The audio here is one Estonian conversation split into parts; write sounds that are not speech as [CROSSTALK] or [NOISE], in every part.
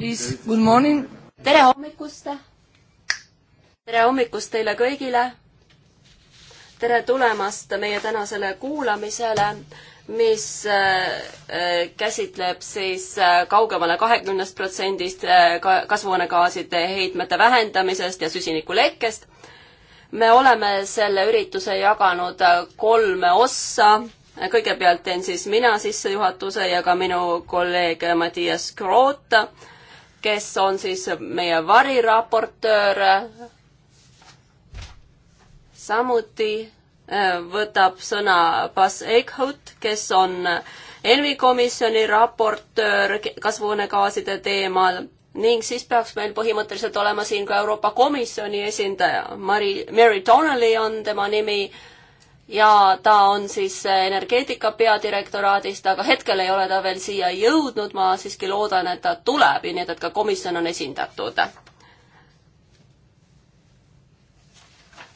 please, good morning. tere hommikust. tere hommikust teile kõigile. tere tulemast meie tänasele kuulamisele, mis äh, äh, käsitleb siis äh, kaugemale kahekümnest protsendist kasvuhoonegaaside heitmete vähendamisest ja süsinikulekkest. me oleme selle ürituse jaganud kolme ossa kõigepealt teen siis mina sissejuhatuse ja ka minu kolleeg Mattias Kroot kes on siis meie variraportöör. samuti äh, võtab sõna Bas Eichhout, kes on ENVI komisjoni raportöör kasvuhoonegaaside teemal ning siis peaks meil põhimõtteliselt olema siin ka Euroopa Komisjoni esindaja, Mari, Mary Donnelly on tema nimi ja ta on siis energeetika peadirektoraadist, aga hetkel ei ole ta veel siia jõudnud, ma siiski loodan, et ta tuleb ja nii et, et ka komisjon on esindatud.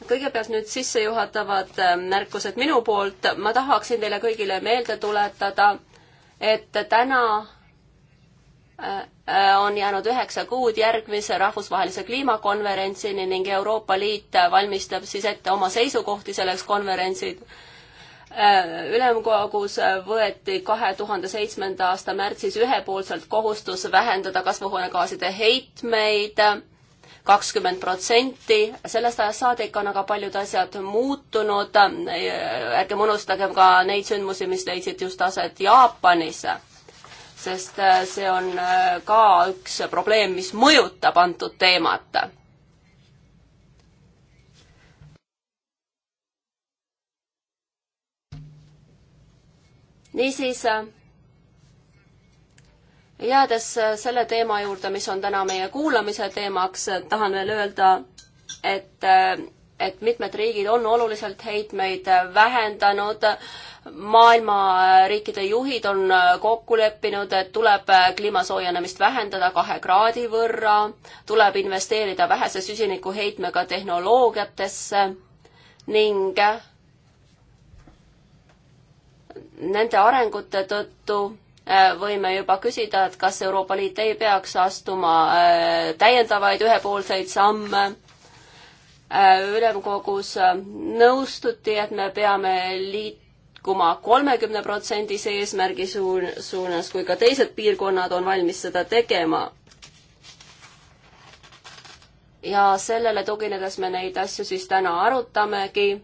kõigepealt nüüd sissejuhatavad ähm, märkused minu poolt, ma tahaksin teile kõigile meelde tuletada, et täna Äh, on jäänud üheksa kuud järgmise rahvusvahelise kliimakonverentsini ning Euroopa Liit valmistab siis ette oma seisukohti selleks konverentsil. Äh, ülemkogus võeti kahe tuhande seitsmenda aasta märtsis ühepoolselt kohustus vähendada kasvuhoonegaaside heitmeid kakskümmend protsenti, sellest ajast saadik on aga paljud asjad muutunud, äh, ärgem unustagem ka neid sündmusi, mis leidsid just aset Jaapanis sest äh, see on äh, ka üks probleem, mis mõjutab antud teemat niisiis, äh, jäädes selle teema juurde, mis on täna meie kuulamise teemaks, tahan veel öelda, et, et mitmed riigid on oluliselt heitmeid vähendanud maailma riikide juhid on äh, kokku leppinud, et tuleb äh, kliima soojenemist vähendada kahe kraadi võrra, tuleb investeerida vähese süsinikuheitmega tehnoloogiatesse ning äh, nende arengute tõttu võime juba küsida, et kas Euroopa Liit ei peaks astuma täiendavaid ühepoolseid samme ülemkogus nõustuti, et me peame liit-, liikuma kolmekümne protsendise eesmärgi suun-, suunas, kui ka teised piirkonnad on valmis seda tegema. ja sellele tuginedes me neid asju siis täna arutamegi.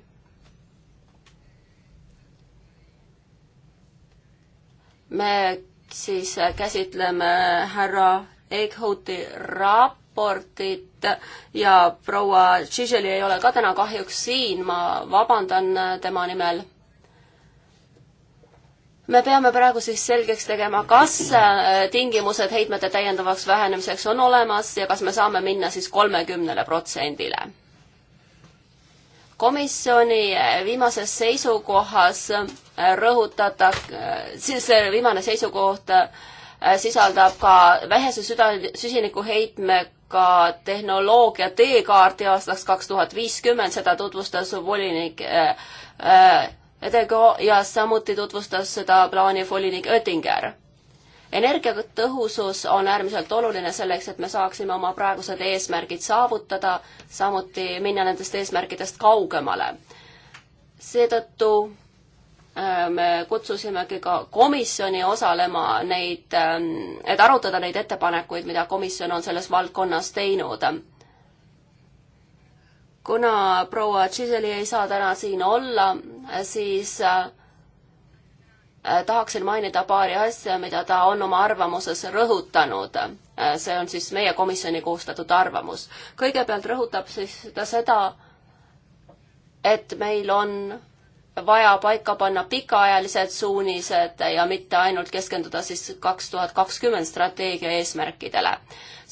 me siis käsitleme härra Eichhouti raportit ja proua Žiželi ei ole ka täna kahjuks siin, ma vabandan tema nimel me peame praegu siis selgeks tegema, kas äh, tingimused heitmete täiendavaks vähenemiseks on olemas ja kas me saame minna siis kolmekümnele protsendile. komisjoni äh, viimases seisukohas äh, rõhutada, siis viimane seisukoht sisaldab ka vähese süda, süsinikuheitmega tehnoloogia teekaarti aastaks kaks tuhat viiskümmend, seda tutvustas volinik äh, tegu ja samuti tutvustas seda plaani volinik Oettinger. energiatõhusus on äärmiselt oluline selleks, et me saaksime oma praegused eesmärgid saavutada, samuti minna nendest eesmärkidest kaugemale. seetõttu äh, me kutsusimegi ka komisjoni osalema neid, ähm, et arutada neid ettepanekuid, mida komisjon on selles valdkonnas teinud kuna proua Giseli ei saa täna siin olla, siis äh, tahaksin mainida paari asja, mida ta on oma arvamuses rõhutanud. Äh, see on siis meie komisjoni koostatud arvamus. kõigepealt rõhutab siis ta seda, et meil on vaja paika panna pikaajalised suunised ja mitte ainult keskenduda siis kaks tuhat kakskümmend strateegia eesmärkidele.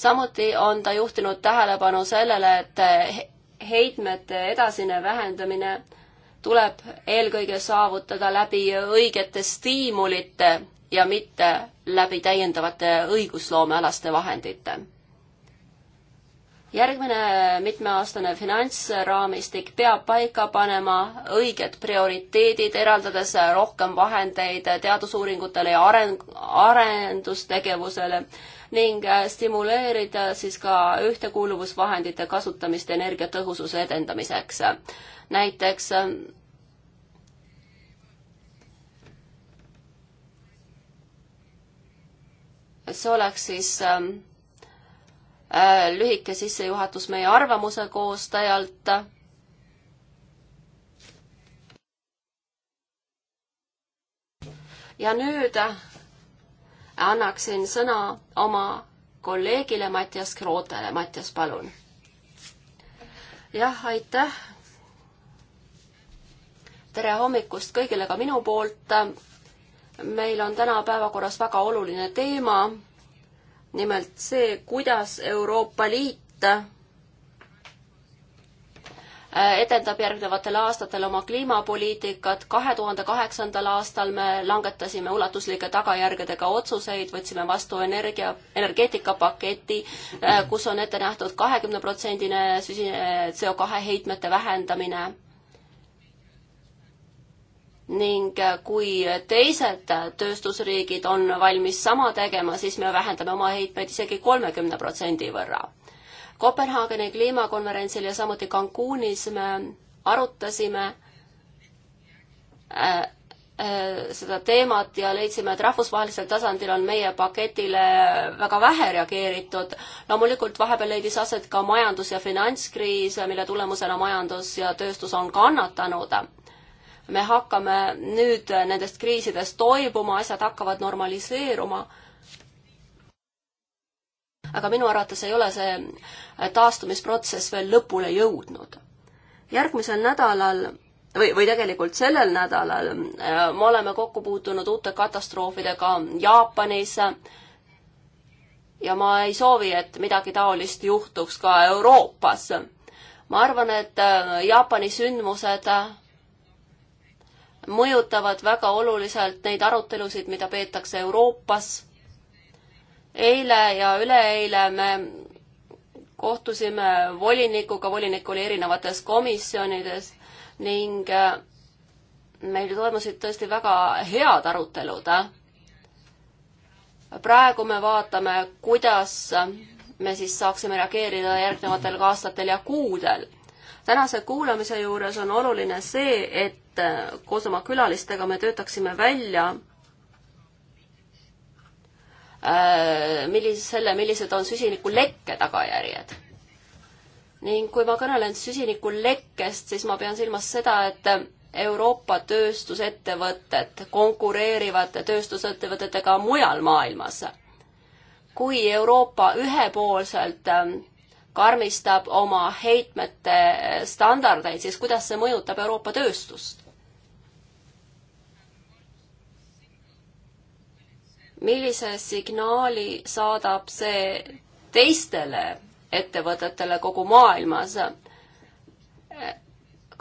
samuti on ta juhtinud tähelepanu sellele, et heitmete edasine vähendamine tuleb eelkõige saavutada läbi õigete stiimulite ja mitte läbi täiendavate õigusloomealaste vahendite järgmine mitmeaastane finantsraamistik peab paika panema õiged prioriteedid, eraldades rohkem vahendeid teadusuuringutele ja areng, arendustegevusele ning äh, stimuleerida siis ka ühtekuuluvusvahendite kasutamist energiatõhususe edendamiseks. näiteks äh, see oleks siis äh, äh, lühike sissejuhatus meie arvamuse koostajalt. ja nüüd äh, annaksin sõna oma kolleegile Mattias Krootele. Mattias, palun. jah, aitäh. tere hommikust kõigile ka minu poolt. meil on täna päevakorras väga oluline teema. nimelt see, kuidas Euroopa Liit Äh, edendab järgnevatel aastatel oma kliimapoliitikat. kahe tuhande kaheksandal aastal me langetasime ulatuslike tagajärgedega otsuseid, võtsime vastu energia, energeetikapaketi, äh, kus on ette nähtud kahekümne protsendine CO kahe heitmete vähendamine. ning äh, kui teised tööstusriigid on valmis sama tegema, siis me vähendame oma heitmeid isegi kolmekümne protsendi võrra Kopenhaageni kliimakonverentsil ja samuti Cancunis me arutasime äh, äh, seda teemat ja leidsime, et rahvusvahelisel tasandil on meie paketile väga vähe reageeritud. loomulikult vahepeal leidis aset ka majandus- ja finantskriis, mille tulemusena majandus ja tööstus on kannatanud. me hakkame nüüd nendest kriisidest toibuma, asjad hakkavad normaliseeruma aga minu arvates ei ole see äh, taastumisprotsess veel lõpule jõudnud. järgmisel nädalal või, või tegelikult sellel nädalal äh, me oleme kokku puutunud uute katastroofidega Jaapanis ja ma ei soovi, et midagi taolist juhtuks ka Euroopas. ma arvan, et äh, Jaapani sündmused mõjutavad väga oluliselt neid arutelusid, mida peetakse Euroopas eile ja üleeile me kohtusime volinikuga, volinik oli erinevates komisjonides ning äh, meil toimusid tõesti väga head arutelud. Äh. praegu me vaatame, kuidas me siis saaksime reageerida järgnevatel aastatel ja kuudel. tänase kuulamise juures on oluline see, et äh, koos oma külalistega me töötaksime välja Äh, millise, selle, millised on süsinikulekke tagajärjed. ning kui ma kõnelen süsinikulekkest, siis ma pean silmas seda, et Euroopa tööstusettevõtted konkureerivad tööstusettevõtetega mujal maailmas. kui Euroopa ühepoolselt ähm, karmistab oma heitmete standardeid, siis kuidas see mõjutab Euroopa tööstust? millise signaali saadab see teistele ettevõtetele kogu maailmas?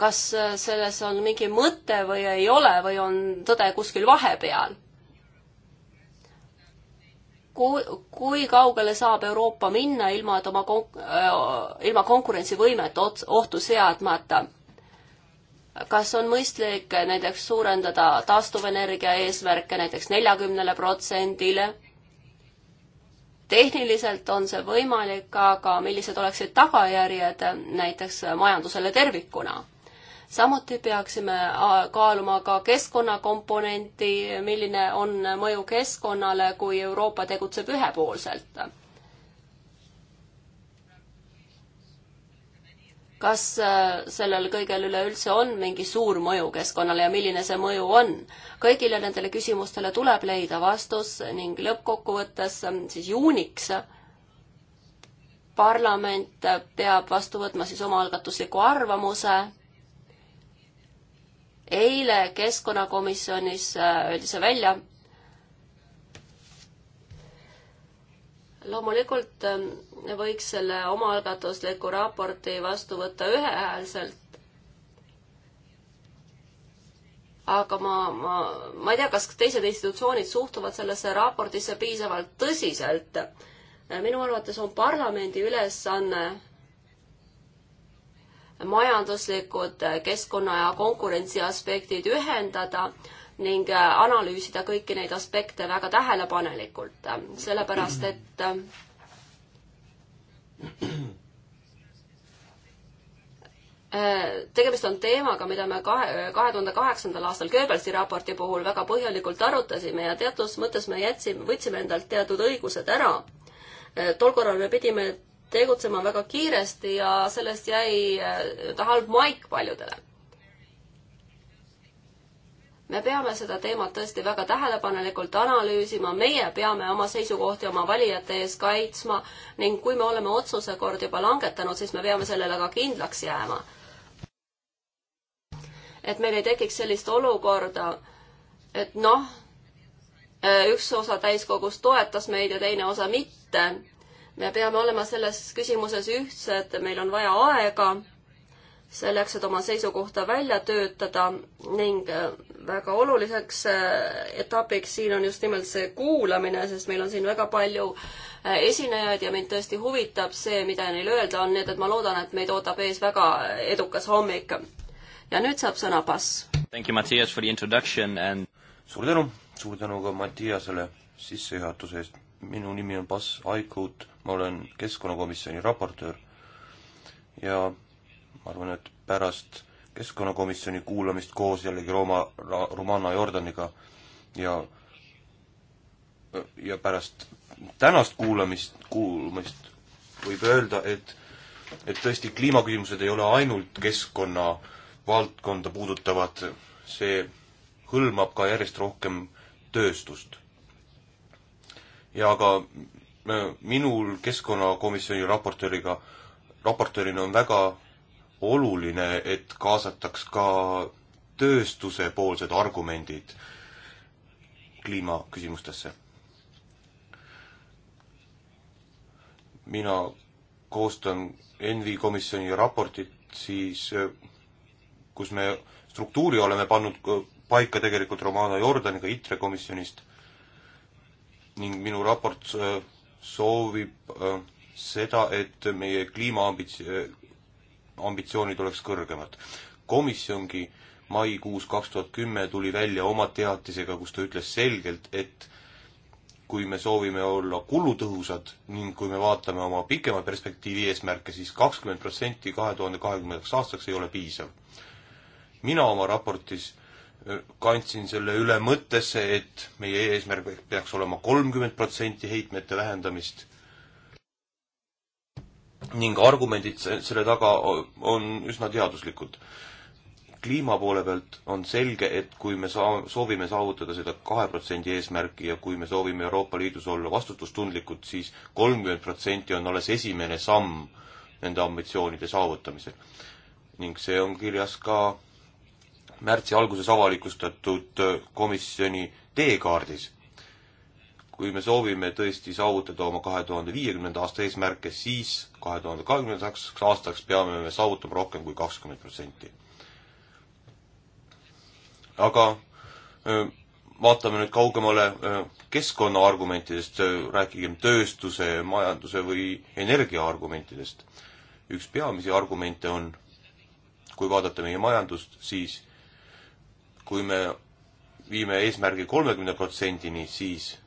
kas selles on mingi mõte või ei ole või on tõde kuskil vahepeal? kui, kui kaugele saab Euroopa minna ilma, et oma kon-, äh, ilma konkurentsivõimet ohtu seadmata? kas on mõistlik näiteks suurendada taastuvenergia eesmärke näiteks neljakümnele protsendile? tehniliselt on see võimalik, aga millised oleksid tagajärjed näiteks majandusele tervikuna? samuti peaksime kaaluma ka keskkonnakomponenti, milline on mõju keskkonnale, kui Euroopa tegutseb ühepoolselt. kas äh, sellel kõigel üleüldse on mingi suur mõju keskkonnale ja milline see mõju on. kõigile nendele küsimustele tuleb leida vastus ning lõppkokkuvõttes äh, siis juuniks äh, parlament peab vastu võtma siis omaalgatusliku arvamuse. eile keskkonnakomisjonis öeldi see välja loomulikult ähm, võiks selle omaalgatusliku raporti vastu võtta ühehäälselt, aga ma, ma, ma ei tea, kas teised institutsioonid suhtuvad sellesse raportisse piisavalt tõsiselt. Äh, minu arvates on parlamendi ülesanne majanduslikud, äh, keskkonna ja konkurentsi aspektid ühendada ning äh, analüüsida kõiki neid aspekte väga tähelepanelikult, äh, sellepärast et äh, [CLEARS THROAT] tegemist on teemaga, mida me kahe, kahe tuhande kaheksandal aastal Goebbelsi raporti puhul väga põhjalikult arutasime ja teatud mõttes me jätsime, võtsime endalt teatud õigused ära. tol korral me pidime tegutsema väga kiiresti ja sellest jäi ta halb maik paljudele me peame seda teemat tõesti väga tähelepanelikult analüüsima, meie peame oma seisukohti oma valijate ees kaitsma ning kui me oleme otsuse kord juba langetanud, siis me peame sellele ka kindlaks jääma. et meil ei tekiks sellist olukorda, et noh, üks osa täiskogust toetas meid ja teine osa mitte. me peame olema selles küsimuses ühtsed, meil on vaja aega selleks, et oma seisukohta välja töötada ning äh, väga oluliseks äh, etapiks siin on just nimelt see kuulamine, sest meil on siin väga palju äh, esinejaid ja mind tõesti huvitab see, mida neil öelda on, nii et, et ma loodan, et meid ootab ees väga edukas hommik. ja nüüd saab sõna Bass. Thank you, Mattias, for the introduction and suur tänu, suur tänu ka Mattiasele sissejuhatuse eest. minu nimi on Bass Aikut, ma olen keskkonnakomisjoni raportöör ja ma arvan, et pärast keskkonnakomisjoni kuulamist koos jällegi Rooma, Romana Jordaniga ja ja pärast tänast kuulamist, kuulamist võib öelda, et et tõesti, kliimaküsimused ei ole ainult keskkonna valdkonda puudutavad, see hõlmab ka järjest rohkem tööstust. ja ka minul keskkonnakomisjoni raportööriga, raportöörina on väga oluline, et kaasataks ka tööstusepoolsed argumendid kliimaküsimustesse. mina koostan ENVI komisjoni raportit siis, kus me struktuuri oleme pannud paika tegelikult Romana Jordaniga ITRE komisjonist ning minu raport soovib äh, seda, et meie kliimaambits-, ambitsioonid oleks kõrgemad. komisjongi maikuus kaks tuhat kümme tuli välja oma teatisega, kus ta ütles selgelt, et kui me soovime olla kulutõhusad ning kui me vaatame oma pikema perspektiivi eesmärke siis, siis kakskümmend protsenti kahe tuhande kahekümnendaks aastaks ei ole piisav. mina oma raportis kandsin selle üle mõttesse, et meie eesmärk peaks olema kolmkümmend protsenti heitmete vähendamist ning argumendid selle taga on üsna teaduslikud. kliima poole pealt on selge, et kui me saa-, soovime saavutada seda kahe protsendi eesmärki ja kui me soovime Euroopa Liidus olla vastutustundlikud siis, siis kolmkümmend protsenti on alles esimene samm nende ambitsioonide saavutamisel. ning see on kirjas ka märtsi alguses avalikustatud äh, komisjoni teekaardis kui me soovime tõesti saavutada oma kahe tuhande viiekümnenda aasta eesmärke, siis kahe tuhande kahekümnendaks aastaks peame me saavutama rohkem kui kakskümmend protsenti. aga vaatame nüüd kaugemale keskkonna argumentidest, rääkigem tööstuse, majanduse või energia argumentidest. üks peamisi argumente on, kui vaadata meie majandust, siis kui me viime eesmärgi kolmekümne protsendini, siis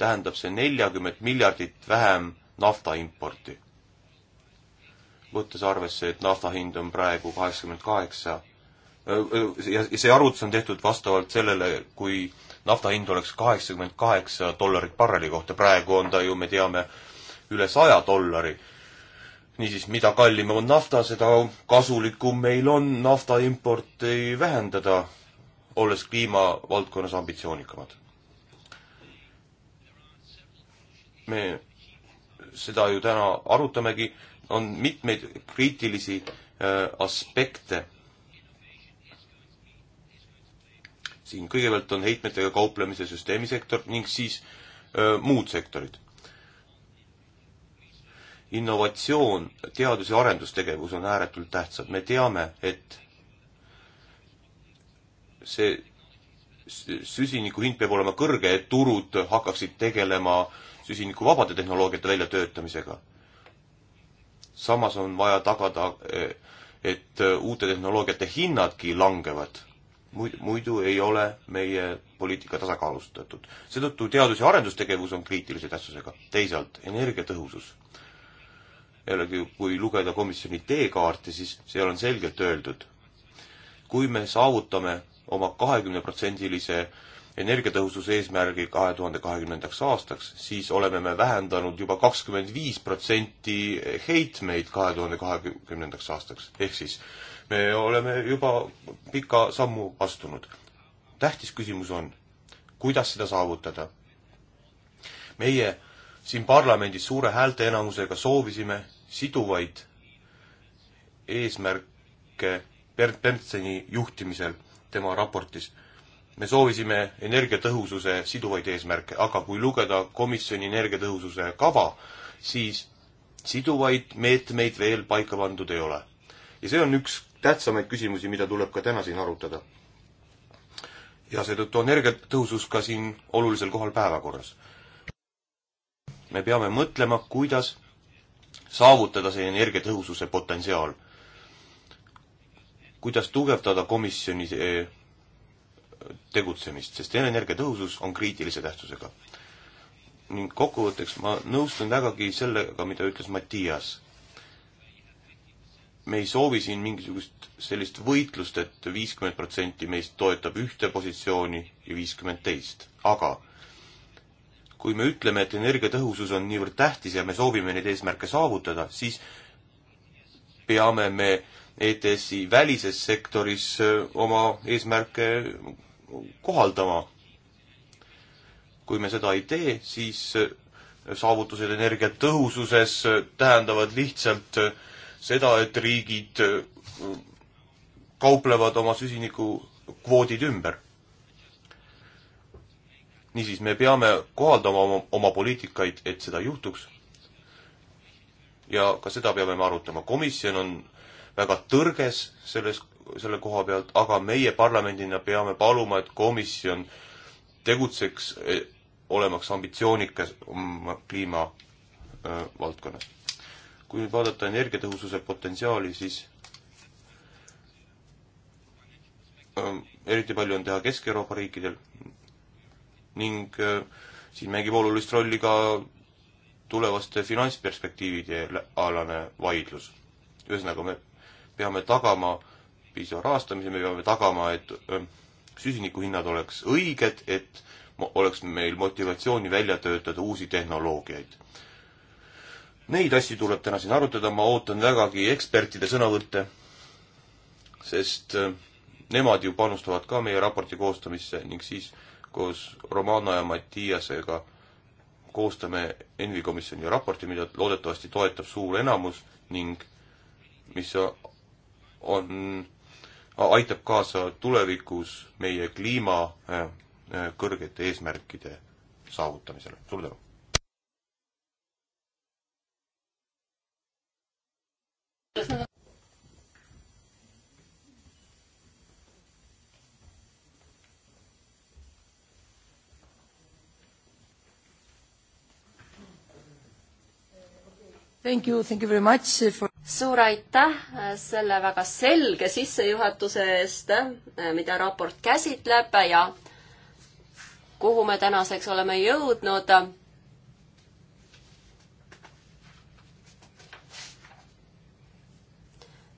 tähendab see neljakümmet miljardit vähem nafta importi. võttes arvesse, et nafta hind on praegu kaheksakümmend kaheksa ja see arvutus on tehtud vastavalt sellele, kui nafta hind oleks kaheksakümmend kaheksa dollarit barreli kohta, praegu on ta ju, me teame, üle saja dollari. niisiis, mida kallim on nafta, seda kasulikum meil on nafta importi vähendada, olles kliimavaldkonnas ambitsioonikamad me seda ju täna arutamegi, on mitmeid kriitilisi äh, aspekte. siin kõigepealt on heitmetega kauplemise süsteemisektor ning siis öö, äh, muud sektorid. innovatsioon teadus, teadus- ja arendustegevus on ääretult tähtsad, me teame, et see süsiniku hind peab olema kõrge, et turud hakkaksid tegelema öö, süsinikuvabade nagu tehnoloogiate väljatöötamisega. samas on vaja tagada, et uute tehnoloogiate hinnadki langevad. muidu ei ole meie poliitika tasakaalustatud. seetõttu teadus- ja arendustegevus on kriitilise tähtsusega. teisalt, energiatõhusus. jällegi, kui lugeda komisjoni teekaarti, siis seal on selgelt öeldud, kui me saavutame oma kahekümneprotsendilise energiatõhususe eesmärgi kahe tuhande kahekümnendaks aastaks, siis oleme me vähendanud juba kakskümmend viis protsenti heitmeid kahe tuhande kahekümnendaks aastaks. ehk siis me oleme juba pika sammu astunud. tähtis küsimus on, kuidas seda saavutada? meie siin parlamendis suure häälteenamusega soovisime siduvaid eesmärke Bernt Berntseni juhtimisel tema raportis me soovisime energiatõhususe siduvaid eesmärke, aga kui lugeda komisjoni energiatõhususe kava, siis siduvaid meetmeid veel paika pandud ei ole. ja see on üks tähtsamaid küsimusi, mida tuleb ka täna siin arutada. ja seetõttu on energiatõhusus ka siin olulisel kohal päevakorras. me peame mõtlema, kuidas saavutada see energiatõhususe potentsiaal. kuidas tugevdada komisjoni eh, tegutsemist, sest energia tõhusus on kriitilise tähtsusega. ning kokkuvõtteks ma nõustun vägagi sellega, mida ütles Mattias. me ei soovi siin mingisugust sellist võitlust et, et viiskümmend protsenti meist toetab ühte positsiooni ja viiskümmend teist, aga kui me ütleme, et energiatõhusus on niivõrd tähtis ja me soovime neid eesmärke saavutada, siis peame me ETS-i välises sektoris oma eesmärke kohaldama. kui me seda ei tee, siis äh, saavutused energiatõhususes äh, tähendavad lihtsalt äh, seda, et riigid kauplevad oma süsinikukvoodid ümber. niisiis, me peame kohaldama oma, oma poliitikaid, et seda juhtuks. ja ka seda peame me arutama. komisjon on väga tõrges selles selle koha pealt, aga meie parlamendina peame paluma, et komisjon tegutseks, e, olemaks ambitsioonikas oma kliima öö, e, valdkonnas. kui nüüd vaadata energiatõhususe potentsiaali, siis öö, e, eriti palju on teha Kesk-Euroopa riikidel ning öö, siin mängib olulist rolli ka tulevaste finantsperspektiivide alane vaidlus. ühesõnaga, me peame tagama piisava rahastamise, me peame tagama, et süsinikuhinnad oleks õiged, et oleks meil motivatsiooni välja töötada uusi tehnoloogiaid. Neid asju tuleb täna siin arutada, ma ootan vägagi ekspertide sõnavõtte, sest nemad ju panustavad ka meie raporti koostamisse ning siis koos Romano ja Mattiasega koostame Envi komisjoni raporti, mida loodetavasti toetab suur enamus ning mis on aitab kaasa tulevikus meie kliima äh, äh, kõrgete eesmärkide saavutamisele. suur tänu! Thank you, thank you very much eh, for... suur aitäh eh, selle väga selge sissejuhatuse eest, eh, mida raport käsitleb ja kuhu me tänaseks oleme jõudnud.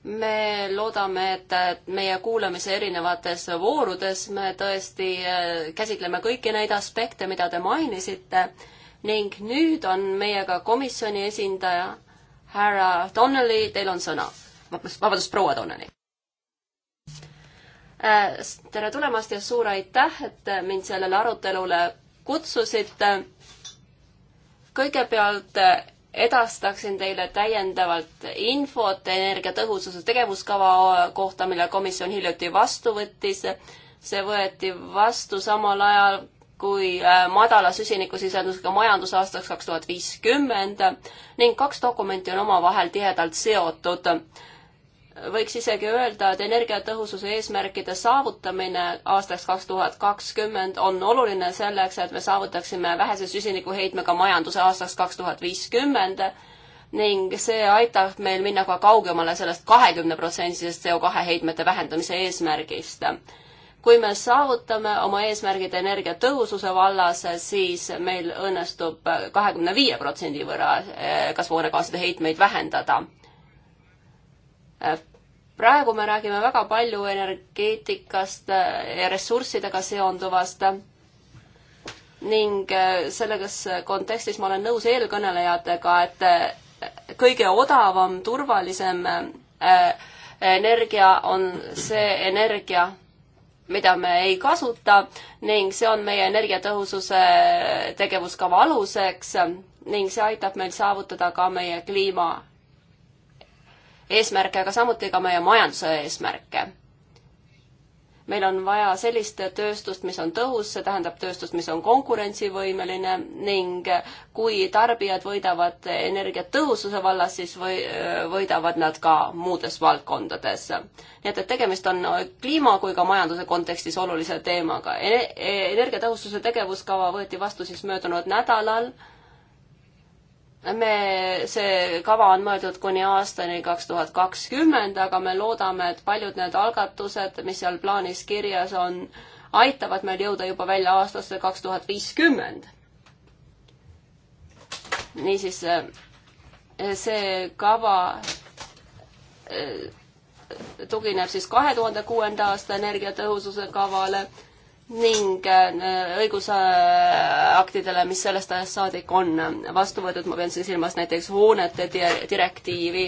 me loodame, et, et meie kuulamise erinevates voorudes me tõesti käsitleme kõiki neid aspekte, mida te mainisite ning nüüd on meiega komisjoni esindaja härra Donnelly, teil on sõna. vabandust, proua Donnelly. Äh, tere tulemast ja suur aitäh, et mind sellele arutelule kutsusite. kõigepealt äh, edastaksin teile täiendavalt infot energiatõhususe tegevuskava äh, kohta, mille komisjon hiljuti vastu võttis. see võeti vastu samal ajal, kui äh, madala süsinikusisaldusega majandus aastaks kaks tuhat viiskümmend ning kaks dokumenti on omavahel tihedalt seotud. võiks isegi öelda, et energiatõhususe eesmärkide saavutamine aastaks kaks tuhat kakskümmend on oluline selleks, et me saavutaksime vähese süsinikuheitmega majanduse aastaks kaks tuhat viiskümmend ning see aitab meil minna ka kaugemale sellest kahekümne protsendisest CO2 heitmete vähendamise eesmärgist kui me saavutame oma eesmärgid energiatõhususe vallas, siis meil õnnestub kahekümne viie protsendi võrra eh, kasvuhoonegaaside heitmeid vähendada. praegu me räägime väga palju energeetikast eh, ja ressurssidega seonduvast ning eh, selles kontekstis ma olen nõus eelkõnelejatega, et kõige odavam, turvalisem energia on see energia, mida me ei kasuta ning see on meie energiatõhususe tegevuskava aluseks ning see aitab meil saavutada ka meie kliima eesmärke, aga samuti ka meie majanduse eesmärke meil on vaja sellist tööstust, mis on tõhus, see tähendab tööstust, mis on konkurentsivõimeline ning kui tarbijad võidavad energiat tõhususe vallas, siis või, võidavad nad ka muudes valdkondades. nii et, et tegemist on kliima kui ka majanduse kontekstis olulise teemaga. E-, energiatõhususe tegevuskava võeti vastu siis möödunud nädalal me, see kava on mõeldud kuni aastani kaks tuhat kakskümmend, aga me loodame, et paljud need algatused, mis seal plaanis kirjas on, aitavad meil jõuda juba välja aastasse kaks tuhat viiskümmend. niisiis, eh, see kava eh, tugineb siis kahe tuhande kuuenda aasta energiatõhususe kavale ning äh, õigusaktidele, mis sellest ajast saadik on vastu võetud, ma pean siin silmas näiteks hoonete direktiivi.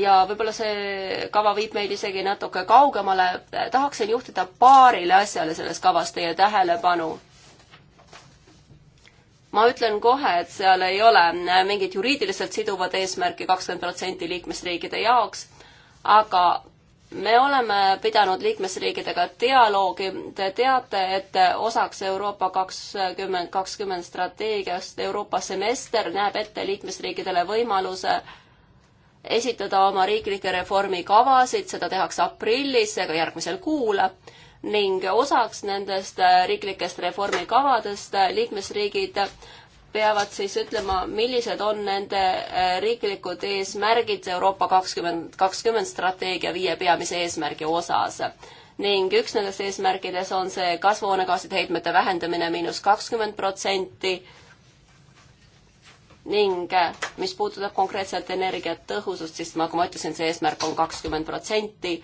ja võib-olla see kava viib meid isegi natuke kaugemale. tahaksin juhtida paarile asjale selles kavas teie tähelepanu. ma ütlen kohe, et seal ei ole mingit juriidiliselt siduvat eesmärki kakskümmend protsenti liikmesriikide jaoks, aga me oleme pidanud liikmesriikidega dialoogi, te teate, et osaks Euroopa kakskümmend kakskümmend strateegiast Euroopa semester näeb ette liikmesriikidele võimaluse esitada oma riiklikke reformikavasid, seda tehakse aprillis ega järgmisel kuul ning osaks nendest riiklikest reformikavadest liikmesriigid peavad siis ütlema, millised on nende äh, riiklikud eesmärgid Euroopa kakskümmend kakskümmend strateegia viie peamise eesmärgi osas. ning üks nendest eesmärkides on see kasvuhoonegaaside heitmete vähendamine miinus kakskümmend protsenti ning äh, mis puudutab konkreetselt energiatõhusust, siis nagu ma ütlesin, see eesmärk on kakskümmend protsenti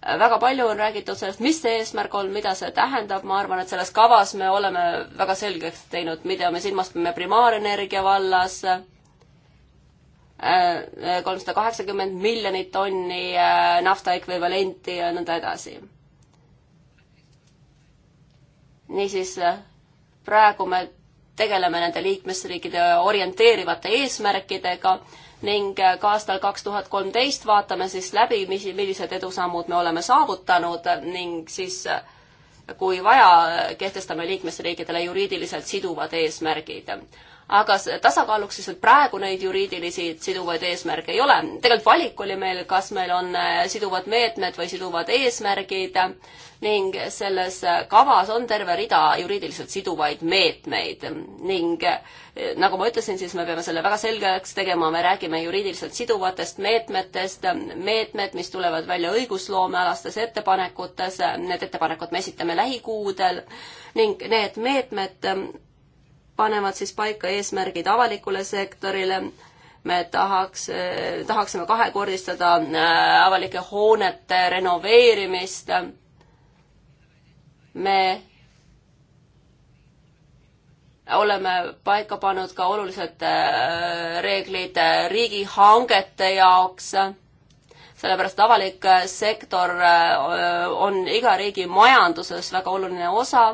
väga palju on räägitud sellest, mis see eesmärk on, mida see tähendab, ma arvan, et selles kavas me oleme väga selgeks teinud, mida me silmas peame primaarenergia vallas, äh, äh, kolmsada kaheksakümmend miljonit tonni äh, nafta ekvivalenti ja nõnda edasi. niisiis, praegu me tegeleme nende liikmesriikide orienteerivate eesmärkidega ning äh, ka aastal kaks tuhat kolmteist vaatame siis läbi, mis, millised edusammud me oleme saavutanud ning siis äh, kui vaja, äh, kehtestame liikmesriikidele juriidiliselt siduvad eesmärgid aga tasakaaluks siis, et praegu neid juriidilisi siduvaid eesmärke ei ole. tegelikult valik oli meil, kas meil on äh, siduvad meetmed või siduvad eesmärgid ning selles kavas on terve rida juriidiliselt siduvaid meetmeid ning äh, nagu ma ütlesin, siis me peame selle väga selgeks tegema, me räägime juriidiliselt siduvatest meetmetest, meetmed, mis tulevad välja õigusloomealastes ettepanekutes, need ettepanekud me esitame lähikuudel ning need meetmed panevad siis paika eesmärgid avalikule sektorile, me tahaks, eh, tahaksime kahekordistada eh, avalike hoonete renoveerimist, me oleme paika pannud ka olulised eh, reeglid riigihangete jaoks, sellepärast et avalik sektor on iga riigi majanduses väga oluline osa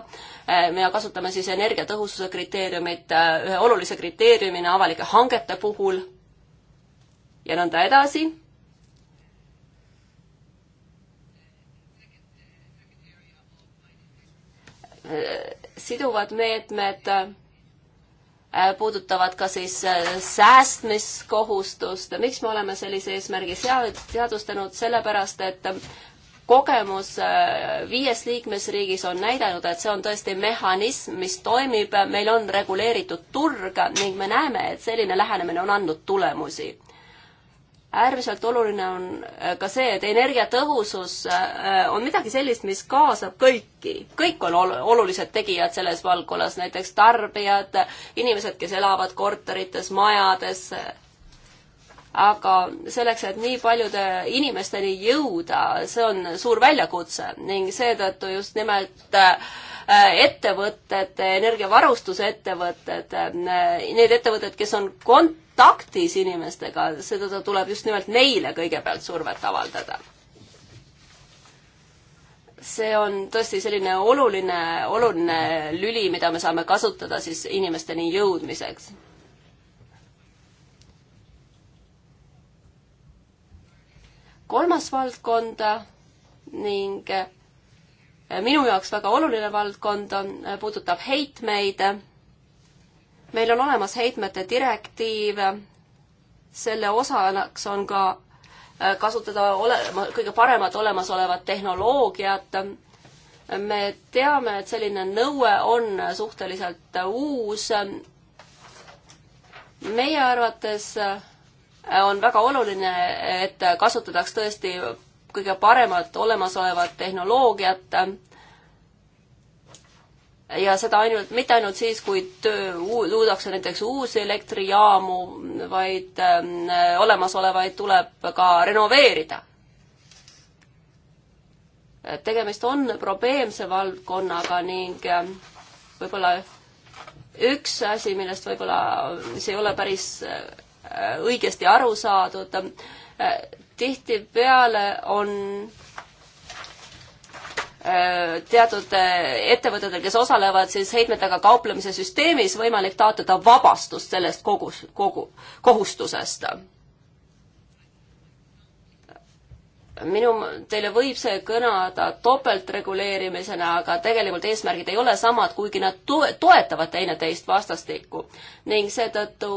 Eh, me kasutame siis energiatõhususe kriteeriumit eh, ühe olulise kriteeriumina avalike hangete puhul ja nõnda edasi. Eh, siduvad meetmed puudutavad ka siis säästmiskohustust. miks me oleme sellise eesmärgi seadustanud? sellepärast, et kogemus äh, viies liikmesriigis on näidanud, et see on tõesti mehhanism, mis toimib, meil on reguleeritud turg ning me näeme, et selline lähenemine on andnud tulemusi. äärmiselt oluline on äh, ka see, et energiatõhusus äh, on midagi sellist, mis kaasab kõiki. kõik on olulised tegijad selles valdkonnas, näiteks tarbijad, inimesed, kes elavad korterites, majades aga selleks, et nii paljude inimesteni jõuda, see on suur väljakutse ning seetõttu just nimelt äh, ettevõtted, energiavarustusettevõtted, äh, need ettevõtted, kes on kontaktis inimestega, seetõttu tuleb just nimelt neile kõigepealt survet avaldada see on tõesti selline oluline, oluline lüli, mida me saame kasutada siis inimesteni jõudmiseks kolmas valdkond ning eh, minu jaoks väga oluline valdkond on, eh, puudutab heitmeid. meil on olemas heitmete direktiiv, selle osanaks on ka eh, kasutada ole-, kõige paremat olemasolevat tehnoloogiat. me teame, et selline nõue on suhteliselt uus. meie arvates on väga oluline, et kasutataks tõesti kõige paremat olemasolevat tehnoloogiat ja seda ainult, mitte ainult siis, kui töö, luuakse näiteks uusi elektrijaamu, vaid äh, olemasolevaid tuleb ka renoveerida. tegemist on probleemse valdkonnaga ning äh, võib-olla üks asi, millest võib-olla, mis ei ole päris äh, õigesti aru saadud. tihtipeale on äh, teatud äh, ettevõtetel, kes osalevad siis heitmetega kauplemise süsteemis, võimalik taotleda vabastust sellest kogus, kogu, kohustusest. minu, teile võib see kõnada topeltreguleerimisena, aga tegelikult eesmärgid ei ole samad, kuigi nad to toetavad teineteist vastastikku ning seetõttu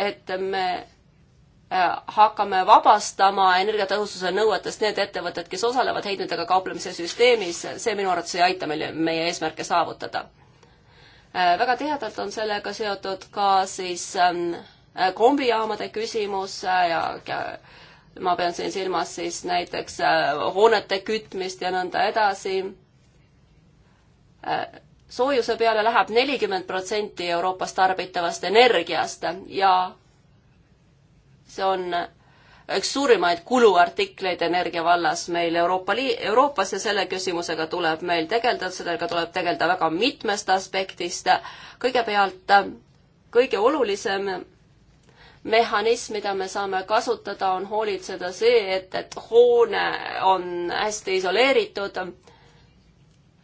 et me äh, hakkame vabastama energiatõhususe nõuetest need ettevõtted, kes osalevad heitmetega kauplemise süsteemis, see minu arvates ei aita meil meie eesmärke saavutada. Äh, väga tihedalt on sellega seotud ka siis ähm, äh, kombijaamade küsimus ja, ja ma pean siin silmas siis näiteks hoonete kütmist ja nõnda edasi soojuse peale läheb nelikümmend protsenti Euroopas tarbitavast energiast ja see on üks suurimaid kuluartikleid energia vallas meil Euroopa Liit, Euroopas ja selle küsimusega tuleb meil tegeleda, sellega tuleb tegeleda väga mitmest aspektist. kõigepealt kõige olulisem mehhanism, mida me saame kasutada, on hoolitseda see, et, et hoone on hästi isoleeritud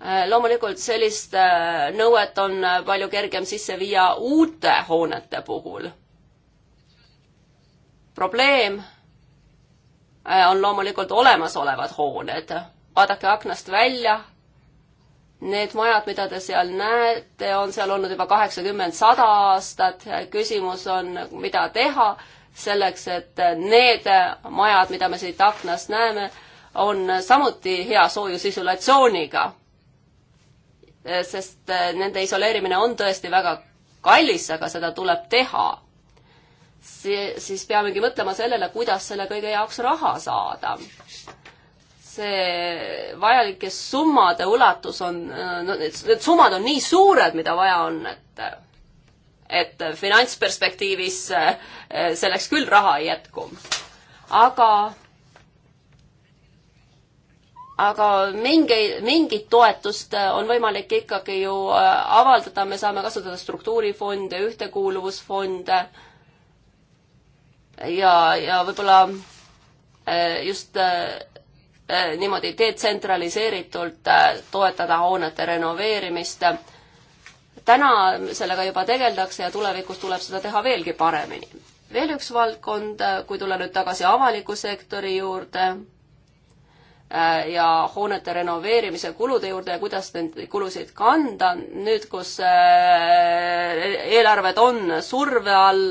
Äh, loomulikult sellist äh, nõuet on äh, palju kergem sisse viia uute hoonete puhul. probleem on loomulikult olemasolevad hooned. vaadake aknast välja. Need majad, mida te seal näete, on seal olnud juba kaheksakümmend, sada aastat. küsimus on, mida teha selleks, et need majad, mida me siit aknast näeme, on samuti hea soojusisolatsiooniga Eh, sest eh, nende isoleerimine on tõesti väga kallis, aga seda tuleb teha. see, siis peamegi mõtlema sellele, kuidas selle kõige jaoks raha saada. see vajalike summade ulatus on, eh, no need, need summad on nii suured, mida vaja on, et et finantsperspektiivis selleks küll raha ei jätku. aga aga mingi, mingit toetust äh, on võimalik ikkagi ju äh, avaldada, me saame kasutada struktuurifonde, ühtekuuluvusfonde ja, ja võib-olla äh, just niimoodi detsentraliseeritult toetada hoonete renoveerimist. täna sellega juba tegeldakse ja tulevikus tuleb seda teha veelgi paremini. veel üks valdkond, kui tulla nüüd tagasi avaliku sektori juurde Äh, ja hoonete renoveerimise kulude juurde ja kuidas neid kulusid kanda nüüd, kus äh, eelarved on surve all,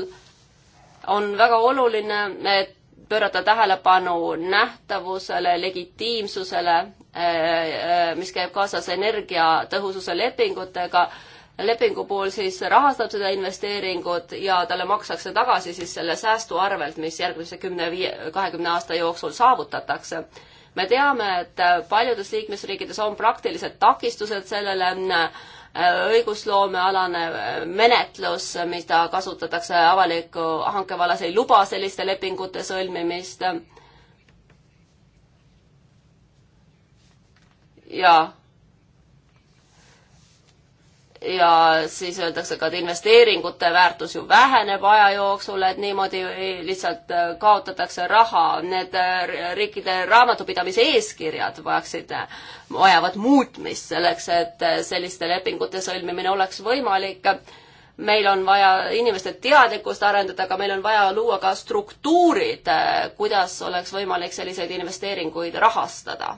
on väga oluline, et pöörata tähelepanu nähtavusele, legitiimsusele, äh, mis käib kaasas energiatõhususe lepingutega. lepingu pool siis rahastab seda investeeringut ja talle makstakse tagasi siis selle säästu arvelt, mis järgmise kümne, viie, kahekümne aasta jooksul saavutatakse me teame, et paljudes liikmesriikides on praktilised takistused sellele äh, õigusloomealane äh, menetlus, mida kasutatakse avaliku hanke vallas, ei luba selliste lepingute sõlmimist. ja ja siis öeldakse ka, et investeeringute väärtus ju väheneb aja jooksul, et niimoodi lihtsalt äh, kaotatakse raha. Need äh, riikide raamatupidamise eeskirjad vajaksid, äh, vajavad muutmist selleks, et selliste lepingute sõlmimine oleks võimalik. meil on vaja inimeste teadlikkust arendada, aga meil on vaja luua ka struktuurid, kuidas oleks võimalik selliseid investeeringuid rahastada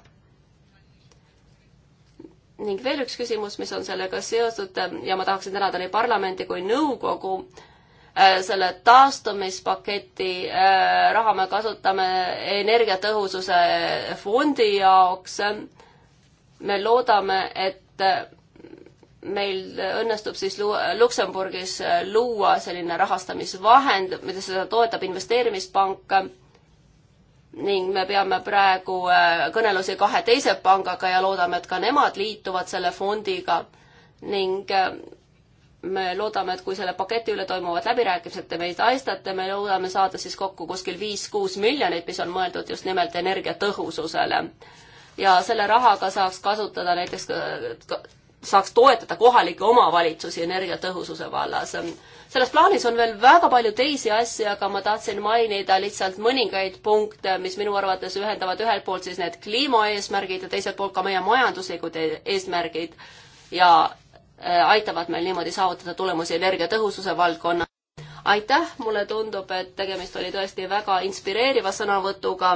ning veel üks küsimus, mis on sellega seotud äh, ja ma tahaksin tänada nii parlamenti kui nõukogu äh, selle taastumispaketi äh, raha me kasutame energiatõhususe fondi jaoks. me loodame, et meil õnnestub siis luua, Luksemburgis luua selline rahastamisvahend, mida seda toetab investeerimispank ning me peame praegu äh, kõnelusi kahe teise pangaga ja loodame, et ka nemad liituvad selle fondiga ning äh, me loodame, et kui selle paketi üle toimuvad läbirääkimised, te meid aistate, me loodame saada siis kokku kuskil viis-kuus miljonit, mis on mõeldud just nimelt energiatõhususele. ja selle rahaga saaks kasutada näiteks, äh, saaks toetada kohalikke omavalitsusi energiatõhususe vallas selles plaanis on veel väga palju teisi asju, aga ma tahtsin mainida lihtsalt mõningaid punkte, mis minu arvates ühendavad ühelt poolt siis need kliimaeesmärgid ja teiselt poolt ka meie majanduslikud e-, eesmärgid ja äh, aitavad meil niimoodi saavutada tulemusi energiatõhususe valdkonna. aitäh, mulle tundub, et tegemist oli tõesti väga inspireeriva sõnavõtuga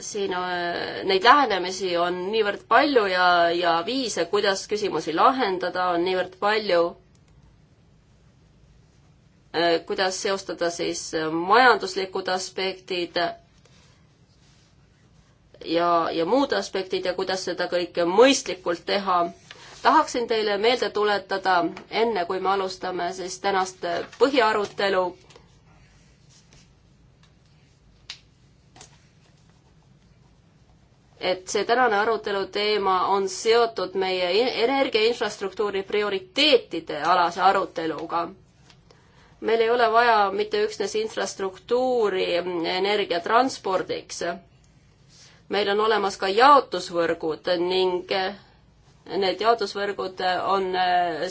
siin äh, neid lähenemisi on niivõrd palju ja, ja viise, kuidas küsimusi lahendada, on niivõrd palju. Äh, kuidas seostada siis äh, majanduslikud aspektid äh, ja, ja muud aspektid ja kuidas seda kõike mõistlikult teha. tahaksin teile meelde tuletada, enne kui me alustame siis tänast põhiarutelu, et see tänane arutelu teema on seotud meie e-, energiainfrastruktuuri prioriteetide alase aruteluga meil ei ole vaja mitte üksnes infrastruktuuri energiatranspordiks, meil on olemas ka jaotusvõrgud ning need jaotusvõrgud on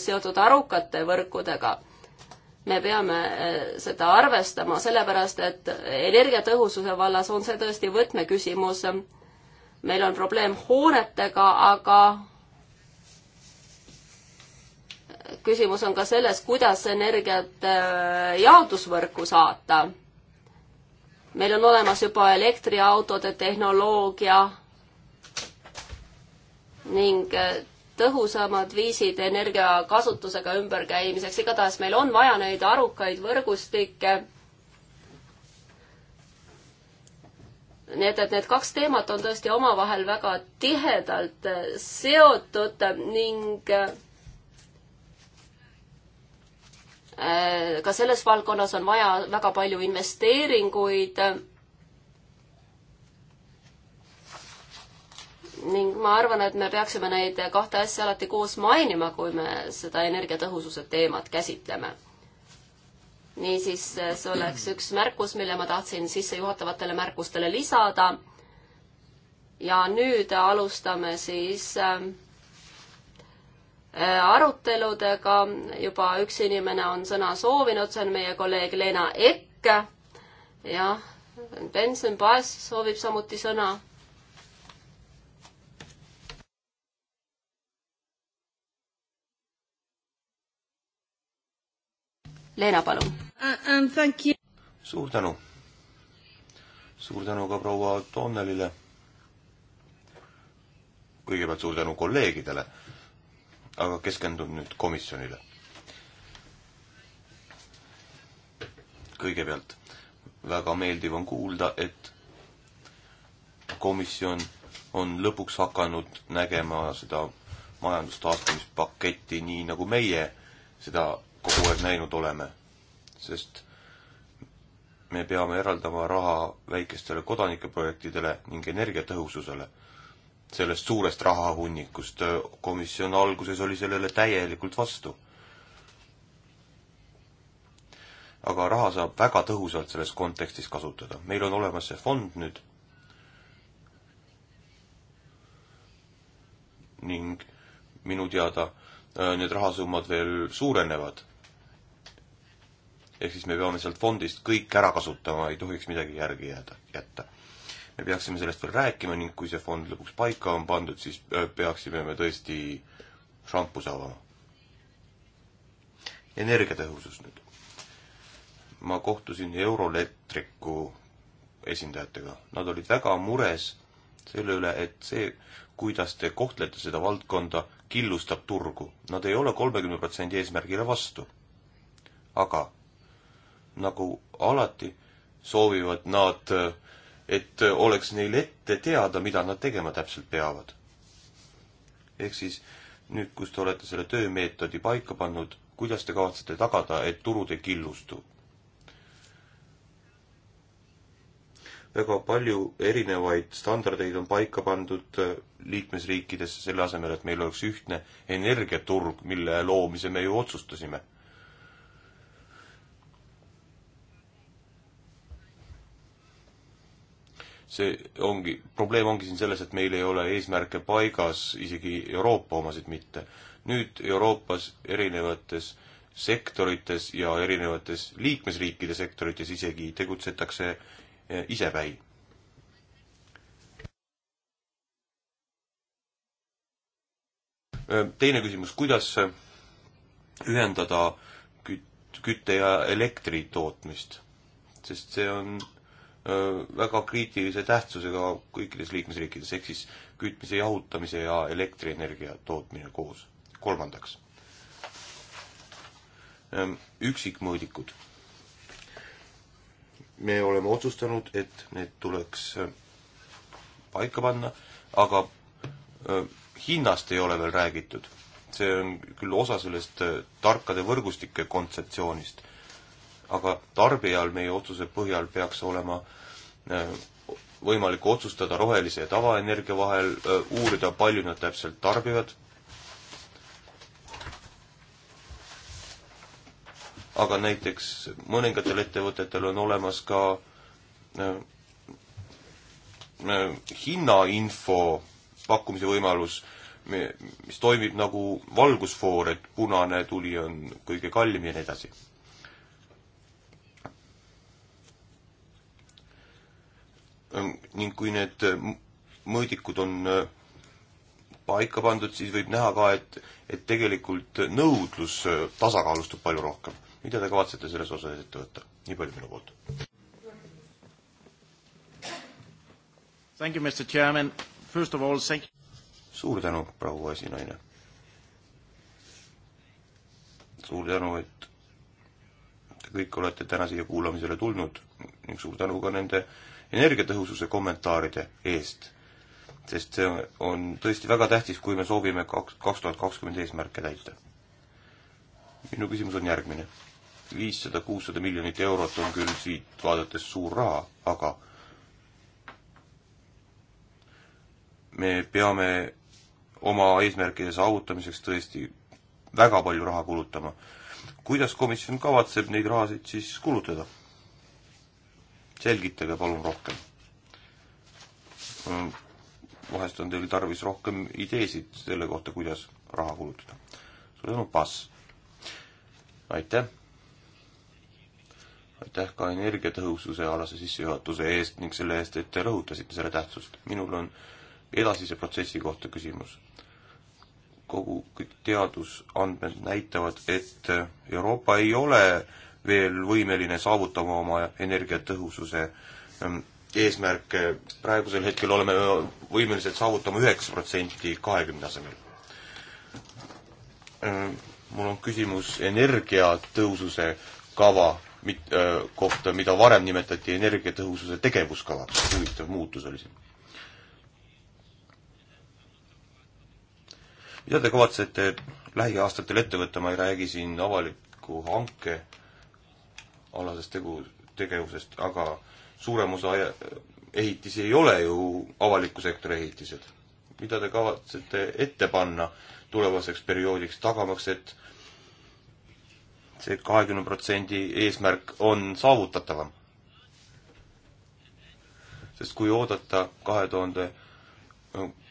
seotud arukate võrkudega. me peame seda arvestama, sellepärast et energiatõhususe vallas on see tõesti võtmeküsimus. meil on probleem hoonetega, aga küsimus on ka selles, kuidas energiat äh, jaotusvõrku saata. meil on olemas juba elektriautode tehnoloogia ning äh, tõhusamad viisid energiakasutusega ümberkäimiseks, igatahes meil on vaja neid arukaid võrgustikke. nii et, et need kaks teemat on tõesti omavahel väga tihedalt äh, seotud ning Äh, ka selles valdkonnas on vaja väga palju investeeringuid. ning ma arvan, et me peaksime neid kahte asja alati koos mainima, kui me seda energiatõhususe teemat käsitleme. niisiis, see oleks üks märkus, mille ma tahtsin sissejuhatavatele märkustele lisada. ja nüüd alustame siis äh, Äh, aruteludega, juba üks inimene on sõna soovinud, see on meie kolleeg Leena Ekk. jah, Benson Bass soovib samuti sõna Leena, palun uh,. Um, suur tänu. suur tänu ka proua Donnelile. kõigepealt suur tänu kolleegidele aga keskendun nüüd komisjonile. kõigepealt väga meeldiv on kuulda, et komisjon on lõpuks hakanud nägema seda majandustaastumispaketti nii, nagu meie seda kogu aeg näinud oleme. sest me peame eraldama raha väikestele kodanikeprojektidele ning energiatõhususele sellest suurest rahahunnikust. komisjon alguses oli sellele täielikult vastu. aga raha saab väga tõhusalt selles kontekstis kasutada. meil on olemas see fond nüüd ning minu teada äh, need rahasummad veel suurenevad. ehk siis me peame sealt fondist kõik ära kasutama, ei tohiks midagi järgi jääda, jätta me peaksime sellest veel rääkima ning kui see fond lõpuks paika on pandud, siis äh, peaksime me tõesti šampuse avama. energiatõhusus nüüd. ma kohtusin Euroelektriku esindajatega, nad olid väga mures selle üle, et see, kuidas te kohtlete seda valdkonda, killustab turgu. Nad ei ole kolmekümne protsendi eesmärgile vastu. aga nagu alati, soovivad nad äh, et äh, oleks neil ette teada, mida nad tegema täpselt peavad. ehk siis nüüd, kus te olete selle töömeetodi paika pannud, kuidas te kavatsete tagada, et turud ei killustu? väga palju erinevaid standardeid on paika pandud äh, liikmesriikidesse selle asemel, et meil oleks ühtne energiaturg, mille loomise me ju otsustasime see ongi, probleem ongi siin selles, et meil ei ole eesmärke paigas, isegi Euroopa omasid mitte. nüüd Euroopas erinevates sektorites ja erinevates liikmesriikide sektorites isegi tegutsetakse eh, isepäi. teine küsimus, kuidas ühendada küt-, kütte ja elektri tootmist? sest see on Äh, väga kriitilise tähtsusega kõikides liikmesriikides, ehk siis kütmise jahutamise ja elektrienergia tootmine koos. kolmandaks, äh, üksikmõõdikud. me oleme otsustanud, et need tuleks äh, paika panna, aga hinnast ei ole veel räägitud. see on küll osa sellest tarkade võrgustike kontseptsioonist aga tarbijal meie otsuse põhjal peaks olema äh, võimalik otsustada rohelise ja tavaenergia vahel, äh, uurida, palju nad täpselt tarbivad. aga näiteks mõningatel ettevõtetel on olemas ka äh, hinnainfo pakkumise võimalus, mis toimib nagu valgusfoor, et punane tuli on kõige kallim ja nii edasi Ähm, ning kui need äh, mõõdikud on äh, paika pandud, siis võib näha ka, et, et tegelikult nõudlus äh, tasakaalustub palju rohkem. mida te kavatsete selles osas ette võtta? nii palju minu poolt. Thank you, Mr Chairman. First of all, thank suur tänu, proua esinaine. suur tänu, et te kõik olete täna siia kuulamisele tulnud ning suur tänu ka nende äh, energiatõhususe kommentaaride eest, sest see on tõesti väga tähtis, kui me soovime kaks, kaks tuhat kakskümmend eesmärke täita. minu küsimus on järgmine. viissada, kuussada miljonit eurot on küll siit vaadates suur raha, aga me peame oma eesmärkide saavutamiseks tõesti väga palju raha kulutama. kuidas komisjon kavatseb neid rahasid siis kulutada? selgitage palun rohkem. Mm, vahest on teil tarvis rohkem ideesid selle kohta, kuidas raha kulutada. suur tänu, Pass! aitäh! aitäh ka energiatõhususe alase sissejuhatuse eest ning selle eest, et te rõhutasite selle tähtsust. minul on edasise protsessi kohta küsimus. kogu, kõik teadusandmed näitavad, et Euroopa ei ole veel võimeline saavutama oma energiatõhususe ähm, eesmärke, praegusel hetkel oleme äh, võimelised saavutama üheksa protsenti kahekümne asemel. Ähm, mul on küsimus energiatõhususe kava mit-, äh, kohta, mida varem nimetati energiatõhususe tegevuskavaks, huvitav muutus oli siin. mida te kavatsete lähiaastatel ette võtta, ma ei räägi siin avaliku hanke alasest tegu, tegevusest, aga suurem osa ehitisi ei ole ju avaliku sektori ehitised. mida te kavatsete ette panna tulevaseks perioodiks, tagamaks, et see kahekümne protsendi eesmärk on saavutatavam? sest kui oodata kahe tuhande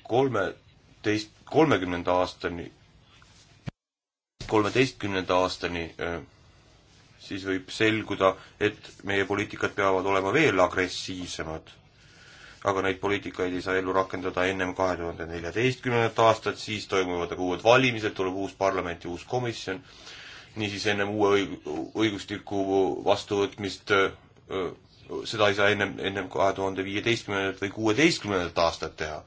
kolmeteist, kolmekümnenda aastani, kolmeteistkümnenda aastani äh, siis võib selguda, et meie poliitikad peavad olema veel agressiivsemad. aga neid poliitikaid ei saa ellu rakendada ennem kahe tuhande neljateistkümnendat aastat, siis toimuvad aga uued valimised, tuleb uus parlament ja uus komisjon, niisiis ennem uue õig-, õigustiku vastuvõtmist seda ei saa ennem, ennem kahe tuhande viieteistkümnendat või kuueteistkümnendat aastat teha.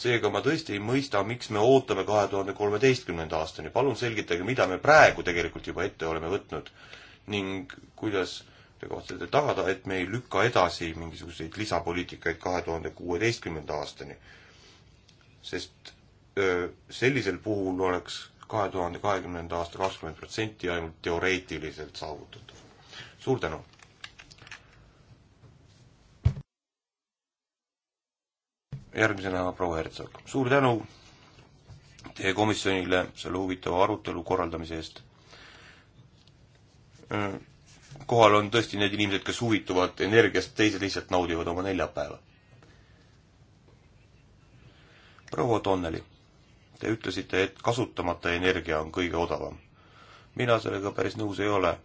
seega ma tõesti ei mõista, miks me ootame kahe tuhande kolmeteistkümnenda aastani. palun selgitage, mida me praegu tegelikult juba ette oleme võtnud ning kuidas te kavatsete tagada, et me ei lükka edasi mingisuguseid lisapoliitikaid kahe tuhande kuueteistkümnenda aastani. sest öö, sellisel puhul oleks kahe tuhande kahekümnenda aasta kakskümmend protsenti ainult teoreetiliselt saavutatav. suur tänu! järgmisena proua Hertsog. suur tänu teie komisjonile selle huvitava arutelu korraldamise eest Äh, kohal on tõesti need inimesed, kes huvituvad energiast, teised lihtsalt naudivad oma neljapäeva. proua Donneli, te ütlesite, et kasutamata energia on kõige odavam. mina sellega päris nõus ei ole.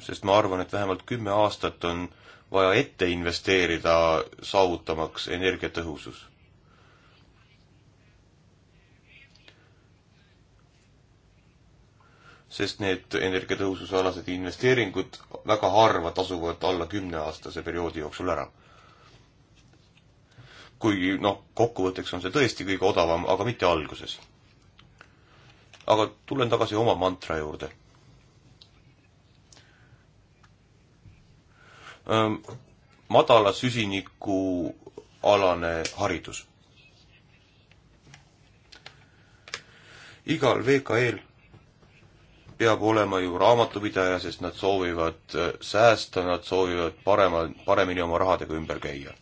sest ma arvan, et vähemalt kümme aastat on vaja ette investeerida, saavutamaks energiatõhusus sest need energiatõhususalased investeeringud väga harva tasuvad alla kümneaastase perioodi jooksul ära. kuigi noh, kokkuvõtteks on see tõesti kõige odavam, aga mitte alguses. aga tulen tagasi oma mantra juurde. madala süsiniku alane haridus. igal VKE-l peab olema ju raamatupidaja, sest nad soovivad äh, säästa, nad soovivad parema, paremini oma rahadega ümber käia.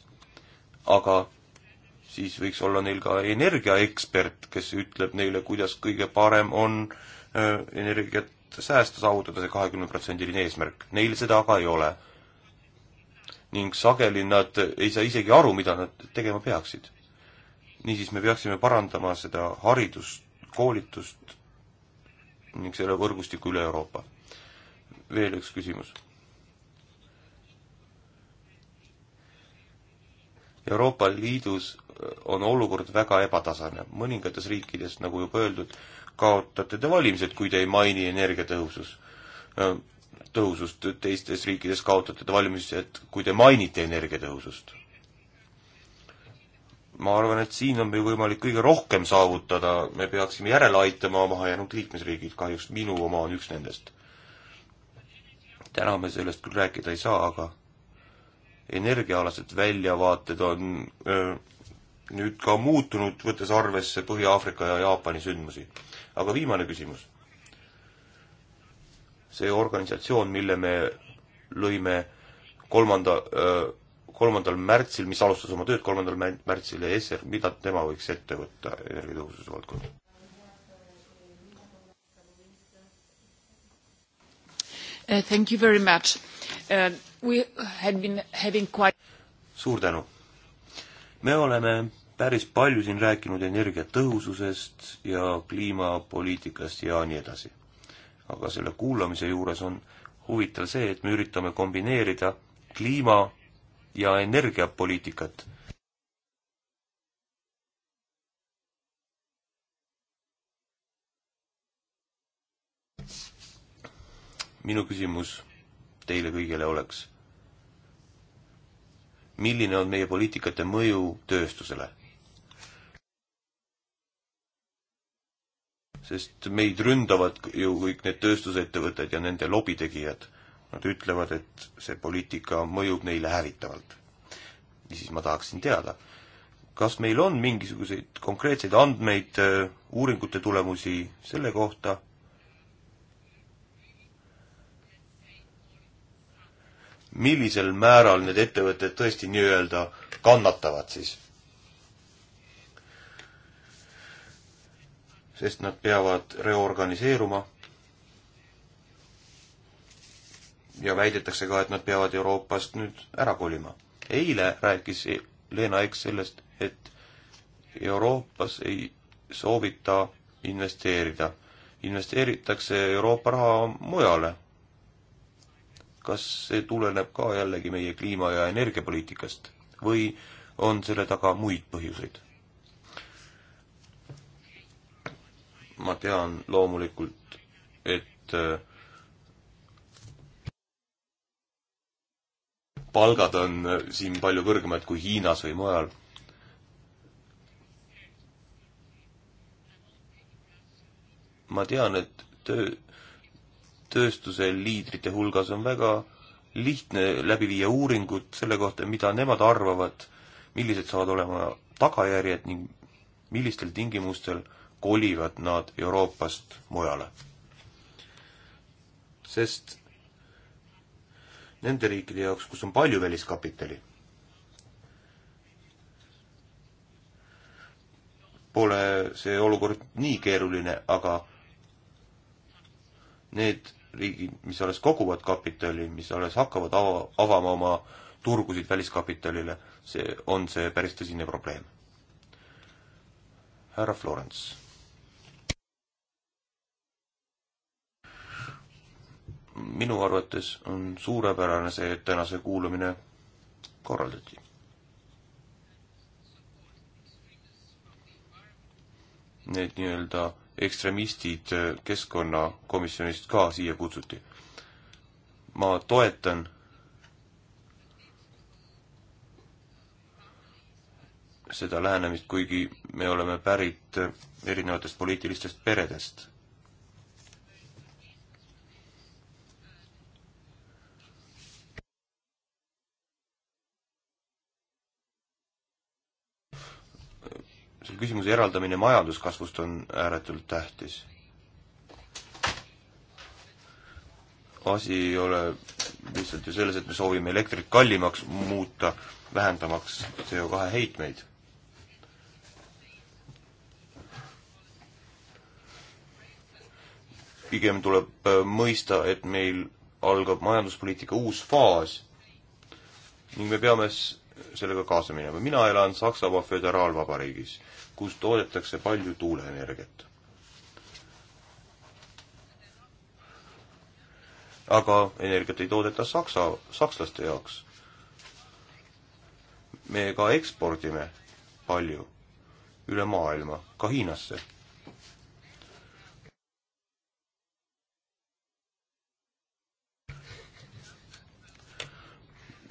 aga siis võiks olla neil ka energiaekspert, kes ütleb neile, kuidas kõige parem on äh, energiat säästa, saavutada see kahekümneprotsendiline eesmärk. Neil seda aga ei ole. ning sageli nad ei saa isegi aru, mida nad tegema peaksid. niisiis me peaksime parandama seda haridust, koolitust ning selle võrgustiku üle Euroopa. veel üks küsimus. Euroopa Liidus äh, on olukord väga ebatasane. mõningates riikides, nagu juba öeldud, kaotate te valimised, kui te ei maini energiatõhusus, äh, tõhusust. teistes riikides kaotate te valimised, kui te mainite energiatõhusust ma arvan, et siin on meil võimalik kõige rohkem saavutada, me peaksime järele aitama mahajäänud liikmesriigid, kahjuks minu oma on üks nendest. täna me sellest küll rääkida ei saa, aga energiaalased väljavaated on öö, nüüd ka muutunud, võttes arvesse Põhja-Aafrika ja Jaapani sündmusi. aga viimane küsimus. see organisatsioon, mille me lõime kolmanda öö, kolmandal märtsil, mis alustas oma tööd kolmandal märtsil ja ESR, mida tema võiks ette võtta energiatõhususe valdkonnas? Uh, thank you very much uh,. We had been having quite suur tänu! me oleme päris palju siin rääkinud energiatõhususest ja kliimapoliitikast ja nii edasi. aga selle kuulamise juures on huvitav see, et me üritame kombineerida kliima ja energiapoliitikat. minu küsimus teile kõigile oleks, milline on meie poliitikate mõju tööstusele? sest meid ründavad ju kõik need tööstusettevõtted ja nende lobitegijad Nad ütlevad, et see poliitika mõjub neile hävitavalt. niisiis ma tahaksin teada, kas meil on mingisuguseid konkreetseid andmeid, äh, uuringute tulemusi selle kohta, millisel määral need ettevõtted tõesti nii-öelda kannatavad siis? sest nad peavad reorganiseeruma ja väidetakse ka, et nad peavad Euroopast nüüd ära kolima. eile rääkis Leena Eks sellest, et Euroopas ei soovita investeerida. investeeritakse Euroopa raha mujale. kas see tuleneb ka jällegi meie kliima- ja energiapoliitikast või on selle taga muid põhjuseid? ma tean loomulikult, et äh, palgad on äh, siin palju kõrgemad kui Hiinas või mujal. ma tean, et töö, tööstuse liidrite hulgas on väga lihtne läbi viia uuringut selle kohta, mida nemad arvavad, millised saavad olema tagajärjed ning millistel tingimustel kolivad nad Euroopast mujale. sest nende riikide jaoks, kus on palju väliskapitali. Pole see olukord nii keeruline, aga need riigid, mis alles koguvad kapitali, mis alles hakkavad ava, avama oma turgusid väliskapitalile, see, on see päris tõsine probleem. härra Florence minu arvates on suurepärane see, et täna see kuulamine korraldati. Need nii-öelda ekstremistid keskkonnakomisjonist ka siia kutsuti. ma toetan seda lähenemist, kuigi me oleme pärit erinevatest poliitilistest peredest küsimuse eraldamine majanduskasvust on ääretult tähtis. asi ei ole lihtsalt ju selles, et me soovime elektrit kallimaks muuta, vähendamaks CO2 heitmeid. pigem tuleb äh, mõista, et meil algab majanduspoliitika uus faas ning me peame sellega kaasa minema. mina elan Saksamaa föderaalvabariigis kus toodetakse palju tuuleenergiat. aga energiat ei toodeta saksa, sakslaste jaoks. me ka ekspordime palju üle maailma, ka Hiinasse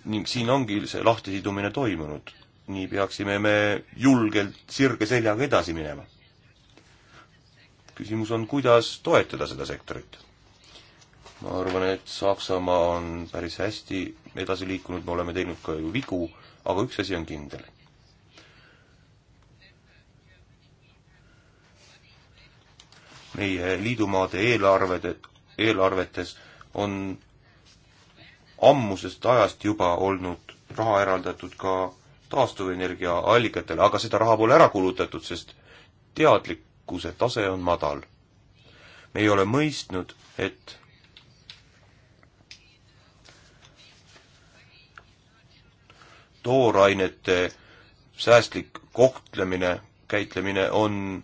ning siin ongi see lahtisidumine toimunud nii peaksime me julgelt sirge seljaga edasi minema. küsimus on, kuidas toetada seda sektorit. ma arvan, et Saksamaa on päris hästi edasi liikunud, me oleme teinud ka ju vigu, aga üks asi on kindel. meie liidumaade eelarved, eelarvetes on ammusest ajast juba olnud raha eraldatud ka taastuvenergia allikatele, aga seda raha pole ära kulutatud, sest teadlikkuse tase on madal. me ei ole mõistnud, et toorainete säästlik kohtlemine, käitlemine on,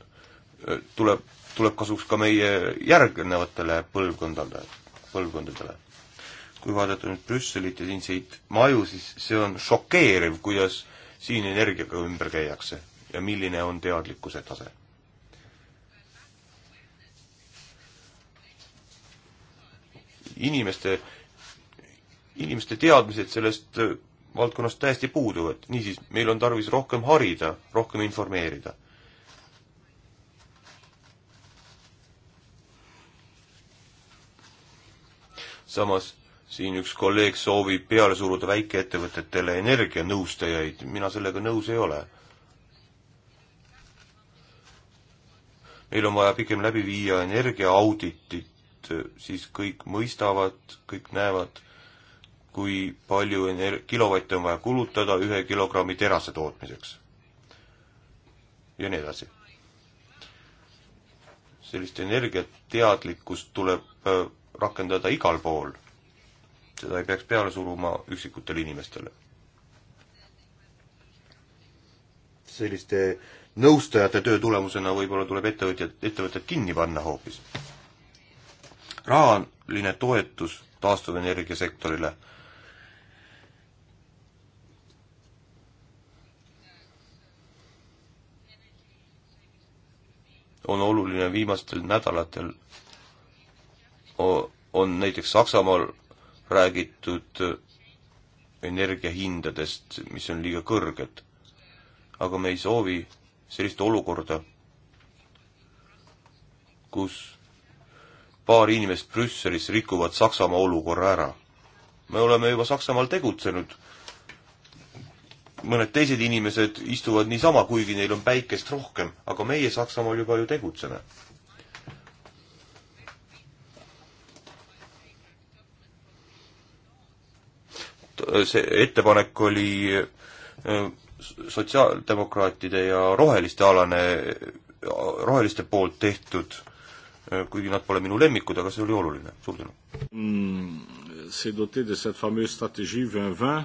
tuleb, tuleb kasuks ka meie järgnevatele põlvkondadele, põlvkondadele kui vaadata nüüd Brüsselit ja siinseid maju, siis see on šokeeriv, kuidas siin energiaga ümber käiakse ja milline on teadlikkuse tase. inimeste, inimeste teadmised sellest äh, valdkonnast täiesti puuduvad, niisiis meil on tarvis rohkem harida, rohkem informeerida. samas siin üks kolleeg soovib peale suruda väikeettevõtetele energianõustajaid, mina sellega nõus ei ole. meil on vaja pigem läbi viia energiaauditit, siis kõik mõistavad, kõik näevad, kui palju ener-, kilovatte on vaja kulutada ühe kilogrammi terase tootmiseks. ja nii edasi. sellist energiateadlikkust tuleb äh, rakendada igal pool seda ei peaks peale suruma üksikutele inimestele. selliste nõustajate töö tulemusena võib-olla tuleb ettevõtjad, ettevõtted kinni panna hoopis. rahaline toetus taastuvenergia sektorile on oluline viimastel nädalatel, on näiteks Saksamaal räägitud energiahindadest, mis on liiga kõrged. aga me ei soovi sellist olukorda, kus paar inimest Brüsselis rikuvad Saksamaa olukorra ära. me oleme juba Saksamaal tegutsenud, mõned teised inimesed istuvad niisama, kuigi neil on päikest rohkem, aga meie Saksamaal juba ju tegutseme see ettepanek oli äh, sotsiaaldemokraatide ja roheliste alane, roheliste poolt tehtud, äh, kuigi nad pole minu lemmikud, aga see oli oluline, suur tänu mm,. C'est doté de cette fameuse stratégie 2020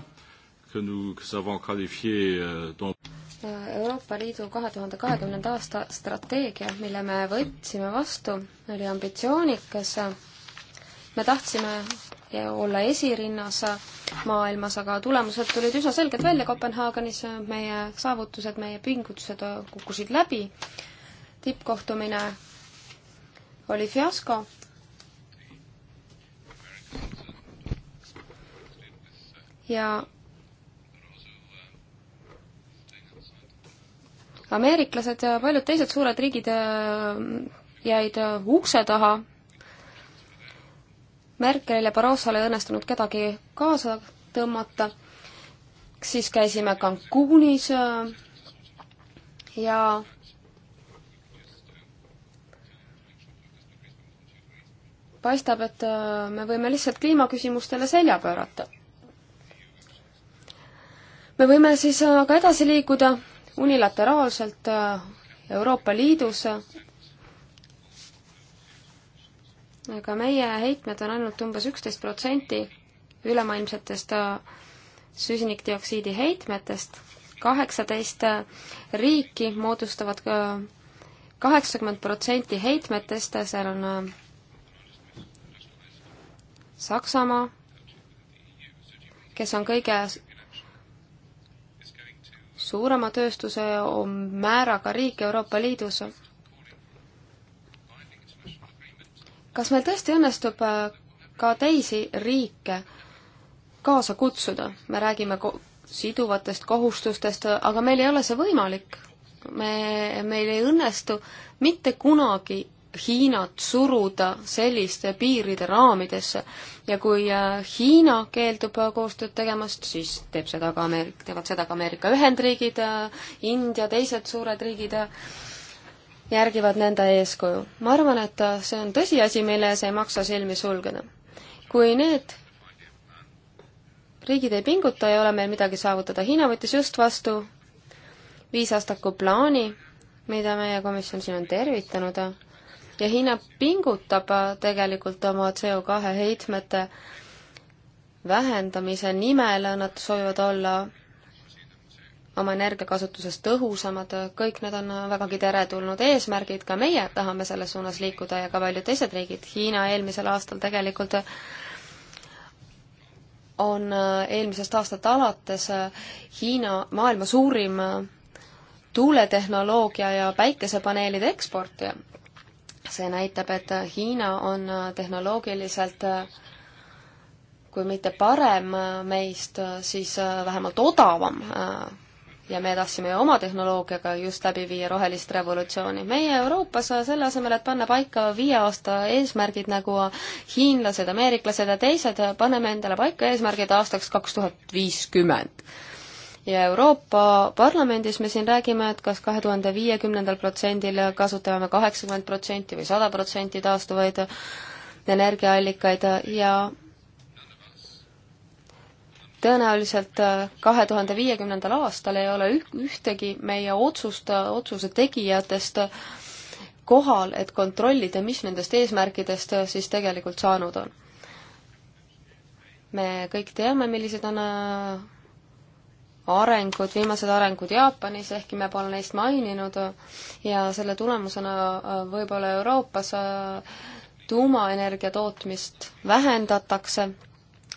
que nous que avons qualifié euh, dans... Euroopa Liidu kahe tuhande kahekümnenda aasta strateegia, mille me võtsime vastu, oli ambitsioonikas. me tahtsime olla esirinnas maailmas, aga tulemused tulid üsna selgelt välja Kopenhaagenis, meie saavutused, meie pingutused kukkusid läbi, tippkohtumine oli fiasko. ja ameeriklased ja paljud teised suured riigid äh, jäid ukse taha Merkel ja Barrosole ei õnnestunud kedagi kaasa tõmmata, siis käisime Cancunis äh, ja paistab, et äh, me võime lihtsalt kliimaküsimustele selja pöörata. me võime siis aga edasi liikuda unilateraalselt äh, Euroopa Liidus aga meie heitmed on ainult umbes üksteist protsenti ülemaailmsetest äh, süsinikdioksiidi heitmetest. kaheksateist äh, riiki moodustavad äh, kaheksakümmend protsenti heitmetest, seal on Saksamaa, kes on kõige suurema tööstuse määraga riik Euroopa Liidus kas meil tõesti õnnestub äh, ka teisi riike kaasa kutsuda, me räägime ko siduvatest kohustustest, äh, aga meil ei ole see võimalik. me, meil ei õnnestu mitte kunagi Hiinat suruda selliste piiride raamidesse ja kui äh, Hiina keeldub koostööd tegemast, siis teeb seda ka Ameerika, teevad seda ka Ameerika Ühendriigid, India, teised suured riigid järgivad nende eeskuju. ma arvan, et see on tõsiasi, mille ees ei maksa silmi sulgeda. kui need riigid ei pinguta, ei ole meil midagi saavutada. Hiina võttis just vastu viisaastaku plaani, mida meie komisjon siin on tervitanud ja Hiina pingutab tegelikult oma CO2 heitmete vähendamise nimel, nad soovivad olla oma energiakasutuses tõhusamad, kõik need on vägagi teretulnud eesmärgid, ka meie tahame selles suunas liikuda ja ka paljud teised riigid, Hiina eelmisel aastal tegelikult on eelmisest aastast alates Hiina maailma suurim tuuletehnoloogia ja päikesepaneelide eksportija. see näitab, et Hiina on tehnoloogiliselt kui mitte parem meist, siis vähemalt odavam ja me tahtsime oma tehnoloogiaga just läbi viia rohelist revolutsiooni. meie Euroopas selle asemel, et panna paika viie aasta eesmärgid nagu hiinlased, ameeriklased ja teised, paneme endale paika eesmärgid aastaks kaks tuhat viiskümmend ja Euroopa Parlamendis me siin räägime, et kas kahe tuhande viiekümnendal protsendil kasutame kaheksakümmend protsenti või sada protsenti taastuvaid energiaallikaid ja tõenäoliselt äh, kahe tuhande viiekümnendal aastal ei ole ühtegi meie otsust, äh, otsuse tegijatest äh, kohal, et kontrollida, mis nendest eesmärkidest siis tegelikult saanud on. me kõik teame, millised on arengud, viimased arengud Jaapanis, ehkki me pole neist maininud, ja selle tulemusena võib-olla Euroopas tuumaenergia tootmist vähendatakse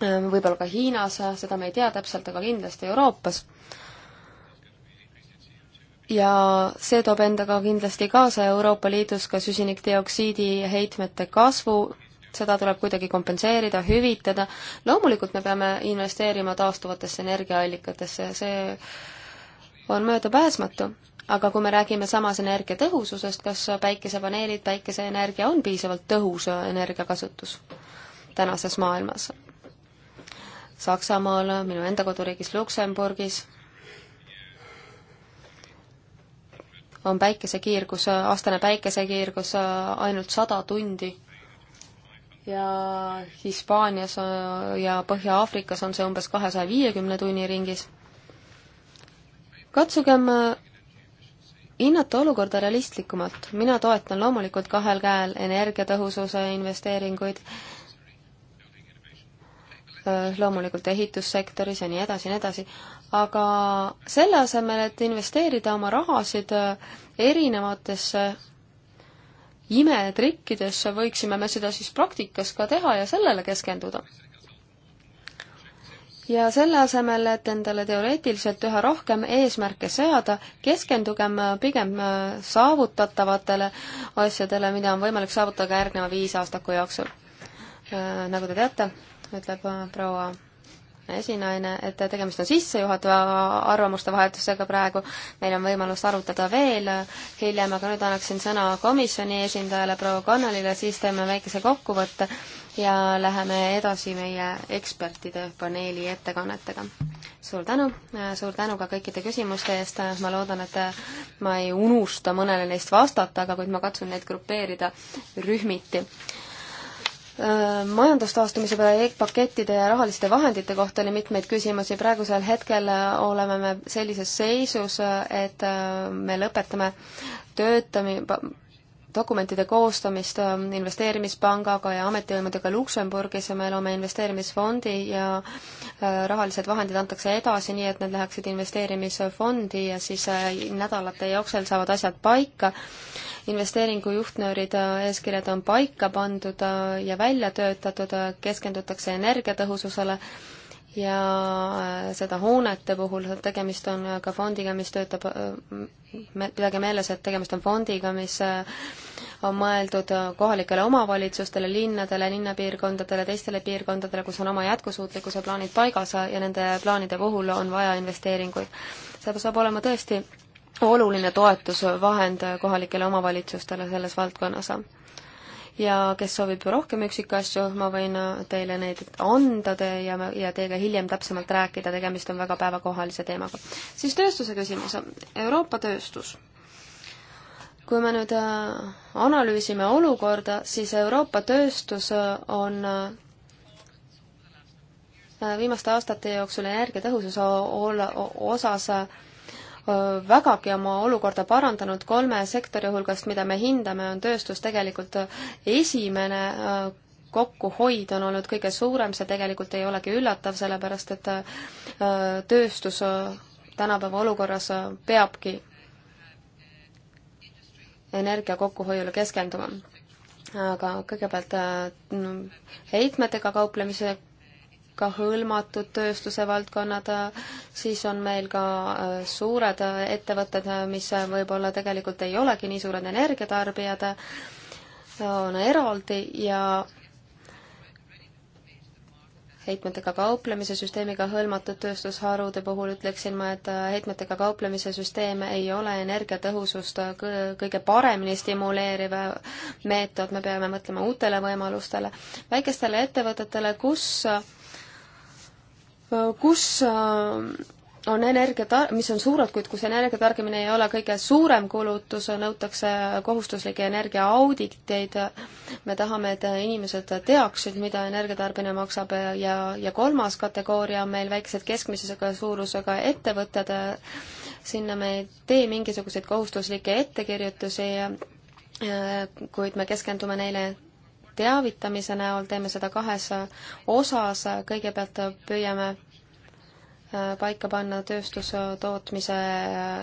Ehm, võib-olla ka Hiinas, seda me ei tea täpselt, aga kindlasti Euroopas. ja see toob endaga kindlasti kaasa Euroopa Liidus ka süsinikdioksiidi heitmete kasvu, seda tuleb kuidagi kompenseerida, hüvitada, loomulikult me peame investeerima taastuvatesse energiaallikatesse, see on möödapääsmatu. aga kui me räägime samas energiatõhususest, kas päikesepaneelid, päikeseenergia on piisavalt tõhus energiakasutus tänases maailmas? Saksamaal, minu enda koduriigis Luksemburgis on päikesekiirgus, aastane päikesekiirgus äh, ainult sada tundi ja Hispaanias äh, ja Põhja-Aafrikas on see umbes kahesaja viiekümne tunni ringis. katsugem äh, hinnata olukorda realistlikumalt, mina toetan loomulikult kahel käel energiatõhususe investeeringuid Äh, loomulikult ehitussektoris ja nii edasi ja nii edasi, aga selle asemel, et investeerida oma rahasid äh, erinevatesse imetrikkidesse, võiksime me seda siis praktikas ka teha ja sellele keskenduda. ja selle asemel, et endale teoreetiliselt üha rohkem eesmärke seada, keskendugem äh, pigem saavutatavatele asjadele, mida on võimalik saavutada ka järgneva viis aastaku jooksul. nagu te teate, ütleb proua esinaine, et tegemist on sissejuhatava arvamuste vahetusega praegu, meil on võimalus arutada veel hiljem, aga nüüd annaksin sõna komisjoni esindajale, proua Kannelile, siis teeme väikese kokkuvõtte ja läheme edasi meie ekspertide paneeli ettekannetega. suur tänu, suur tänu ka kõikide küsimuste eest, ma loodan, et ma ei unusta mõnele neist vastata, aga kuid ma katsun neid grupeerida rühmiti Äh, majandustaastumise pakettide ja rahaliste vahendite kohta oli mitmeid küsimusi, praegusel hetkel äh, oleme me sellises seisus, äh, et me lõpetame töötami-, dokumentide koostamist investeerimispangaga ja ametivõimudega Luksemburgis ja me loome investeerimisfondi ja rahalised vahendid antakse edasi, nii et need läheksid investeerimisfondi ja siis nädalate jooksul saavad asjad paika investeeringu juhtnöörid, äh, eeskirjad on paika pandud äh, ja välja töötatud, äh, keskendutakse energiatõhususele ja seda hoonete puhul, tegemist on ka fondiga, mis töötab, pidage meeles, et tegemist on fondiga, mis on mõeldud kohalikele omavalitsustele, linnadele, linnapiirkondadele, teistele piirkondadele, kus on oma jätkusuutlikkuse plaanid paigas ja nende plaanide puhul on vaja investeeringuid. see saab olema tõesti oluline toetusvahend kohalikele omavalitsustele selles valdkonnas. ja kes soovib rohkem üksikasju, ma võin teile neid anda te ja, ja teiega hiljem täpsemalt rääkida, tegemist on väga päevakohalise teemaga. siis tööstuse küsimus, Euroopa tööstus. kui me nüüd äh, analüüsime olukorda, siis Euroopa tööstus äh, on äh, viimaste aastate jooksul energiatõhususe osas vägagi oma olukorda parandanud, kolme sektori hulgast, mida me hindame, on tööstus tegelikult esimene kokkuhoid on olnud kõige suurem, see tegelikult ei olegi üllatav, sellepärast et tööstus tänapäeva olukorras peabki energia kokkuhoiule keskenduma. aga kõigepealt heitmetega kauplemise ka hõlmatud tööstuse valdkonnad, siis on meil ka äh, suured äh, ettevõtted, äh, mis võib-olla tegelikult ei olegi nii suured energiatarbijad, on eraldi ja heitmetega kauplemise süsteemiga hõlmatud tööstusharude puhul ütleksin ma, et heitmetega kauplemise süsteem ei ole energiatõhusust kõige paremini stimuleeriv meetod, me peame mõtlema uutele võimalustele. väikestele ettevõtetele, kus kus äh, on energia tar-, mis on suured, kuid kus energia tarbimine ei ole kõige suurem kulutus, nõutakse kohustuslikke energiaauditeid, me tahame, et inimesed teaksid, mida energia tarbimine maksab ja, ja kolmas kategooria on meil väiksed keskmisega suurusega ettevõtted, sinna me ei tee mingisuguseid kohustuslikke ettekirjutusi, äh, kuid me keskendume neile teavitamise näol, teeme seda kahes osas, kõigepealt püüame äh, paika panna tööstustootmise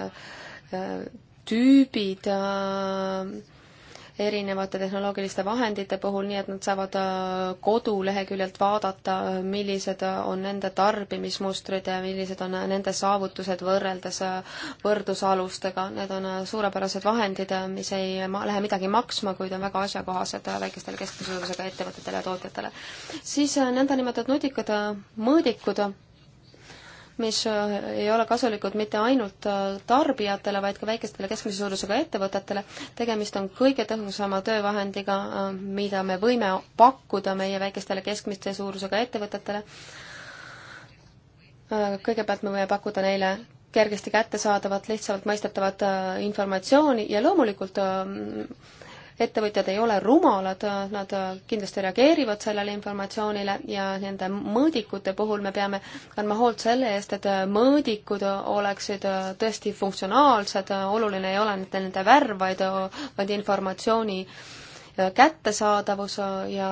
äh, tüübid, äh, erinevate tehnoloogiliste vahendite puhul, nii et nad saavad äh, koduleheküljelt vaadata, äh, millised äh, on nende tarbimismustrid ja millised on nende saavutused võrreldes võrdlusalustega. Need on suurepärased vahendid, mis ei lähe midagi maksma, kuid on väga asjakohased väikestele keskmise suurusega ettevõtetele ja tootjatele. siis nõndanimetatud nutikad mõõdikud mis äh, ei ole kasulikud mitte ainult äh, tarbijatele, vaid ka väikestele keskmise suurusega ettevõtetele. tegemist on kõige tõhusama töövahendiga, äh, mida me võime pakkuda meie väikestele keskmise suurusega ettevõtetele. kõigepealt me võime pakkuda neile kergesti kättesaadavat, lihtsalt mõistetavat informatsiooni ja loomulikult ettevõtjad ei ole rumalad, nad kindlasti reageerivad sellele informatsioonile ja nende mõõdikute puhul me peame kandma hoolt selle eest, et mõõdikud oleksid tõesti funktsionaalsed, oluline ei ole mitte nende värv, vaid, vaid informatsiooni kättesaadavus ja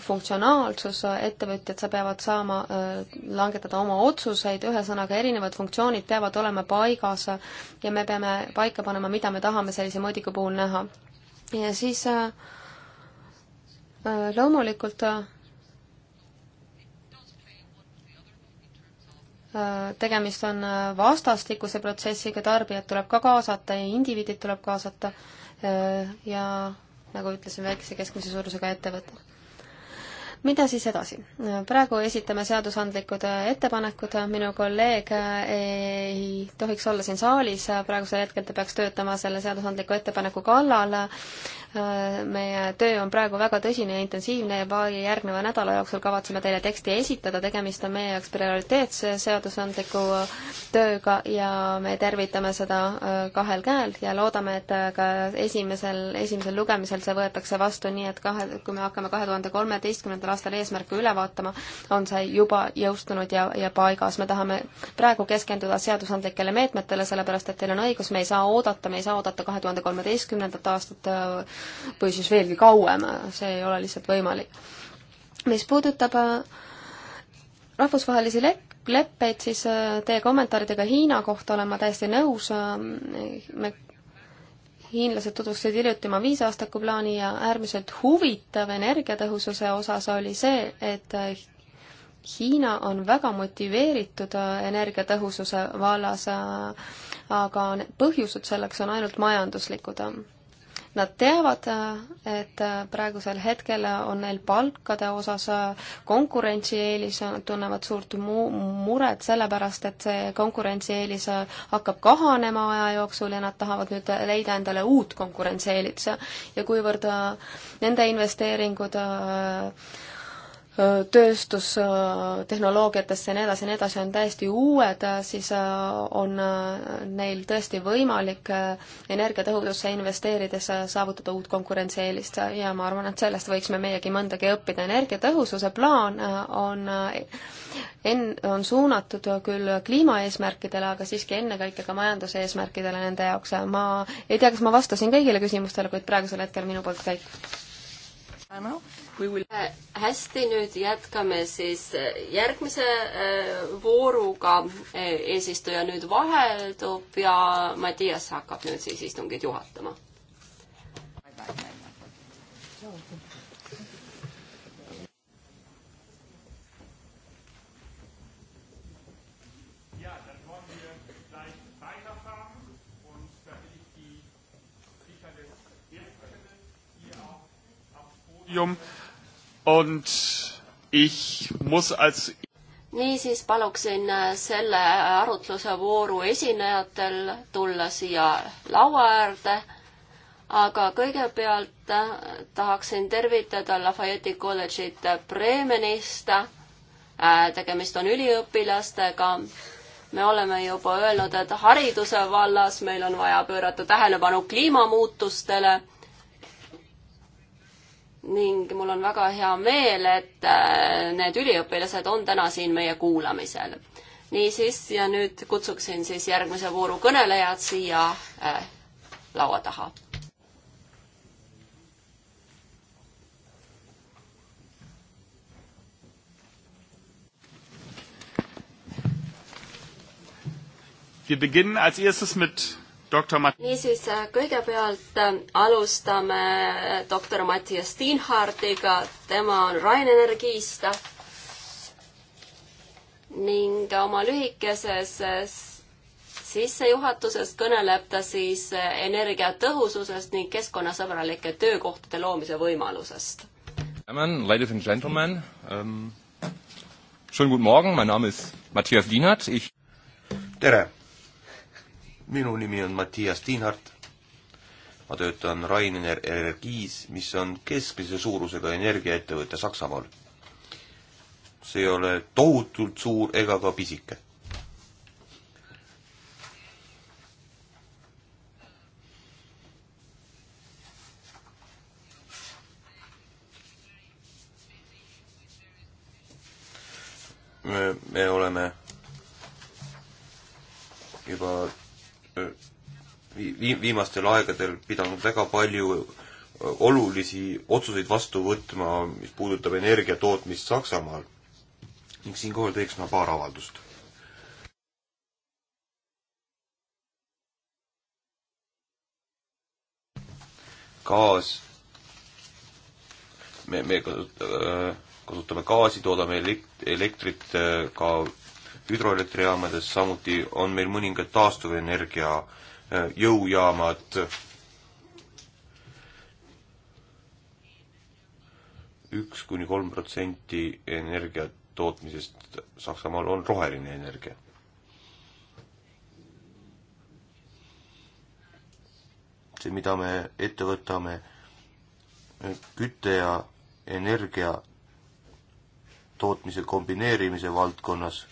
funktsionaalsus, ettevõtjad, sa peavad saama äh, langetada oma otsuseid, ühesõnaga erinevad funktsioonid peavad olema paigas ja me peame paika panema, mida me tahame sellise mõõdiku puhul näha ja siis äh, äh, loomulikult äh, tegemist on äh, vastastikuse protsessiga, tarbijad tuleb ka kaasata ja indiviidid tuleb kaasata äh, ja nagu ütlesin, väikese keskmise suurusega ettevõtted mida siis edasi? praegu esitame seadusandlikud äh, ettepanekud, minu kolleeg äh, ei tohiks olla siin saalis, praegusel hetkel ta peaks töötama selle seadusandliku ettepaneku kallal, meie töö on praegu väga tõsine ja intensiivne ja paari järgneva nädala jooksul kavatseme teile teksti esitada, tegemist on meie jaoks prioriteetse seadusandliku tööga ja me tervitame seda äh, kahel käel ja loodame, et äh, ka esimesel, esimesel lugemisel see võetakse vastu nii, et kahe, kui me hakkame kahe tuhande kolmeteistkümnendal aastal eesmärke üle vaatama, on see juba jõustunud ja, ja paigas. me tahame praegu keskenduda seadusandlikele meetmetele, sellepärast et teil on õigus, me ei saa oodata, me ei saa oodata kahe tuhande kolmeteistkümnendat aastat äh, või siis veelgi kauem, see ei ole lihtsalt võimalik. mis puudutab äh, rahvusvahelisi lek-, leppeid, siis äh, teie kommentaaridega Hiina kohta olen ma täiesti nõus, äh, me hiinlased tutvustasid hiljuti oma viisaastaku plaani ja äärmiselt huvitav energiatõhususe osas oli see, et Hiina on väga motiveeritud energiatõhususe vallas, aga põhjused selleks on ainult majanduslikud. Nad teavad, et praegusel hetkel on neil palkade osas konkurentsieelis, nad tunnevad suurt mu-, muret selle pärast, et see konkurentsieelis hakkab kahanema aja jooksul ja nad tahavad nüüd leida endale uut konkurentsieelit ja kuivõrd nende investeeringud tööstustehnoloogiatesse ja nii edasi ja nii edasi on täiesti uued, siis äh, on äh, neil tõesti võimalik äh, energiatõhususse investeerides saavutada uut konkurentsieelist ja ma arvan, et sellest võiksime meiegi mõndagi õppida. energiatõhususe plaan on en-, on suunatud küll kliimaeesmärkidele, aga siiski ennekõike ka majanduseesmärkidele nende jaoks. ma ei tea, kas ma vastasin kõigile küsimustele, kuid praegusel hetkel minu poolt kõik. Will... hästi, nüüd jätkame siis äh, järgmise äh, vooruga. Äh, eesistuja nüüd vaheldub ja Mattias hakkab nüüd siis istungit juhatama. Präsidium Und ich muss als niisiis paluksin äh, selle arutluse vooru esinejatel tulla siia laua äärde, aga kõigepealt äh, tahaksin tervitada Lafayette'i kolledžit Bremenist. Äh, tegemist on üliõpilastega. me oleme juba öelnud, et hariduse vallas meil on vaja pöörata tähelepanu kliimamuutustele ning mul on väga hea meel, et äh, need üliõpilased on täna siin meie kuulamisel. niisiis, ja nüüd kutsuksin siis järgmise vooru kõnelejad siia äh, laua taha. Wir beginnen als erstes mit niisiis, äh, kõigepealt äh, alustame äh, doktor Mattias Steinhardiga, tema on Rainenergist ning oma lühikeses sissejuhatuses kõneleb ta siis energiatõhususest ning keskkonnasõbralike töökohtade loomise võimalusest. Ladies and gentlemen um,, schönen guten morgen, mein name is Matthias Dienert, ich tere minu nimi on Mattias Tiinhart. ma töötan Rainer Energiis, mis on keskmise suurusega energiaettevõte Saksamaal. see ei ole tohutult suur ega ka pisike. me, me oleme juba viimastel aegadel pidanud väga palju olulisi otsuseid vastu võtma, mis puudutab energia tootmist Saksamaal. ning siinkohal teeks ma paar avaldust. gaas. me, me kasut-, kasutame gaasi, toodame elekt-, elektrit ka hüdroelektrijaamades, samuti on meil mõningad taastuvenergia äh, jõujaamad. üks kuni kolm protsenti energia tootmisest Saksamaal on roheline energia. see, mida me ette võtame äh, küte ja energia tootmise kombineerimise valdkonnas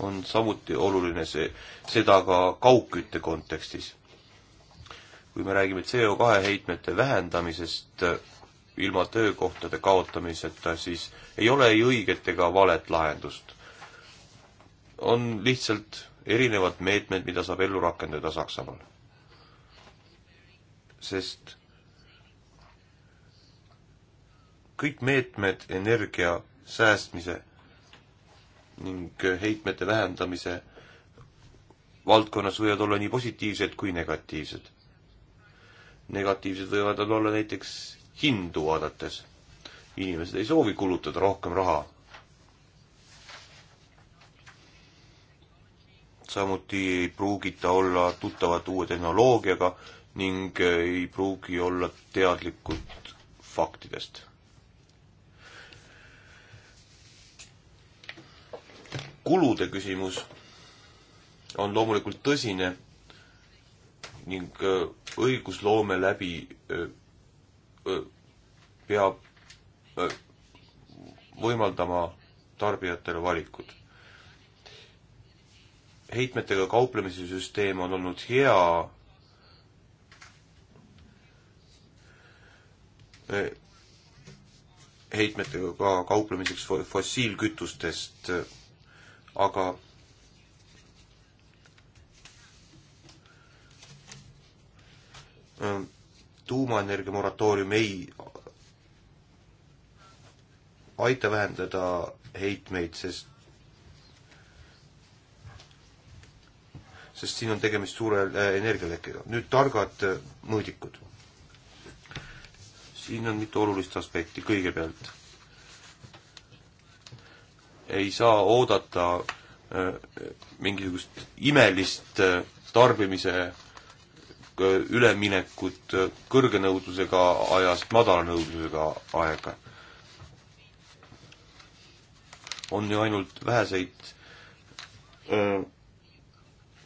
on samuti oluline see, seda ka kaugkütte kontekstis. kui me räägime CO2 heitmete vähendamisest äh, ilma töökohtade kaotamiseta, siis ei ole ei õiget ega valet lahendust. on lihtsalt erinevad meetmed, mida saab ellu rakendada Saksamaal. sest kõik meetmed energia säästmise ning heitmete vähendamise valdkonnas võivad olla nii positiivsed kui negatiivsed. negatiivsed võivad nad olla näiteks hindu vaadates. inimesed ei soovi kulutada rohkem raha. samuti ei pruugi ta olla tuttavad uue tehnoloogiaga ning ei pruugi olla teadlikud faktidest kulude küsimus on loomulikult tõsine ning äh, õigusloome läbi äh, äh, peab võimaldama tarbijatele valikud. heitmetega kauplemise süsteem on olnud hea. heitmetega ka kauplemiseks fossiilkütustest aga ähm, tuumaenergia moratoorium ei aita vähendada heitmeid, sest sest siin on tegemist suure äh, energialekkega. nüüd targad äh, mõõdikud. siin on mitu olulist aspekti kõigepealt ei saa oodata äh, mingisugust imelist äh, tarbimise äh, üleminekut kõrge nõudlusega ajast madala nõudlusega aega. on ju ainult väheseid öö,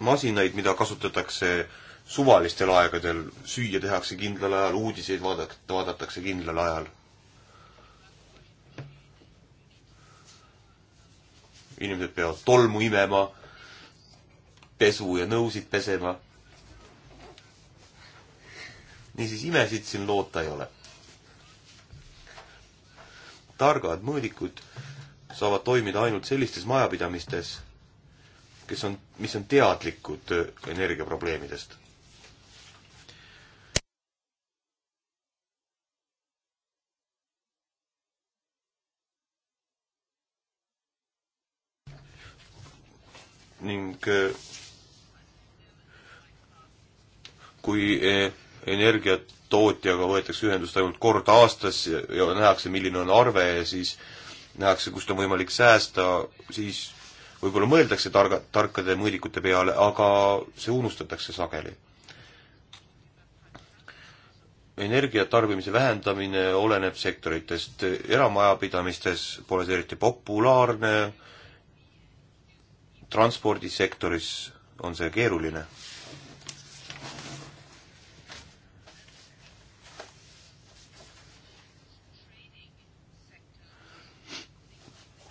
masinaid, mida kasutatakse suvalistel aegadel, süüa tehakse kindlal ajal, uudiseid vaadata, vaadatakse kindlal ajal inimesed peavad tolmu imema, pesu ja nõusid pesema. niisiis, imesid siin loota ei ole. targad mõõdikud saavad toimida ainult sellistes majapidamistes, kes on, mis on teadlikud energiaprobleemidest ning eh, kui eh, energiatootjaga võetakse ühendust ainult kord aastas ja, ja nähakse, milline on arve ja siis nähakse, kust on võimalik säästa, siis võib-olla mõeldakse targa, tarkade mõõdikute peale, aga see unustatakse sageli. energiatarbimise vähendamine oleneb sektoritest, eramajapidamistes pole see eriti populaarne, transpordisektoris on see keeruline.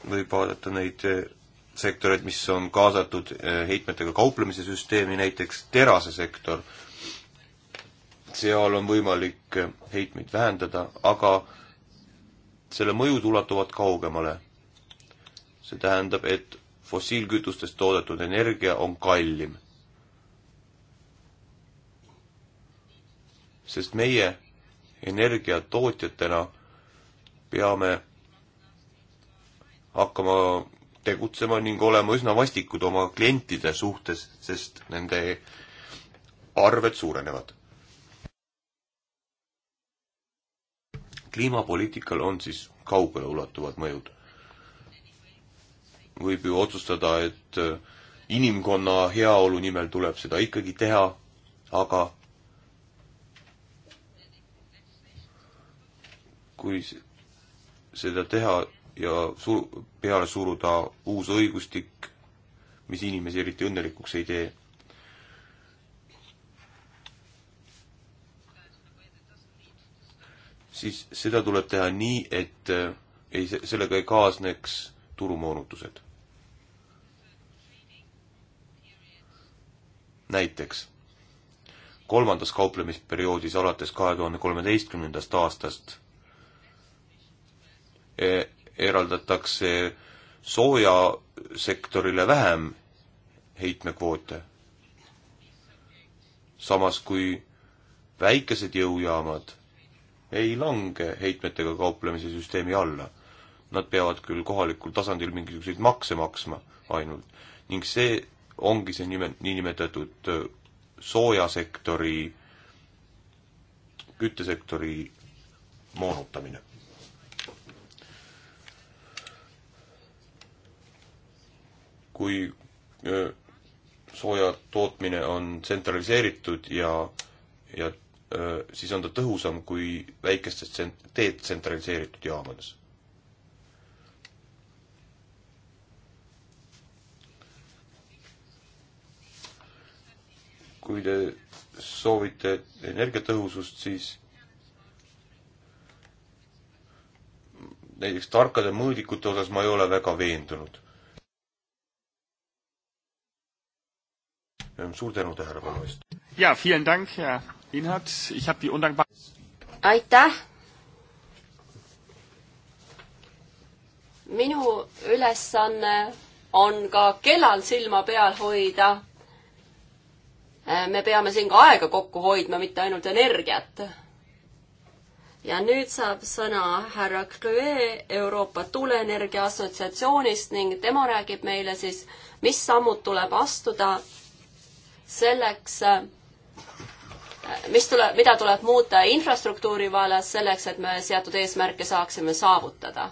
võib vaadata neid eh, sektoreid, mis on kaasatud eh, heitmetega kauplemise süsteemi, näiteks terasesektor. seal on võimalik eh, heitmeid vähendada, aga selle mõjud ulatuvad kaugemale. see tähendab, et fossiilkütustest toodetud energia on kallim. sest meie energiatootjatena peame hakkama tegutsema ning olema üsna vastikud oma klientide suhtes, sest nende arved suurenevad. kliimapoliitikal on siis kaugeleulatuvad mõjud võib ju otsustada, et äh, inimkonna heaolu nimel tuleb seda ikkagi teha, aga kui seda teha ja sur-, peale suruda uus õigustik, mis inimesi eriti õnnelikuks ei tee siis seda tuleb teha nii, et äh, ei, sellega ei kaasneks turumoonutused. näiteks kolmandas kauplemisperioodis alates kahe tuhande kolmeteistkümnendast aastast e, eraldatakse soojasektorile vähem heitmekvoote. samas kui väikesed jõujaamad ei lange heitmetega kauplemise süsteemi alla. Nad peavad küll kohalikul tasandil mingisuguseid makse maksma ainult ning see ongi see nime, niinimetatud äh, soojasektori, küttesektori moonutamine. kui äh, sooja tootmine on tsentraliseeritud ja, ja äh, siis on ta tõhusam kui väikestes detsentraliseeritud jaamades kui te soovite energiatõhusust, siis näiteks tarkade mõõdikute osas ma ei ole väga veendunud. suur tänu tähelepanu eest! jaa, vielen dank, hea Linhard, ich hab die undankbar-. aitäh! minu ülesanne on ka kellal silma peal hoida Äh, me peame siin ka aega kokku hoidma, mitte ainult energiat. ja nüüd saab sõna härra Clue Euroopa Tuuleenergia Assotsiatsioonist ning tema räägib meile siis, mis sammud tuleb astuda selleks, äh, mis tuleb, mida tuleb muuta infrastruktuuri vallas selleks, et me seatud eesmärke saaksime saavutada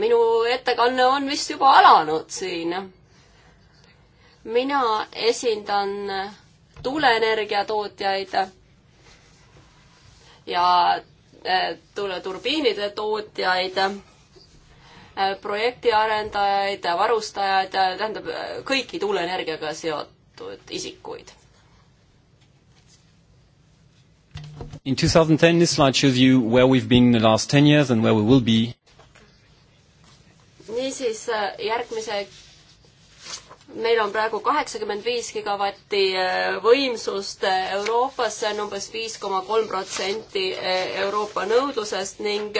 minu ettekanne on vist juba alanud siin. mina esindan tuuleenergia tootjaid ja eh, tuuleturbiinide tootjaid, eh, projektiarendajaid, varustajaid, eh, tähendab kõiki tuuleenergiaga seotud isikuid In 2010, this slide shows you where we've been in the last 10 years and where we will be niisiis äh, järgmise meil on praegu kaheksakümmend viis gigavatti äh, võimsust äh, Euroopas, see on umbes viis koma kolm protsenti Euroopa nõudlusest ning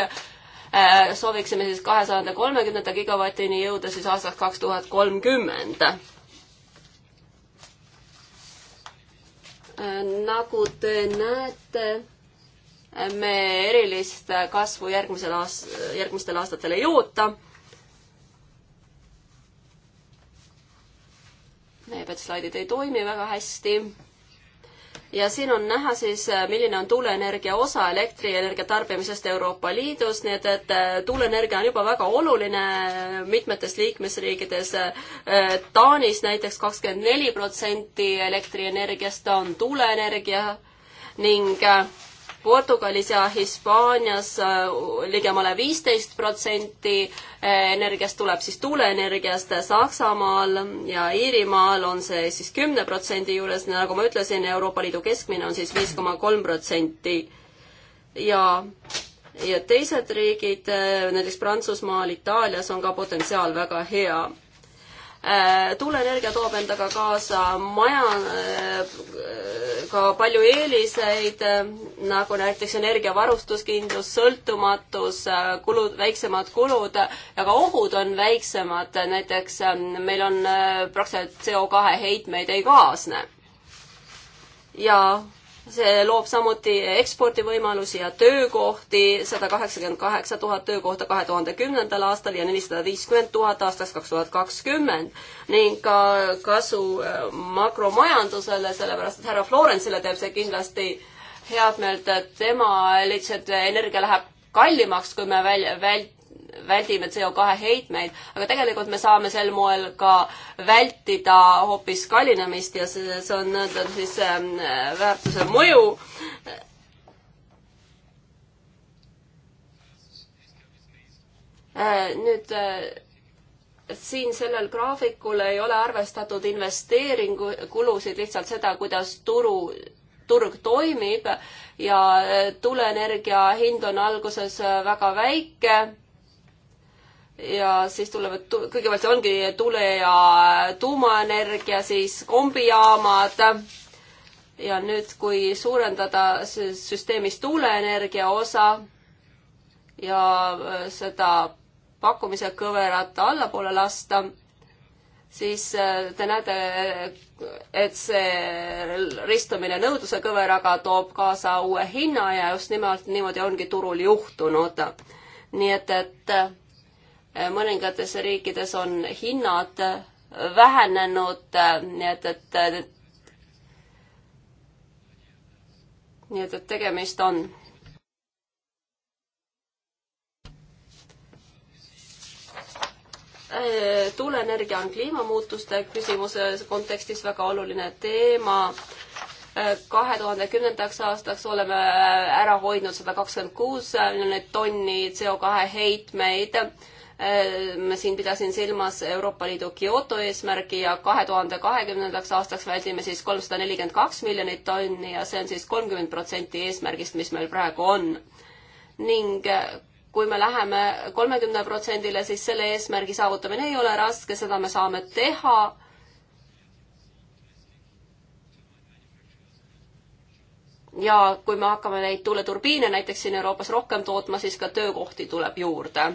sooviksime siis kahe tuhande kolmekümnenda gigavatini jõuda siis aastaks kaks tuhat kolmkümmend. nagu te näete, me erilist kasvu järgmisel aast-, järgmistel aastatel ei oota näib, et slaidid ei toimi väga hästi. ja siin on näha siis, äh, milline on tuuleenergia osa elektrienergia tarbimisest Euroopa Liidus, nii et, et äh, tuuleenergia on juba väga oluline äh, mitmetes liikmesriikides. Taanis näiteks kakskümmend neli protsenti elektrienergiast on tuuleenergia ning Portugalis ja Hispaanias äh, ligemale viisteist protsenti äh, energiast tuleb siis tuuleenergiast, Saksamaal ja Iirimaal on see siis kümne protsendi juures, nagu ma ütlesin, Euroopa Liidu keskmine on siis viis koma kolm protsenti. ja, ja teised riigid, äh, näiteks Prantsusmaal, Itaalias on ka potentsiaal väga hea Äh, tuuleenergia toob endaga kaasa maja, äh, ka palju eeliseid, äh, nagu näiteks energiavarustuskindlus, sõltumatus, kulud, väiksemad kulud ja ka ohud on väiksemad, näiteks meil on praktiliselt CO2 heitmeid ei kaasne. ja see loob samuti ekspordivõimalusi ja töökohti, sada kaheksakümmend kaheksa tuhat töökohta kahe tuhande kümnendal aastal ja nelisada viiskümmend tuhat aastast kaks tuhat kakskümmend. ning ka kasu äh, makromajandusele, sellepärast et härra Florence'ile teeb see kindlasti head meelt, et tema lihtsalt äh, energia läheb kallimaks, kui me välja, väl-, väldime CO2 heitmeid, aga tegelikult me saame sel moel ka vältida hoopis kallinemist ja see, see on nii-öelda siis ähm, väärtuse mõju. Äh, nüüd äh, siin sellel graafikul ei ole arvestatud investeeringukulusid, lihtsalt seda, kuidas turu turg toimib ja äh, tuuleenergia hind on alguses väga väike ja siis tulevad, kõigepealt see ongi tule- ja tuumaenergia, siis kombijaamad ja nüüd, kui suurendada süsteemis tuuleenergia osa ja äh, seda pakkumise kõverat allapoole lasta, siis äh, te näete, et see ristumine nõudluse kõveraga toob kaasa uue hinna ja just nimelt niimoodi ongi turul juhtunud. nii et, et äh, Eh, mõningates riikides on hinnad eh, vähenenud, eh, nii et, et nii et, et tegemist on. tuuleenergia on kliimamuutuste küsimuse kontekstis väga oluline teema kahe tuhande kümnendaks aastaks oleme ära hoidnud sada kakskümmend kuus miljonit tonni CO2 heitmeid. Äh, ma siin pidasin silmas Euroopa Liidu Kyoto eesmärgi ja kahe tuhande kahekümnendaks aastaks väldime siis kolmsada nelikümmend kaks miljonit tonni ja see on siis kolmkümmend protsenti eesmärgist, mis meil praegu on. ning äh, kui me läheme kolmekümne protsendile, siis selle eesmärgi saavutamine ei ole raske, seda me saame teha ja kui me hakkame neid tuuleturbiine näiteks siin Euroopas rohkem tootma, siis ka töökohti tuleb juurde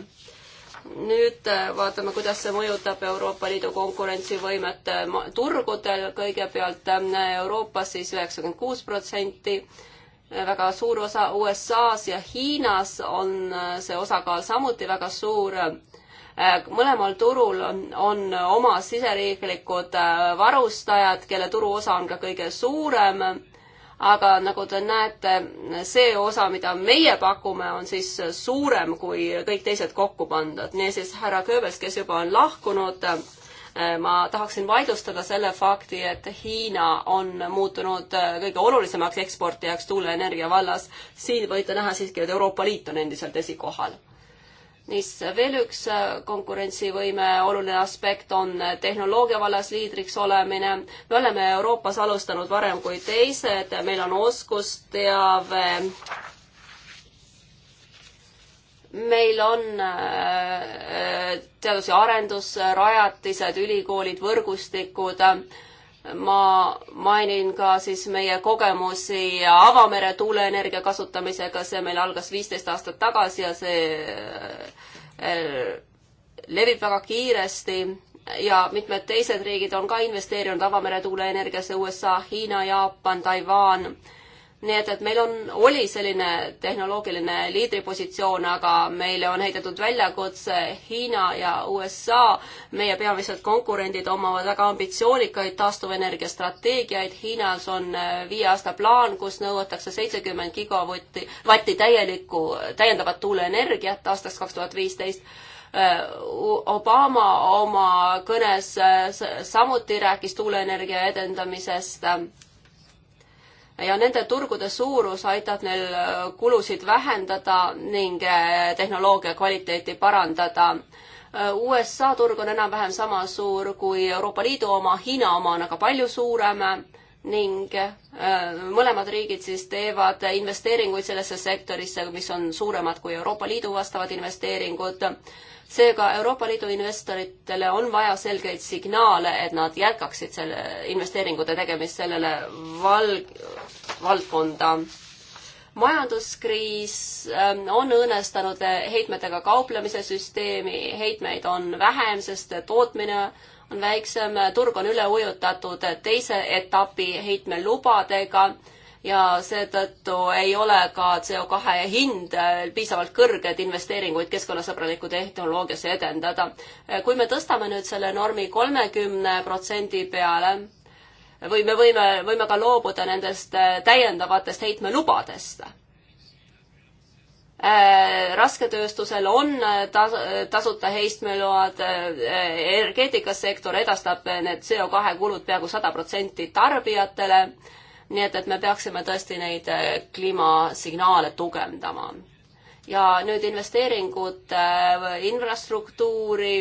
nüüd äh, vaatame, kuidas see mõjutab Euroopa Liidu konkurentsivõimet äh, turgudel, kõigepealt äh, Euroopas siis üheksakümmend kuus protsenti, väga suur osa USA-s ja Hiinas on see osakaal samuti väga suur. mõlemal turul on oma siseriiklikud varustajad, kelle turuosa on ka kõige suurem aga nagu te näete, see osa, mida meie pakume, on siis suurem kui kõik teised kokku pandud. niisiis, härra Goebbels, kes juba on lahkunud, eh, ma tahaksin vaidlustada selle fakti, et Hiina on muutunud eh, kõige olulisemaks eksportijaks tuuleenergia vallas. siin võite näha siiski, et Euroopa Liit on endiselt esikohal siis veel üks äh, konkurentsivõime oluline aspekt on äh, tehnoloogia vallas liidriks olemine. me oleme Euroopas alustanud varem kui teised, meil on oskusteave. meil on äh, teadus- ja arendusrajatised, ülikoolid, võrgustikud ma mainin ka siis meie kogemusi avamere tuuleenergia kasutamisega, see meil algas viisteist aastat tagasi ja see äh, levib väga kiiresti ja mitmed teised riigid on ka investeerinud avamere tuuleenergiasse, USA, Hiina, Jaapan, Taiwan nii et, et meil on, oli selline tehnoloogiline liidripositsioon, aga meile on heidetud väljakutse Hiina ja USA. meie peamised konkurendid omavad väga ambitsioonikaid taastuvenergia strateegiaid. Hiinas on äh, viie aasta plaan, kus nõuetakse seitsekümmend gigavatti, vatti täielikku, täiendavat tuuleenergiat aastaks kaks tuhat viisteist äh, Obama oma kõnes äh, samuti rääkis tuuleenergia edendamisest ja nende turgude suurus aitab neil äh, kulusid vähendada ning äh, tehnoloogia kvaliteeti parandada. Äh, USA turg on enam-vähem sama suur kui Euroopa Liidu oma, Hiina oma on aga palju suurem ning mõlemad riigid siis teevad investeeringuid sellesse sektorisse, mis on suuremad kui Euroopa Liidu vastavad investeeringud. seega Euroopa Liidu investoritele on vaja selgeid signaale, et nad jätkaksid selle investeeringute tegemist sellele val-, valdkonda. majanduskriis ähm, on õõnestanud heitmetega kauplemise süsteemi, heitmeid on vähem, sest tootmine on väiksem, turg on üle ujutatud teise etapi heitmelubadega ja seetõttu ei ole ka CO2 hind piisavalt kõrge, et investeeringuid keskkonnasõbralikku tehnoloogiasse edendada. kui me tõstame nüüd selle normi kolmekümne protsendi peale, või me võime, võime ka loobuda nendest äh, täiendavatest heitmelubadest äh, rasketööstusel on äh, tas-, tasuta heistmeload, energeetikasektor edastab need CO2 kulud peaaegu sada protsenti tarbijatele, nii et, et me peaksime tõesti neid kliimasignaale tugevdama ja nüüd investeeringud äh, infrastruktuuri,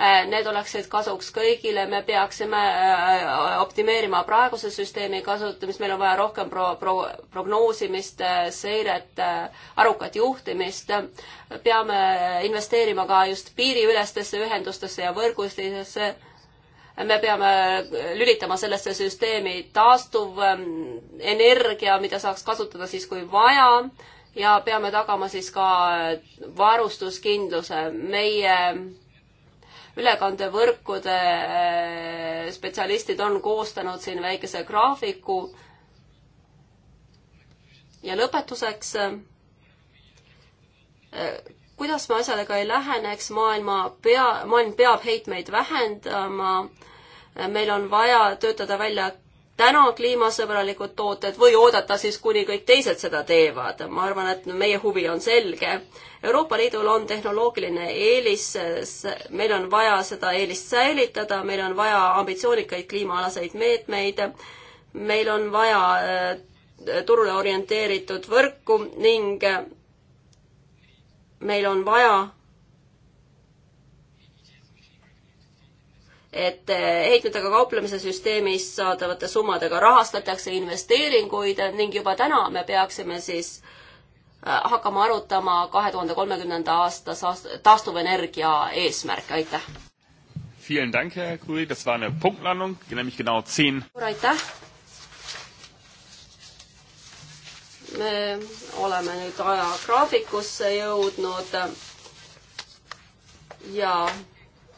äh, need oleksid kasuks kõigile, me peaksime äh, optimeerima praeguse süsteemi kasutamist, meil on vaja rohkem pro-, pro-, prognoosimist, seiret, arukat juhtimist, peame investeerima ka just piiriülestesse ühendustesse ja võrgustikesse, me peame lülitama sellesse süsteemi taastuv ähm, energia, mida saaks kasutada siis, kui vaja, ja peame tagama siis ka varustuskindluse. meie ülekandevõrkude eh, spetsialistid on koostanud siin väikese graafiku. ja lõpetuseks eh, kuidas me asjadega ei läheneks, maailma pea, maailm peab heitmeid vähendama, meil on vaja töötada välja täna kliimasõbralikud tooted või oodata siis, kuni kõik teised seda teevad. ma arvan, et meie huvi on selge. Euroopa Liidul on tehnoloogiline eelis, meil on vaja seda eelist säilitada, meil on vaja ambitsioonikaid kliimaalaseid meetmeid, meil on vaja äh, turule orienteeritud võrku ning äh, meil on vaja et eh, heitmetega kauplemise süsteemist saadavate summadega rahastatakse investeeringuid ning juba täna me peaksime siis eh, hakkama arutama kahe tuhande kolmekümnenda aasta taastuvenergia eesmärke, aitäh! suur aitäh! me oleme nüüd ajagraafikusse jõudnud ja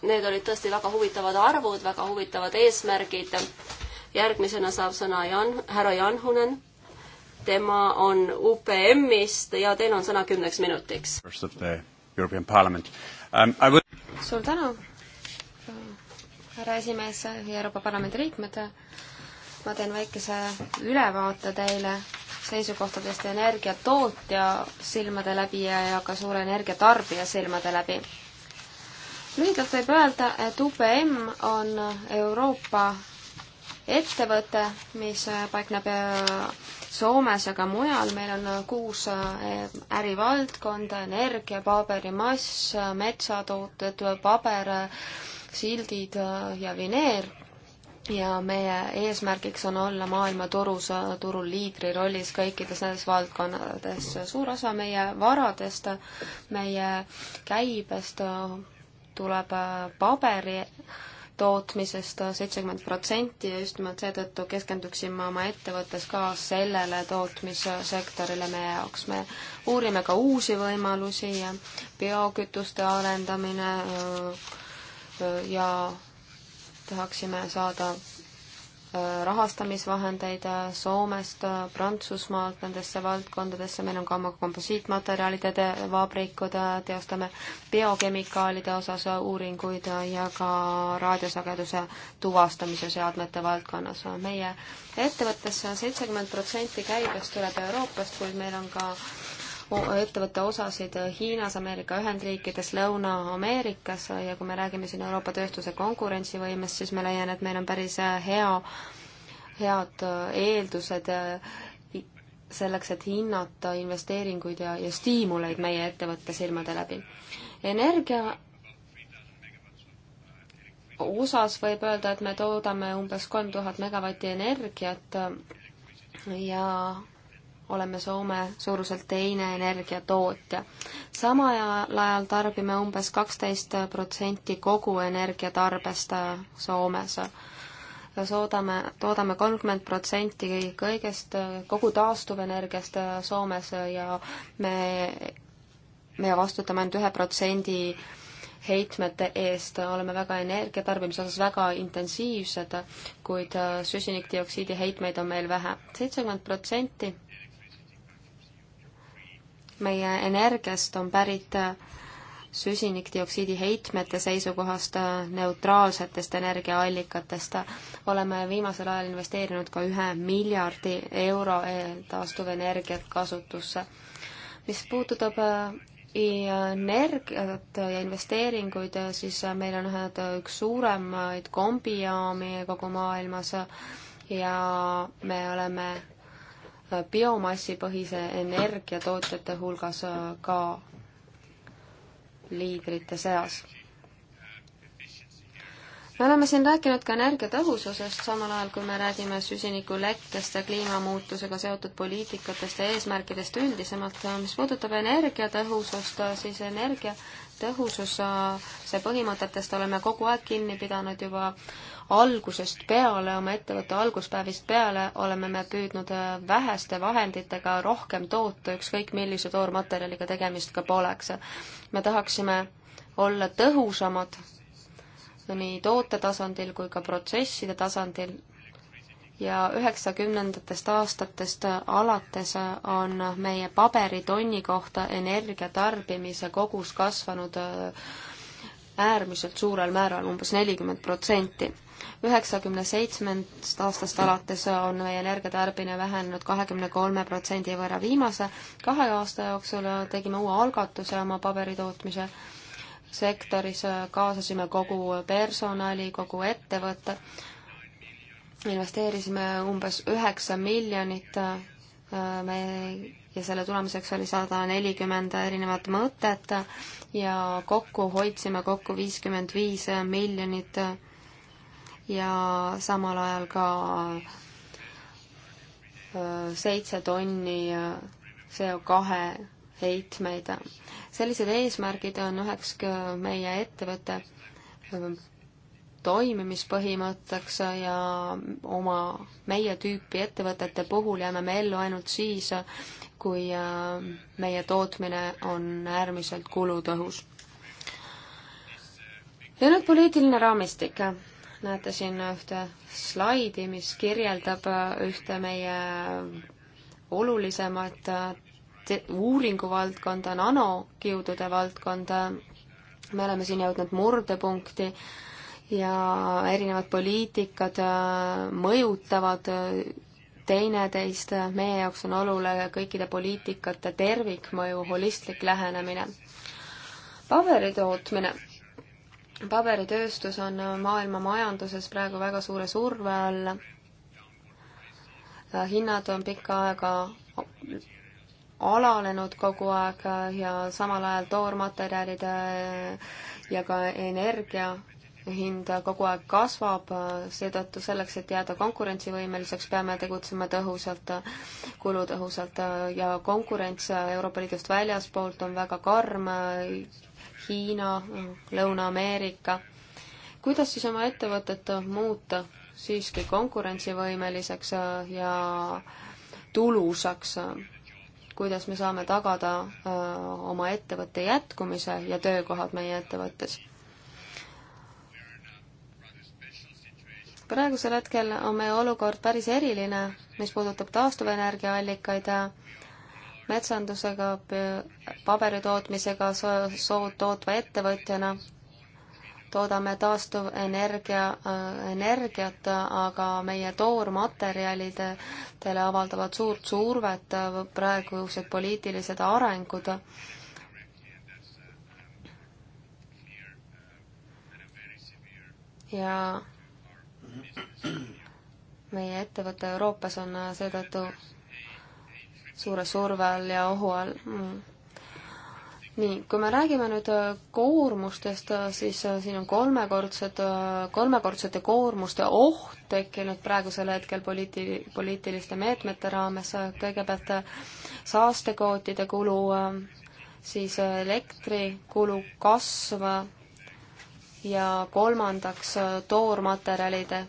Need olid tõesti väga huvitavad arvud, väga huvitavad eesmärgid. järgmisena saab sõna Jan, härra Janhunen. tema on UPM-ist ja teil on sõna kümneks minutiks. Um, would... suur tänu, härra esimees ja Euroopa Parlamendi liikmed. ma teen väikese ülevaate teile seisukohtadest energiatootja silmade läbi ja, ja ka suure energiatarbija silmade läbi lühidalt võib öelda, et UPM on Euroopa ettevõte, mis paikneb äh, Soomes ja ka mujal, meil on äh, kuus äh, ärivaldkonda, energia, paberimass, metsatooted, paber, sildid ja vineer. ja meie eesmärgiks on olla maailmaturus, turul liidri rollis kõikides nendes valdkondades. suur osa meie varadest, meie käibest tuleb äh, paberi tootmisest seitsekümmend protsenti ja just nimelt seetõttu keskenduksin ma oma ettevõttes ka sellele tootmissektorile meie jaoks. me uurime ka uusi võimalusi, biokütuste arendamine ja tahaksime saada Äh, rahastamisvahendeid äh, Soomest, äh, Prantsusmaalt nendesse valdkondadesse, meil on ka oma komposiitmaterjalide te vabrikud, teostame biokemikaalide osas uuringuid ja ka raadiosageduse tuvastamise seadmete valdkonnas. meie ettevõttesse seitsekümmend protsenti käibest tuleb Euroopast, kuid meil on ka ettevõtte osasid Hiinas, Ameerika Ühendriikides, Lõuna-Ameerikas ja kui me räägime siin Euroopa tööstuse konkurentsivõimest, siis ma leian, et meil on päris hea, head eeldused selleks, et hinnata investeeringuid ja, ja stiimuleid meie ettevõtte silmade läbi. energia osas võib öelda, et me toodame umbes kolm tuhat megavatti energiat ja oleme Soome suuruselt teine energiatootja. samal ajal tarbime umbes kaksteist protsenti kogu energiatarbest äh, Soomes. soodame, toodame kolmkümmend protsenti kõigest, äh, kogu taastuvenergiast äh, Soomes ja me, me vastutame ainult ühe protsendi heitmete eest oleme väga energiatarbimise osas väga intensiivsed, kuid süsinikdioksiidi heitmeid on meil vähe. seitsekümmend protsenti meie energiast on pärit äh, süsinikdioksiidi heitmete seisukohast äh, neutraalsetest energiaallikatest. oleme viimasel ajal investeerinud ka ühe miljardi euro äh, taastuvenergiat kasutusse. mis puudutab energiat ja investeeringuid, siis meil on ühed, üks suuremaid kombijaami kogu maailmas ja me oleme biomassipõhise energiatootjate hulgas äh, ka liidrite seas. me oleme siin rääkinud ka energiatõhususest, samal ajal kui me räägime süsinikulekkest ja kliimamuutusega seotud poliitikatest ja eesmärkidest üldisemalt. mis puudutab energiatõhusust, siis energiatõhusus, äh, see põhimõtetest oleme kogu aeg kinni pidanud juba algusest peale, oma ettevõtte alguspäevist peale oleme me püüdnud äh, väheste vahenditega rohkem toota, ükskõik millise toormaterjaliga tegemist ka poleks. me tahaksime olla tõhusamad nii toote tasandil kui ka protsesside tasandil ja üheksakümnendatest aastatest alates on meie paberitonni kohta energia tarbimise kogus kasvanud äh, äärmiselt suurel määral umbes, umbes nelikümmend protsenti üheksakümne seitsmendast aastast alates on meie energiatarbimine vähenenud kahekümne kolme protsendi võrra. viimase kahe aasta jooksul tegime uue algatuse oma paberitootmise sektoris, kaasasime kogu personali, kogu ettevõtte, investeerisime umbes üheksa miljonit äh, me ja selle tulemuseks oli sada nelikümmend erinevat mõtet ja kokku hoidsime kokku viiskümmend viis miljonit ja samal ajal ka seitse tonni CO2 heitmeid. sellised eesmärgid on üheks meie ettevõtte toimimispõhimõtteks ja oma meie tüüpi ettevõtete puhul jääme me ellu ainult siis, kui meie tootmine on äärmiselt kulutõhus. ja nüüd poliitiline raamistik näete siin ühte slaidi, mis kirjeldab äh, ühte meie olulisemat äh, uuringuvaldkonda, nanokiudude valdkonda. me oleme siin jõudnud murdepunkti ja erinevad poliitikad äh, mõjutavad teineteist, meie jaoks on oluline kõikide poliitikate tervikmõju, holistlik lähenemine. paberi tootmine paberitööstus on maailma majanduses praegu väga suure surve all. hinnad on pikka aega alanenud kogu aeg ja samal ajal toormaterjalide ja ka energia hind kogu aeg kasvab, seetõttu selleks, et jääda konkurentsivõimeliseks, peame tegutsema tõhusalt, kulutõhusalt ja konkurents Euroopa Liidust väljaspoolt on väga karm Hiina, Lõuna-Ameerika. kuidas siis oma ettevõtet muuta siiski konkurentsivõimeliseks ja tulusaks? kuidas me saame tagada äh, oma ettevõtte jätkumise ja töökohad meie ettevõttes? praegusel hetkel on meie olukord päris eriline, mis puudutab taastuvenergiaallikaid metsandusega, paberitootmisega so, sood tootva ettevõtjana toodame taastuvenergia äh,, energiat, aga meie toormaterjalidele avaldavad suurt survet praegused poliitilised arengud. ja meie ettevõte Euroopas on seetõttu suure surve all ja ohu all mm.. nii, kui me räägime nüüd äh, koormustest, äh, siis äh, siin on kolmekordsed, kolmekordsete koormuste oht tekkinud praegusel hetkel poliiti-, poliitiliste meetmete raames, kõigepealt saastekvootide kulu, siis elektrikulu kasv ja kolmandaks toormaterjalide,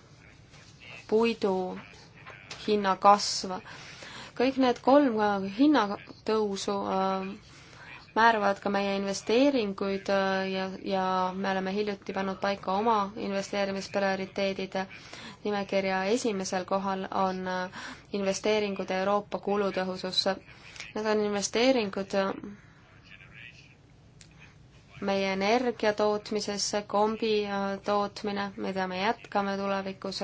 puidu hinna kasv kõik need kolm hinnatõusu äh, määravad ka meie investeeringuid äh, ja, ja me oleme hiljuti pannud paika oma investeerimisprioriteedid. nimekirja esimesel kohal on äh, investeeringud Euroopa kulutõhususse. Need on investeeringud meie energia tootmisesse, kombi tootmine, mida me jätkame tulevikus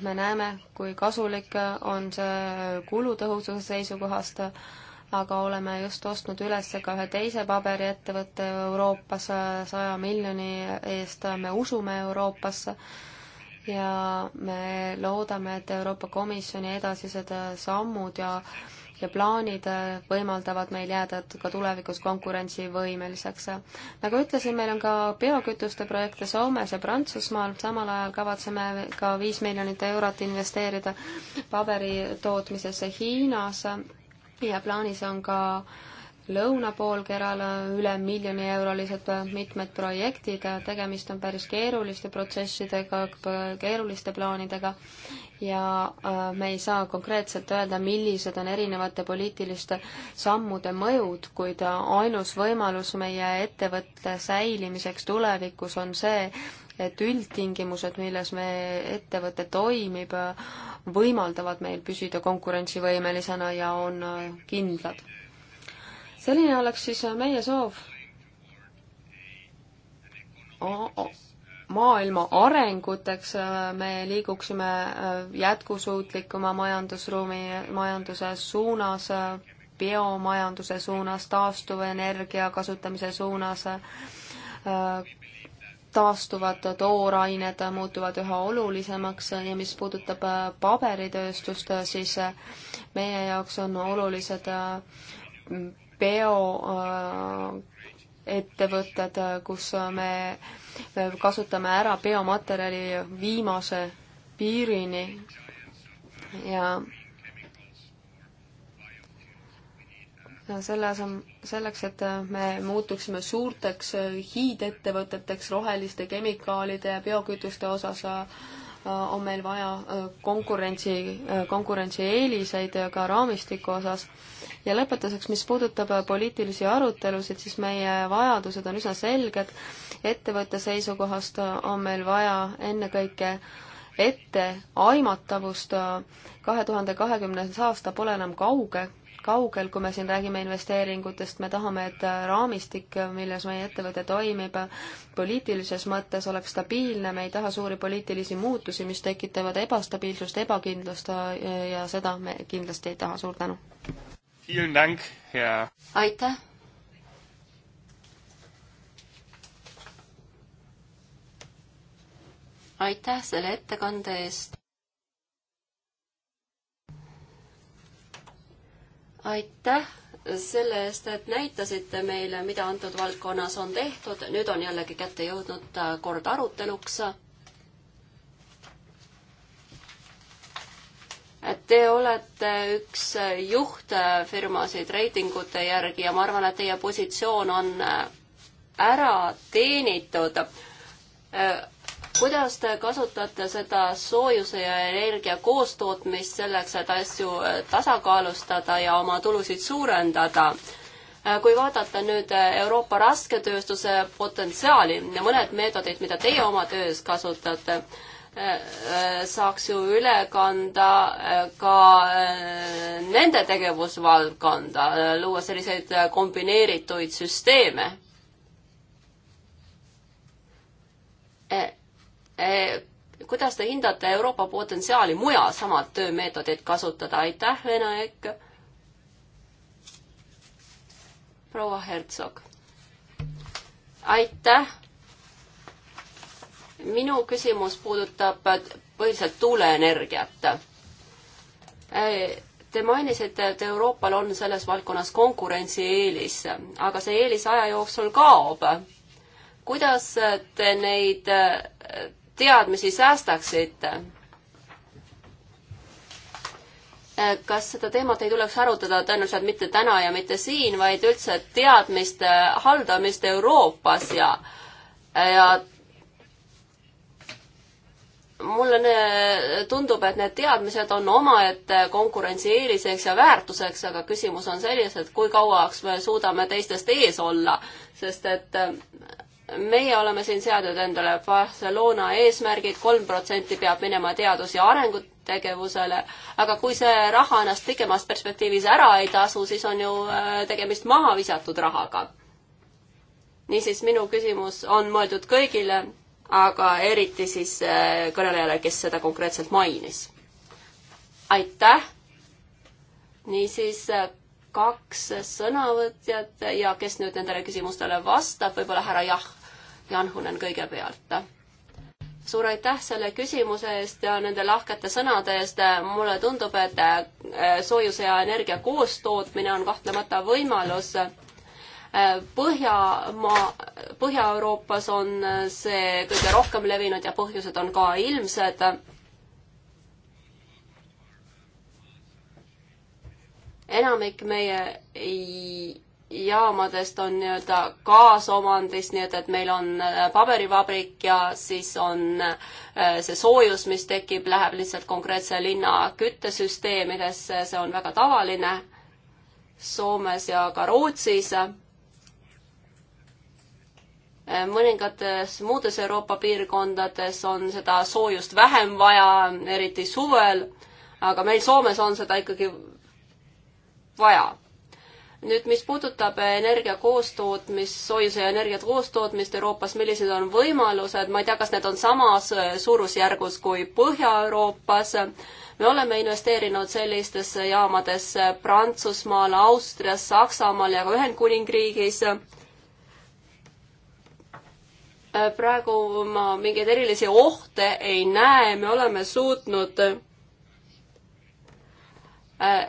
me näeme, kui kasulik on see kulutõhususe seisukohast, aga oleme just ostnud üles ka ühe teise paberiettevõtte Euroopas saja miljoni eest, me usume Euroopasse ja me loodame, et Euroopa Komisjoni edasised sammud ja ja plaanid äh, võimaldavad meil jääda ka tulevikus konkurentsivõimeliseks. nagu ütlesin, meil on ka biokütuste projekte Soomes ja Prantsusmaal, samal ajal kavatseme ka viis miljonit eurot investeerida paberi tootmisesse Hiinas ja plaanis on ka äh, lõunapoolkeral üle miljoni eurolised mitmed projektid, tegemist on päris keeruliste protsessidega, keeruliste plaanidega ja äh, me ei saa konkreetselt öelda, millised on erinevate poliitiliste sammude mõjud, kuid ainus võimalus meie ettevõtte säilimiseks tulevikus on see, et üldtingimused, milles meie ettevõte toimib, võimaldavad meil püsida konkurentsivõimelisena ja on kindlad selline oleks siis äh, meie soov maailma arenguteks äh, me liiguksime äh, jätkusuutlikuma majandusruumi, majanduse suunas, biomajanduse suunas, taastuvenergia kasutamise suunas, taastuvad toorained muutuvad üha olulisemaks ja mis puudutab paberitööstust, siis meie jaoks on olulised bioettevõtted, äh, kus me kasutame ära biomaterjali viimase piirini ja no selle asem-, selleks, et me muutuksime suurteks hiidettevõteteks roheliste kemikaalide ja biokütuste osas, äh, on meil vaja äh, konkurentsi, konkurentsieeliseid ka raamistiku osas ja lõpetuseks, mis puudutab äh, poliitilisi arutelusid, siis meie vajadused on üsna selged. ettevõtte seisukohast äh, on meil vaja ennekõike etteaimatavust. Äh, kahe tuhande kahekümnes aasta pole enam kauge, kaugel, kui me siin räägime investeeringutest, me tahame, et raamistik, milles meie ettevõte toimib, poliitilises mõttes oleks stabiilne, me ei taha suuri poliitilisi muutusi, mis tekitavad ebastabiilsust, ebakindlust ja seda me kindlasti ei taha, suur tänu! aitäh! aitäh selle ettekande eest. aitäh selle eest, et näitasite meile, mida antud valdkonnas on tehtud. nüüd on jällegi kätte jõudnud kord aruteluks Te olete üks juhtfirmasid reitingute järgi ja ma arvan, et teie positsioon on äh, ära teenitud. Äh, kuidas te kasutate seda soojuse ja energia koostootmist selleks, et asju äh, tasakaalustada ja oma tulusid suurendada? kui vaadata nüüd Euroopa rasketööstuse potentsiaali ja mõned meetodid, mida teie oma töös kasutate, saaks ju üle kanda äh, ka äh, nende tegevusvaldkonda, äh, luua selliseid kombineerituid süsteeme e,. E, kuidas te hindate Euroopa potentsiaali mujal samad töömeetodid kasutada, aitäh, Vene Ekk. proua Hertsog. aitäh minu küsimus puudutab põhiliselt tuuleenergiat. Äh, te mainisite, et Euroopal on selles valdkonnas konkurentsieelis, aga see eelis aja jooksul kaob. kuidas te neid äh, teadmisi säästaksite? Äh, kas seda teemat ei tuleks arutada tõenäoliselt mitte täna ja mitte siin, vaid üldse teadmiste haldamist Euroopas ja, ja mulle ne, tundub, et need teadmised on omaette konkurentsieeliseks ja väärtuseks, aga küsimus on selles, et kui kauaks me suudame teistest ees olla, sest et äh, meie oleme siin seadnud endale Barcelona eesmärgid, kolm protsenti peab minema teadus- ja arengutegevusele, aga kui see raha ennast pikemas perspektiivis ära ei tasu, siis on ju äh, tegemist maha visatud rahaga. niisiis, minu küsimus on mõeldud kõigile aga eriti siis äh, kõnelejale, kes seda konkreetselt mainis. aitäh! niisiis äh, kaks sõnavõtjat ja kes nüüd nendele küsimustele vastab, võib-olla härra Jah, Janhunen kõigepealt. suur aitäh selle küsimuse eest ja nende lahkete sõnade eest. mulle tundub, et äh, soojuse ja energia koostootmine on kahtlemata võimalus Äh, Põhjamaa, Põhja-Euroopas on äh, see kõige rohkem levinud ja põhjused on ka ilmsed. enamik meie jaamadest on nii-öelda kaasomandis, nii et, et meil on äh, paberivabrik ja siis on see soojus, mis tekib, läheb lihtsalt konkreetse linna küttesüsteemidesse, see on väga tavaline Soomes ja ka Rootsis Äh, mõningates muudes Euroopa piirkondades on seda soojust vähem vaja, eriti suvel, aga meil Soomes on seda ikkagi vaja. nüüd, mis puudutab energia koostootmist, soojuse ja energia koostootmist Euroopas, millised on võimalused, ma ei tea, kas need on samas äh, suurusjärgus kui Põhja-Euroopas, me oleme investeerinud sellistesse jaamadesse Prantsusmaal, Austrias, Saksamaal ja ka Ühendkuningriigis Äh, praegu ma mingeid erilisi ohte ei näe, me oleme suutnud äh,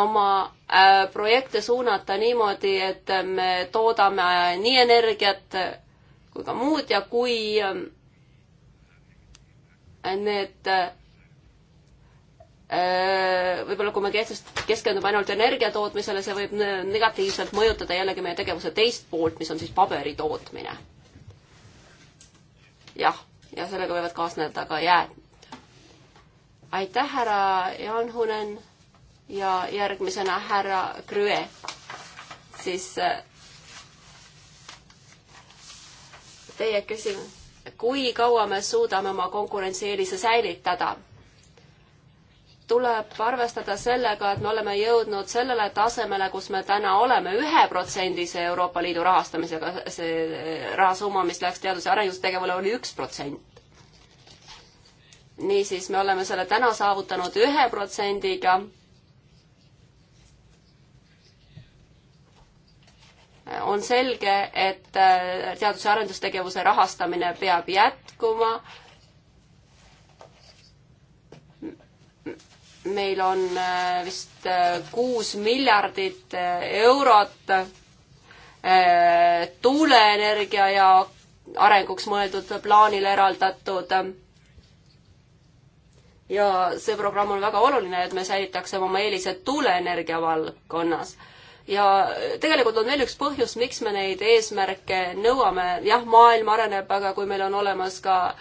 oma äh, projekte suunata niimoodi, et me toodame nii energiat kui ka muud ja kui ähm, need Äh, võib-olla kui me keskendume ainult energia tootmisele, see võib negatiivselt mõjutada jällegi meie tegevuse teist poolt, mis on siis paberi tootmine. jah, ja sellega võivad kaasneda ka jääd. aitäh, härra Jaan Hunen ja järgmisena härra Krüe. siis äh, teie küsimus, kui kaua me suudame oma konkurentsieelise säilitada tuleb arvestada sellega, et me oleme jõudnud sellele tasemele, kus me täna oleme üheprotsendise Euroopa Liidu rahastamisega, see eh, rahasumma, mis läks teadus- ja arendustegevusele, oli üks protsent. niisiis, me oleme selle täna saavutanud ühe protsendiga on selge, et eh, teadus- ja arendustegevuse rahastamine peab jätkuma meil on äh, vist äh, kuus miljardit äh, eurot tuuleenergia ja arenguks mõeldud plaanile eraldatud. ja see programm on väga oluline, et me säilitaksime oma eelised tuuleenergia valdkonnas. ja tegelikult on veel üks põhjus, miks me neid eesmärke nõuame. jah, maailm areneb, aga kui meil on olemas ka äh,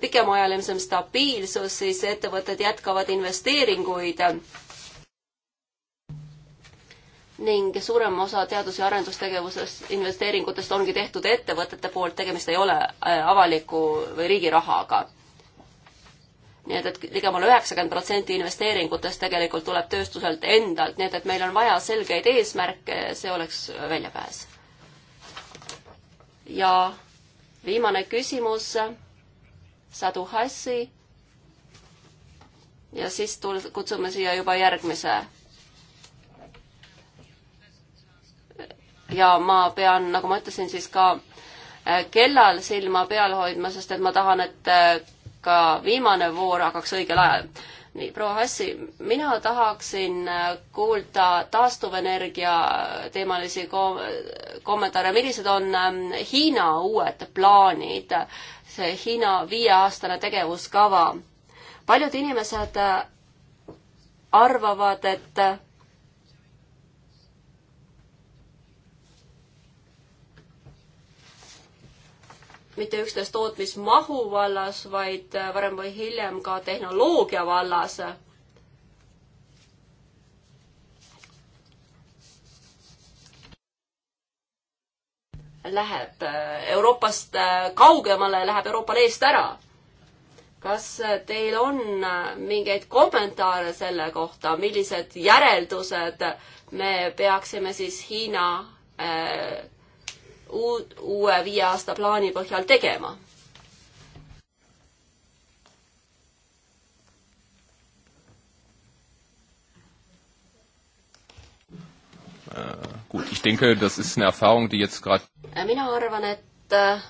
pikemaajalisem stabiilsus, siis ettevõtted jätkavad investeeringuid ning suurem osa teadus- ja arendustegevusest, investeeringutest ongi tehtud ettevõtete poolt, tegemist ei ole äh, avaliku või riigi rahaga. nii et, et ligemale üheksakümmend protsenti investeeringutest tegelikult tuleb tööstuselt endalt, nii et, et meil on vaja selgeid eesmärke, see oleks väljapääs. ja viimane küsimus Sadu Hassi ja siis tul-, kutsume siia juba järgmise. ja ma pean, nagu ma ütlesin, siis ka äh, kellal silma peal hoidma, sest et ma tahan, et äh, ka viimane voor hakkaks õigel ajal. nii, proua Hassi, mina tahaksin äh, kuulda taastuvenergia teemalisi kom-, kommentaare, millised on ähm, Hiina uued plaanid see Hiina viieaastane tegevuskava. paljud inimesed äh, arvavad, et äh, mitte üksnes tootmismahu vallas, vaid äh, varem või hiljem ka tehnoloogia vallas läheb äh, Euroopast äh, kaugemale, läheb Euroopale eest ära. kas äh, teil on mingeid kommentaare selle kohta, millised järeldused me peaksime siis Hiina äh, uut, uue viie aasta plaani põhjal tegema? Gut, ich denke, das ist eine Erfahrung, die jetzt gerade Äh, mina arvan, et äh,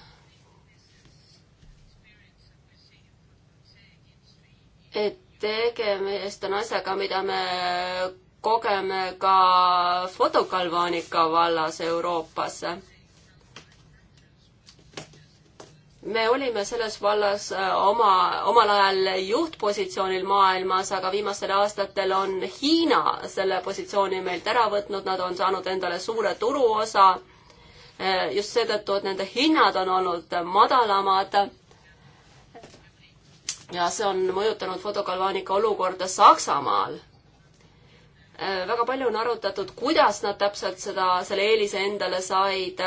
et tegemist on asjaga, mida me kogeme ka fotokalvaanika vallas Euroopas. me olime selles vallas äh, oma, omal ajal juhtpositsioonil maailmas, aga viimastel aastatel on Hiina selle positsiooni meilt ära võtnud, nad on saanud endale suure turuosa Eh, just seetõttu, et nende hinnad on olnud madalamad. ja see on mõjutanud fotogalvaanika olukorda Saksamaal. Eh, väga palju on arutatud, kuidas nad täpselt seda, selle eelise endale said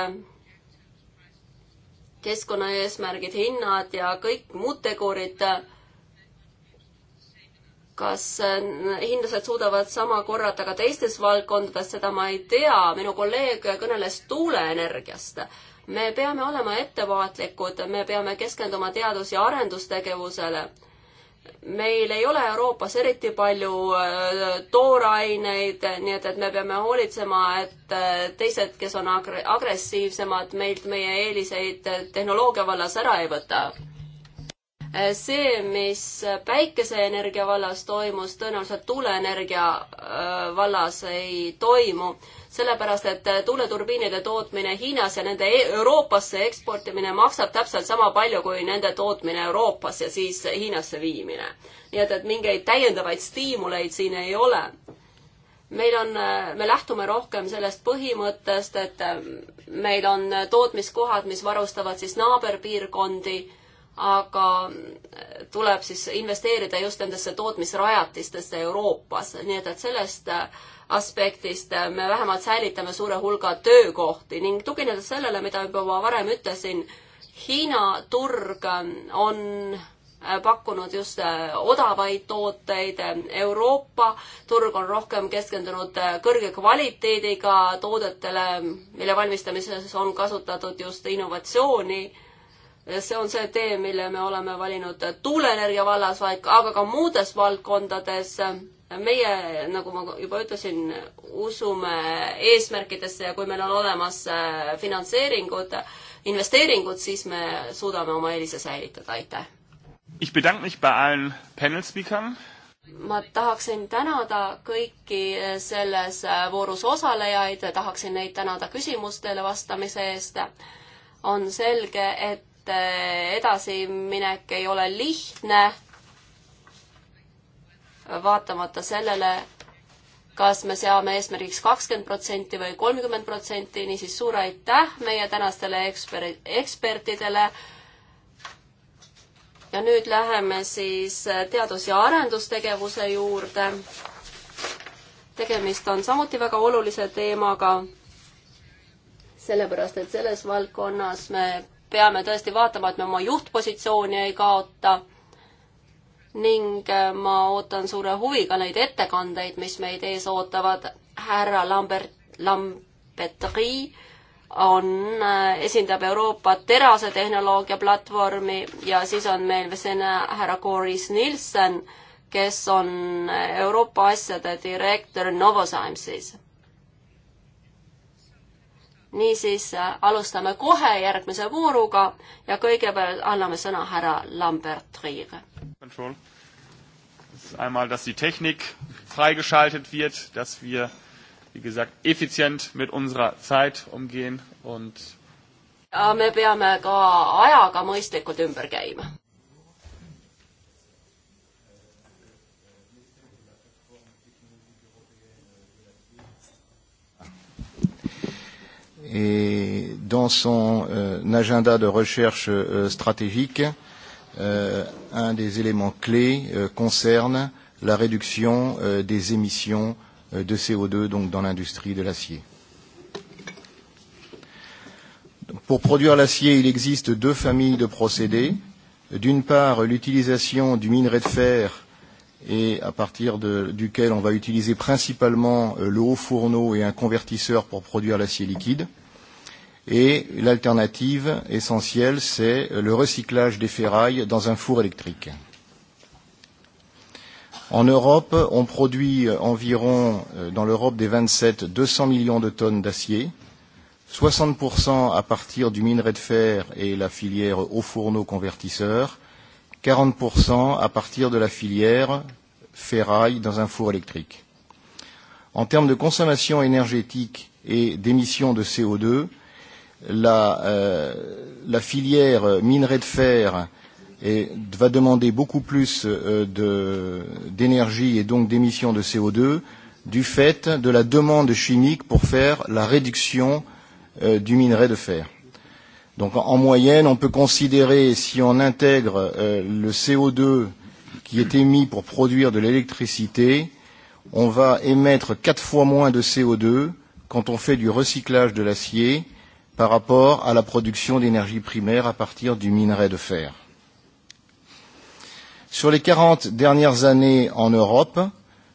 keskkonnaeesmärgid, hinnad ja kõik muud tegurid eh, kas äh, hindlased suudavad sama korrata ka teistes valdkondades, seda ma ei tea, minu kolleeg kõneles tuuleenergiast me peame olema ettevaatlikud, me peame keskenduma teadus- ja arendustegevusele. meil ei ole Euroopas eriti palju äh, tooraineid, nii et, et me peame hoolitsema, et äh, teised, kes on agr agressiivsemad, meilt meie eeliseid tehnoloogia vallas ära ei võta. Äh, see, mis päikeseenergia vallas toimus, tõenäoliselt tuuleenergia äh, vallas ei toimu, sellepärast et äh, tuuleturbiinide tootmine Hiinas ja nende e-, Euroopasse eksportimine maksab täpselt sama palju kui nende tootmine Euroopas ja siis Hiinasse viimine. nii et, et mingeid täiendavaid stiimuleid siin ei ole. meil on, me lähtume rohkem sellest põhimõttest, et meil on tootmiskohad, mis varustavad siis naaberpiirkondi aga tuleb siis investeerida just nendesse tootmisrajatistesse Euroopas, nii et, et sellest äh, aspektist äh, me vähemalt säilitame suure hulga töökohti ning tuginedes sellele, mida juba varem ütlesin, Hiina turg äh, on pakkunud just odavaid tooteid, Euroopa turg on rohkem keskendunud kõrge kvaliteediga toodetele, mille valmistamises on kasutatud just innovatsiooni see on see tee, mille me oleme valinud tuuleenergia vallas, aga ka muudes valdkondades. meie, nagu ma juba ütlesin, usume eesmärkidesse ja kui meil on olemas äh, finantseeringud, investeeringud, siis me suudame oma eelise säilitada, aitäh! Ich bedanke mich bei allen Panel-Speakern ma tahaksin tänada kõiki selles äh, voorus osalejaid, tahaksin neid tänada küsimustele vastamise eest. on selge, et mõtete eh, edasiminek ei ole lihtne, vaatamata sellele, kas me seame eesmärgiks kakskümmend protsenti või kolmkümmend protsenti, niisiis suur aitäh meie tänastele eksper-, ekspertidele. ja nüüd läheme siis eh, teadus- ja arendustegevuse juurde. tegemist on samuti väga olulise teemaga, sellepärast et selles valdkonnas me peame tõesti vaatama, et me oma juhtpositsiooni ei kaota ning äh, ma ootan suure huviga neid ettekandeid, mis meid ees ootavad. härra Lambert, Lambetri on, äh, esindab Euroopa terasetehnoloogia platvormi ja siis on meil siin härra Boris Nilsson, kes on äh, Euroopa asjade direktor Novozymesis niisiis äh, alustame kohe järgmise vooruga ja kõigepealt anname sõna härra Lambert Riive. Einmal, dass die Technik freigeschaltet wird, dass wir, wie gesagt, effizient mit unserer Zeit umgehen und ja, me peame ka ajaga mõistlikult ümber käima. et dans son euh, agenda de recherche euh, stratégique, euh, un des éléments clés euh, concerne la réduction euh, des émissions euh, de CO2 donc dans l'industrie de l'acier. Pour produire l'acier, il existe deux familles de procédés. D'une part, l'utilisation du minerai de fer et à partir de, duquel on va utiliser principalement euh, le haut fourneau et un convertisseur pour produire l'acier liquide. Et l'alternative essentielle, c'est euh, le recyclage des ferrailles dans un four électrique. En Europe, on produit euh, environ, dans l'Europe des 27, 200 millions de tonnes d'acier, 60% à partir du minerai de fer et la filière haut fourneau convertisseur, 40% à partir de la filière ferraille dans un four électrique. En termes de consommation énergétique et d'émissions de CO2, la, euh, la filière minerai de fer et va demander beaucoup plus euh, d'énergie et donc d'émissions de CO2 du fait de la demande chimique pour faire la réduction euh, du minerai de fer. Donc en moyenne, on peut considérer, si on intègre euh, le CO2 qui est émis pour produire de l'électricité, on va émettre quatre fois moins de CO2 quand on fait du recyclage de l'acier par rapport à la production d'énergie primaire à partir du minerai de fer. Sur les 40 dernières années en Europe,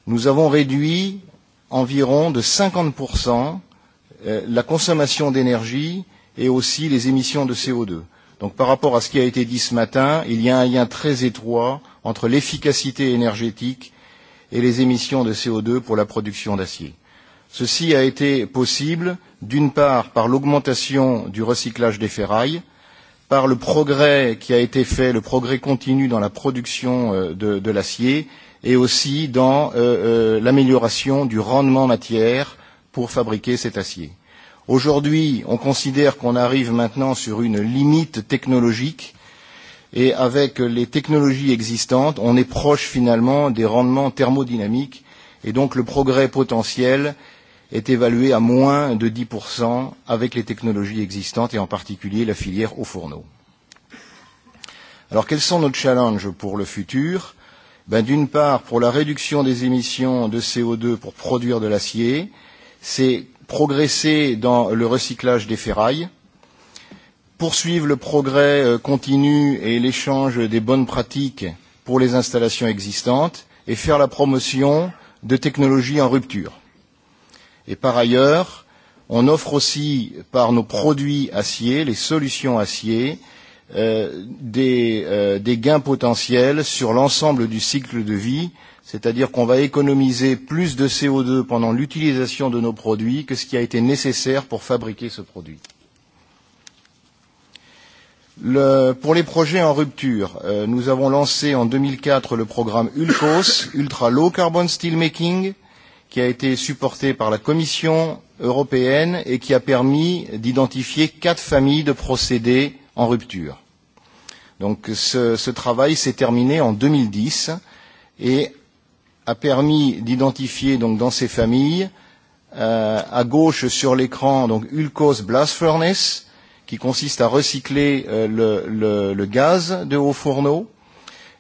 nous avons réduit environ de 50% euh, la consommation d'énergie euh, et aussi les émissions de CO2. Donc par rapport à ce qui a été dit ce matin, il y a un lien très étroit entre l'efficacité énergétique et les émissions de CO2 pour la production d'acier. Ceci a été possible d'une part par l'augmentation du recyclage des ferrailles, par le progrès qui a été fait, le progrès continu dans la production euh, de, de l'acier et aussi dans euh, euh, l'amélioration du rendement matière pour fabriquer cet acier. Aujourd'hui, on considère qu'on arrive maintenant sur une limite technologique et avec les technologies existantes, on est proche finalement des rendements thermodynamiques et donc le progrès potentiel est évalué à moins de 10% avec les technologies existantes et en particulier la filière aux fourneaux. Alors quels sont nos challenges pour le futur ben, D'une part, pour la réduction des émissions de CO2 pour produire de l'acier, c'est progresser dans le recyclage des ferrailles, poursuivre le progrès euh, continu et l'échange des bonnes pratiques pour les installations existantes et faire la promotion de technologies en rupture. Et par ailleurs, on offre aussi par nos produits acier, les solutions acier, euh, des, euh, des gains potentiels sur l'ensemble du cycle de vie euh, c'est-à-dire qu'on va économiser plus de CO2 pendant l'utilisation de nos produits que ce qui a été nécessaire pour fabriquer ce produit. Le, pour les projets en rupture, euh, nous avons lancé en 2004 le programme ULCOS, Ultra Low Carbon Steelmaking, qui a été supporté par la Commission européenne et qui a permis d'identifier quatre familles de procédés en rupture. Donc ce, ce travail s'est terminé en 2010 et a permis d'identifier donc dans ces familles euh, à gauche sur l'écran donc Ulcos Blast Furnace qui consiste à recycler euh, le, le, le gaz de hauts fourneaux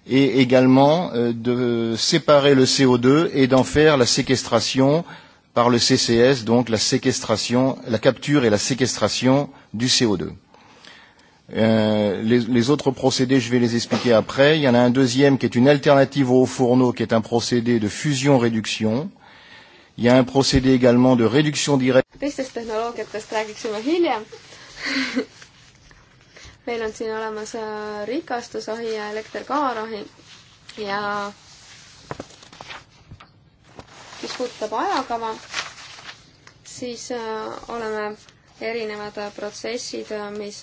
et également euh, de séparer le CO2 et d'en faire la séquestration par le CCS, donc la séquestration, la capture et la séquestration du CO2. Euh, les, les autres procédés, je vais les expliquer après. Il y en a un deuxième qui est une alternative aux fourneaux, qui est un procédé de fusion-réduction. Il y a un procédé également de réduction directe. teistest tehnoloogiatest räägiksime hiljem [LAUGHS] meil on siin olemas äh, rikastusahi ja elekterkaarahi ja mis puudutab ajakava, siis äh, oleme erinevad protsessid, mis,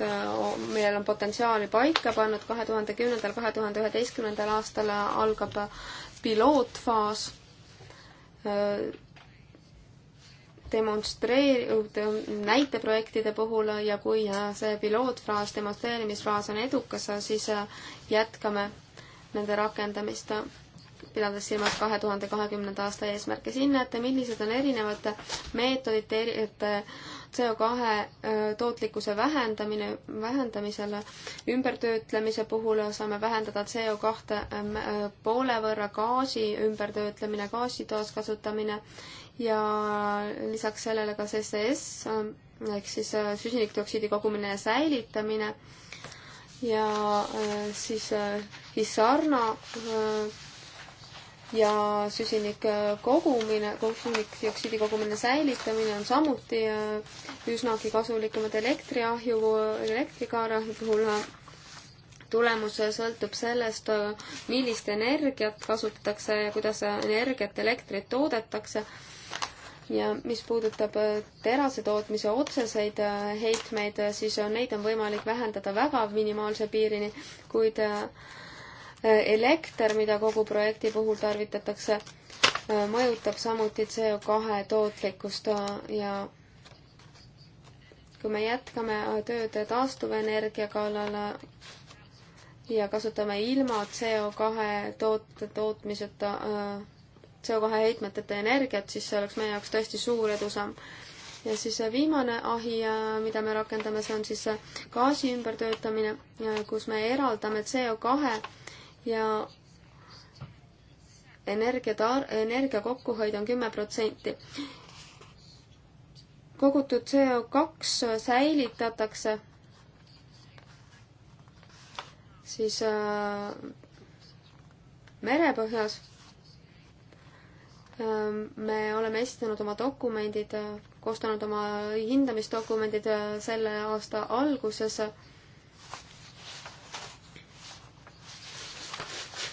millel on potentsiaali paika pannud. kahe tuhande kümnendal, kahe tuhande üheteistkümnendal aastal algab pilootfaas demonstreeriv, näiteprojektide puhul ja kui see pilootfaas, demonstreerimisfaas on edukas, siis jätkame nende rakendamist, pidades silmas kahe tuhande kahekümnenda aasta eesmärke. siin näete, millised on erinevate meetodite, erinevate CO2 tootlikkuse vähendamine, vähendamisele. ümbertöötlemise puhul saame vähendada CO2 poole võrra, gaasi ümbertöötlemine, gaasi taaskasutamine ja lisaks sellele ka CCS ehk siis süsinikdioksiidi kogumine ja säilitamine ja siis Hisarna ja süsiniku äh, kogumine, süsinikdioksiidi kogumine, säilitamine on samuti äh, üsnagi kasulikumad elektriahju, elektrikaarahju puhul tulemus sõltub sellest, äh, millist energiat kasutatakse ja kuidas energiat, elektrit toodetakse. ja mis puudutab terase tootmise otseseid heitmeid, siis neid on võimalik vähendada väga minimaalse piirini, kuid Äh, elekter, mida kogu projekti puhul tarvitatakse, äh, mõjutab samuti CO2 tootlikkust äh, ja kui me jätkame tööd taastuvenergia kallal ja kasutame ilma CO2 toot-, tootmiseta, CO2 heitmeteta energiat, siis see oleks meie jaoks tõesti suur edusamm ja siis viimane ahi, mida me rakendame, see on siis gaasi ümbertöötamine, kus me eraldame CO2 ja energiatar-, energia kokkuhoid on kümme protsenti. kogutud CO2 säilitatakse siis äh, merepõhjas ähm, me oleme esitanud oma dokumendid, koostanud oma hindamisdokumendid äh, selle aasta alguses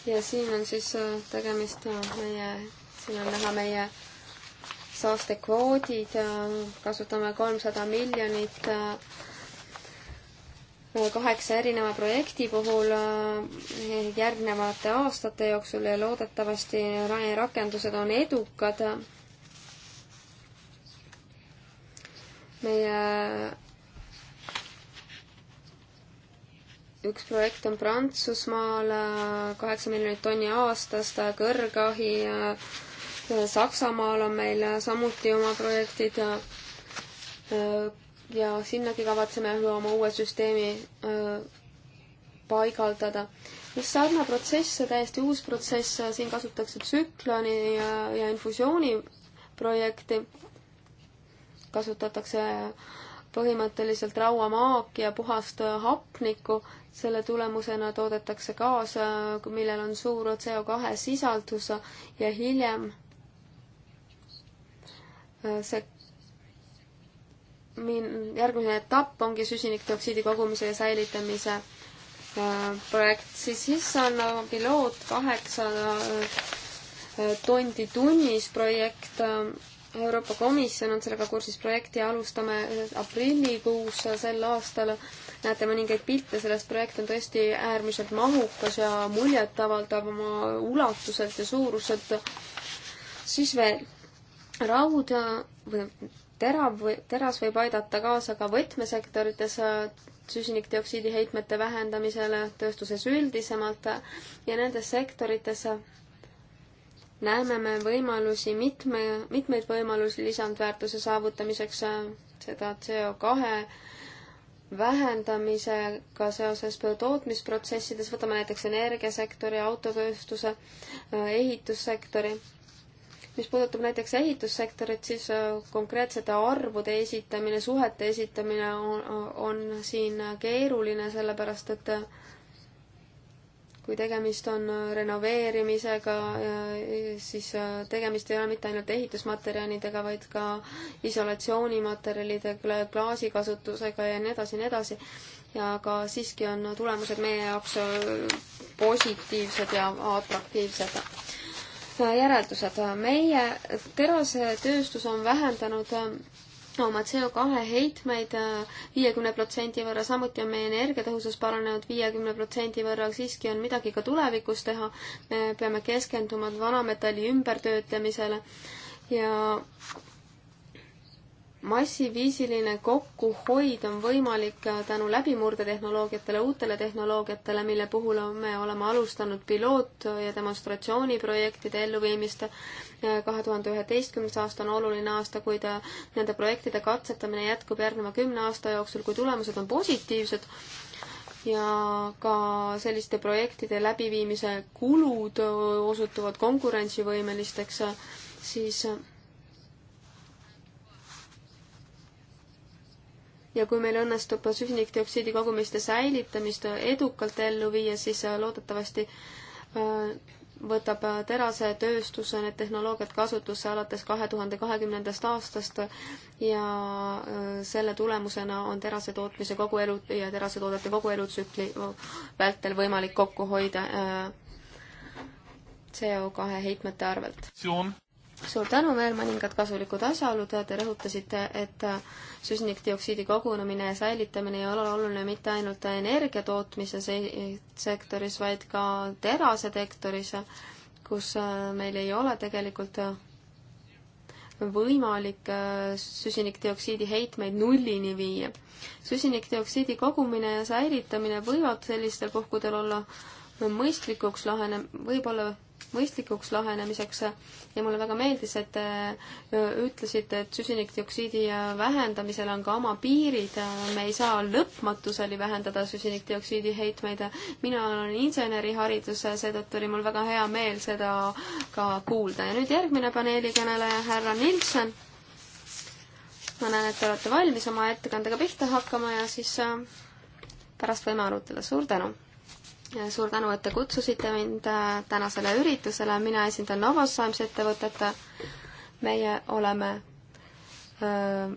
ja siin on siis äh, tegemist äh, meie, siin on näha meie saastekvoodid, äh, kasutame kolmsada miljonit kaheksa erineva projekti puhul järgnevate aastate jooksul ja loodetavasti rakendused on edukad. meie üks projekt on Prantsusmaal, kaheksa miljonit tonni aastas, kõrgahi, Saksamaal on meil samuti oma projektid ja ja sinnagi kavatseme oma uue süsteemi äh, paigaldada. mis sarnane protsess, täiesti uus protsess, siin kasutatakse tsükloni ja, ja infusiooni projekti. kasutatakse põhimõtteliselt rauamaaki ja puhast hapnikku selle tulemusena toodetakse gaas, millel on suur CO2 sisaldus ja hiljem see min-, järgmine etapp ongi süsinikdioksiidi kogumise ja säilitamise äh, projekt, siis, siis on piloot kaheksa äh, tondi tunnis projekt. Äh, Euroopa Komisjon on sellega kursis, projekti alustame aprillikuus sel aastal näete mõningaid pilte, sellest projekt on tõesti äärmiselt mahukas ja muljetavaldav oma ulatuselt ja suuruselt. siis veel raud või terav või teras võib aidata kaasa ka võtmesektorites süsinikdioksiidi heitmete vähendamisele tööstuses üldisemalt ja nendes sektorites näeme me võimalusi mitme, mitmeid võimalusi lisandväärtuse saavutamiseks, seda CO2 vähendamisega seoses tootmisprotsessides, võtame näiteks energiasektori, autotööstuse, ehitussektori. mis puudutab näiteks ehitussektorit, siis äh, konkreetsete arvude esitamine, suhete esitamine on, on siin keeruline, sellepärast et äh, kui tegemist on äh, renoveerimisega, siis äh, tegemist ei ole mitte ainult ehitusmaterjalidega, vaid ka isolatsioonimaterjalidega, klaasikasutusega ja nii edasi ja nii edasi. ja ka siiski on tulemused meie jaoks äh, positiivsed ja atraktiivsed. järeldused. meie terasetööstus on vähendanud oma CO2 heitmeid äh, viiekümne protsendi võrra, samuti on meie energiatõhusus paranenud viiekümne protsendi võrra, siiski on midagi ka tulevikus teha. me peame keskenduma vanametalli ümbertöötlemisele ja massiviisiline kokkuhoid on võimalik äh, tänu läbimurdetehnoloogiatele, uutele tehnoloogiatele, mille puhul me oleme alustanud piloot- ja demonstratsiooniprojektide elluviimist. Äh, kahe tuhande üheteistkümnes aasta on oluline aasta, kuid nende projektide katsetamine jätkub järgneva kümne aasta jooksul, kui tulemused on positiivsed ja ka selliste projektide läbiviimise kulud äh, osutuvad konkurentsivõimelisteks, siis ja kui meil õnnestub süsinikdioksiidi kogumiste säilitamist edukalt ellu viia, siis äh, loodetavasti äh, võtab äh, terasetööstuse need tehnoloogiad kasutusse alates kahe tuhande kahekümnendast aastast ja selle tulemusena on terase tootmise kogu elu ja terasetoodete kogu elutsükli vältel võimalik kokku hoida CO2 heitmete arvelt suur tänu, veel mõningad kasulikud asjaolud, te rõhutasite, et süsinikdioksiidi kogunemine ja säilitamine ei ole oluline mitte ainult energia tootmise sektoris, vaid ka terase sektoris, kus äh, meil ei ole tegelikult võimalik äh, süsinikdioksiidi heitmeid nullini viia. süsinikdioksiidi kogumine ja säilitamine võivad sellistel puhkudel olla mõistlikuks lahene, võib-olla mõistlikuks lahenemiseks ja mulle väga meeldis, et te äh, ütlesite, et süsinikdioksiidi äh, vähendamisel on ka oma piirid, me ei saa lõpmatuseni vähendada süsinikdioksiidi heitmeid. mina olen insenerihariduse, seetõttu oli mul väga hea meel seda ka kuulda ja nüüd järgmine paneelikõneleja, härra Nilsson. ma näen, et te olete valmis oma ettekandega pihta hakkama ja siis äh, pärast võime arutleda, suur tänu! suur tänu, et te kutsusite mind äh, tänasele üritusele, mina esindan Novosaimse ettevõtet. meie oleme öö,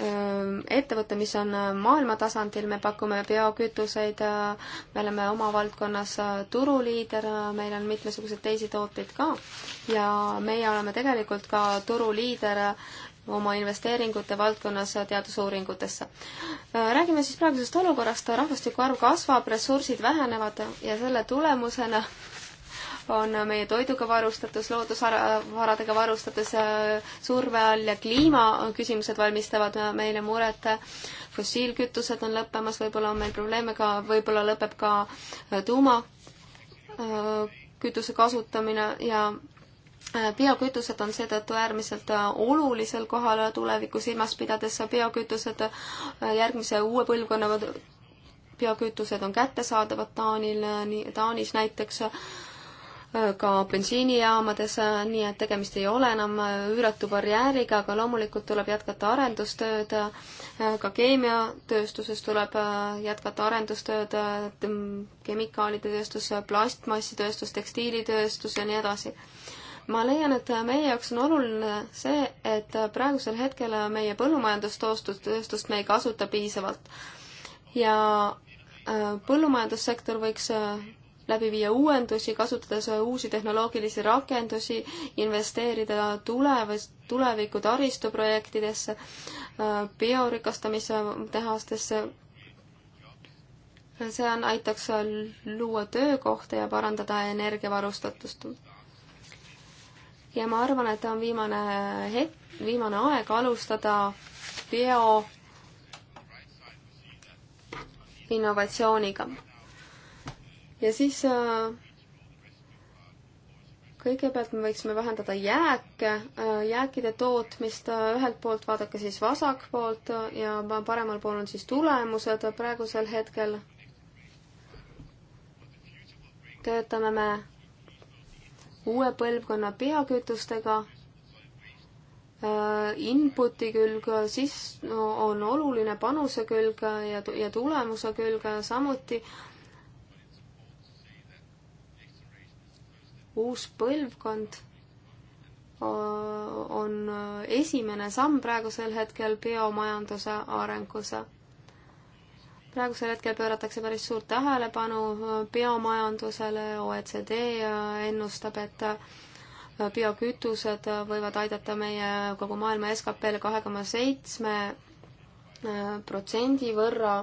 öö, ettevõte, mis on äh, maailma tasandil, me pakume biokütuseid, äh, me oleme oma valdkonnas turuliider, meil on mitmesuguseid teisi tooteid ka ja meie oleme tegelikult ka turuliider oma investeeringute valdkonnas teadusuuringutesse. räägime siis praegusest olukorrast, rahvastiku arv kasvab, ressursid vähenevad ja selle tulemusena on meie toiduga varustatus, loodusvaradega varustatus surve all ja kliimaküsimused valmistavad meile muret. fossiilkütused on lõppemas, võib-olla on meil probleeme ka, võib-olla lõpeb ka tuumakütuse äh, kasutamine ja Äh, biokütused on seetõttu äärmiselt äh, olulisel kohal äh, tulevikku silmas pidades, biokütused järgmise uue põlvkonna biokütused on kättesaadavad Taanil, Taanis näiteks ka bensiinijaamades, nii et tegemist ei ole enam üüratu barjääriga, aga loomulikult tuleb jätkata arendustööd, ka keemiatööstuses tuleb jätkata arendustööd, mm, kemikaalitööstus, plastmassitööstus, tekstiilitööstus ja nii edasi ma leian, et meie jaoks on oluline see, et praegusel hetkel meie põllumajandustoostust me ei kasuta piisavalt. ja äh, põllumajandussektor võiks äh, läbi viia uuendusi, kasutades uusi tehnoloogilisi rakendusi, investeerida tulevas, tuleviku taristuprojektidesse, äh, biorikastamise tehastesse. see on, aitaks luua töökohta ja parandada energiavarustatust ja ma arvan, et on viimane hetk, viimane aeg alustada bio innovatsiooniga. ja siis äh, kõigepealt me võiksime vähendada jääke, äh, jääkide tootmist, ühelt poolt vaadake siis vasakpoolt ja paremal pool on siis tulemused praegusel hetkel. töötame me uue põlvkonna biokütustega, äh, inputi külg, siis on oluline panuse külg ja, ja tulemuse külg samuti. uus põlvkond äh, on äh, esimene samm praegusel hetkel biomajanduse arengus praegusel hetkel pööratakse päris suurt tähelepanu äh, biomajandusele, OECD äh, ennustab, et äh, biokütused võivad aidata meie kogu maailma SKP-le kahe koma seitsme protsendi võrra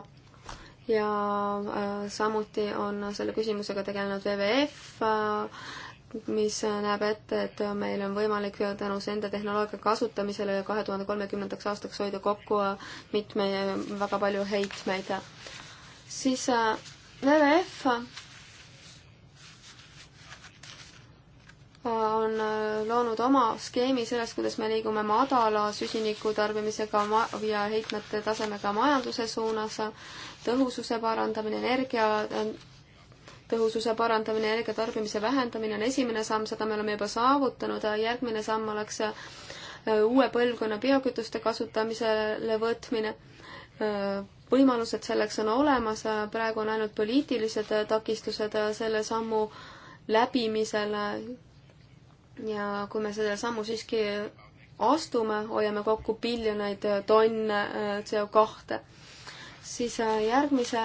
ja samuti on selle küsimusega tegelenud WWF mis näeb ette, et meil on võimalik tänu enda tehnoloogia kasutamisele kahe tuhande kolmekümnendaks aastaks hoida kokku mitme, väga palju heitmeid. siis äh, WWF on äh, loonud oma skeemi sellest, kuidas me liigume madala süsiniku tarbimisega ja heitmete tasemega majanduse suunas, tõhususe parandamine, energia äh, tõhususe parandamine, energiatarbimise vähendamine on esimene samm, seda me oleme juba saavutanud, järgmine samm oleks äh, uue põlvkonna biokütuste kasutamisele võtmine. Äh, võimalused selleks on olemas, äh, praegu on ainult poliitilised takistused selle sammu läbimisele. ja kui me selle sammu siiski astume, hoiame kokku biljoneid tonne CO2, siis järgmise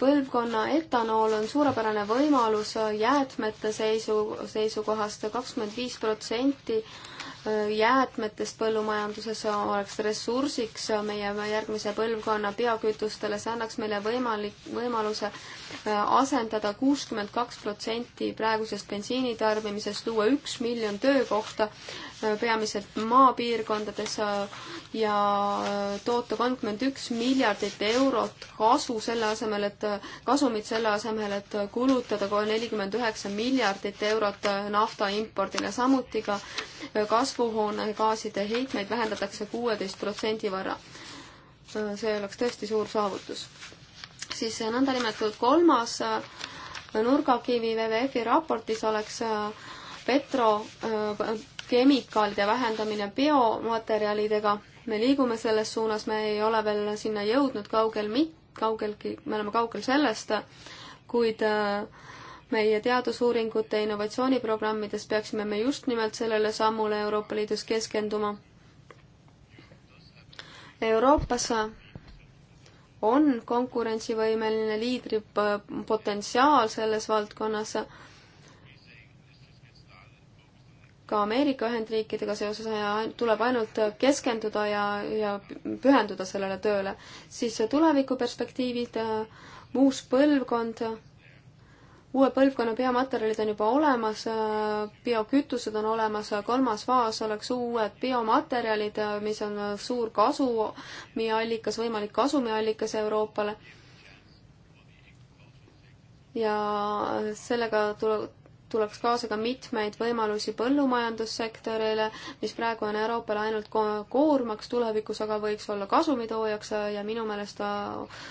põlvkonna etanool on suurepärane võimalus jäätmete seisu, seisukohast kakskümmend viis protsenti jäätmetest põllumajanduses oleks ressursiks meie järgmise põlvkonna biokütustele, see annaks meile võimalik, võimaluse Äh, asendada kuuskümmend kaks protsenti praegusest bensiinitarbimisest, luua üks miljon töökohta, äh, peamiselt maapiirkondades äh, ja toota kolmkümmend üks miljardit eurot kasu selle asemel, et, kasumit selle asemel, et kulutada kohe nelikümmend üheksa miljardit eurot nafta impordile. samuti ka kasvuhoonegaaside heitmeid vähendatakse kuueteist protsendi võrra. see oleks tõesti suur saavutus siis nõndanimetatud kolmas äh, nurgakivi WWF-i raportis oleks äh, petrokemikaalide äh, vähendamine biomaterjalidega. me liigume selles suunas, me ei ole veel sinna jõudnud kaugel mit-, kaugelgi, me oleme kaugel sellest, kuid meie teadusuuringute innovatsiooniprogrammides peaksime me just nimelt sellele sammule Euroopa Liidus keskenduma. Euroopas on konkurentsivõimeline liidri potentsiaal selles valdkonnas. ka Ameerika Ühendriikidega seoses tuleb ainult keskenduda ja, ja pühenduda sellele tööle. siis tulevikuperspektiivid, äh, uus põlvkond uue põlvkonna biomaterjalid on juba olemas, biokütused on olemas, kolmas faas oleks uued biomaterjalid, mis on suur kasumiallikas, võimalik kasumiallikas Euroopale. ja sellega tule-, tuleks kaasa ka mitmeid võimalusi põllumajandussektorile, mis praegu on Euroopale ainult koormaks, tulevikus aga võiks olla kasumitoojaks ja minu meelest äh,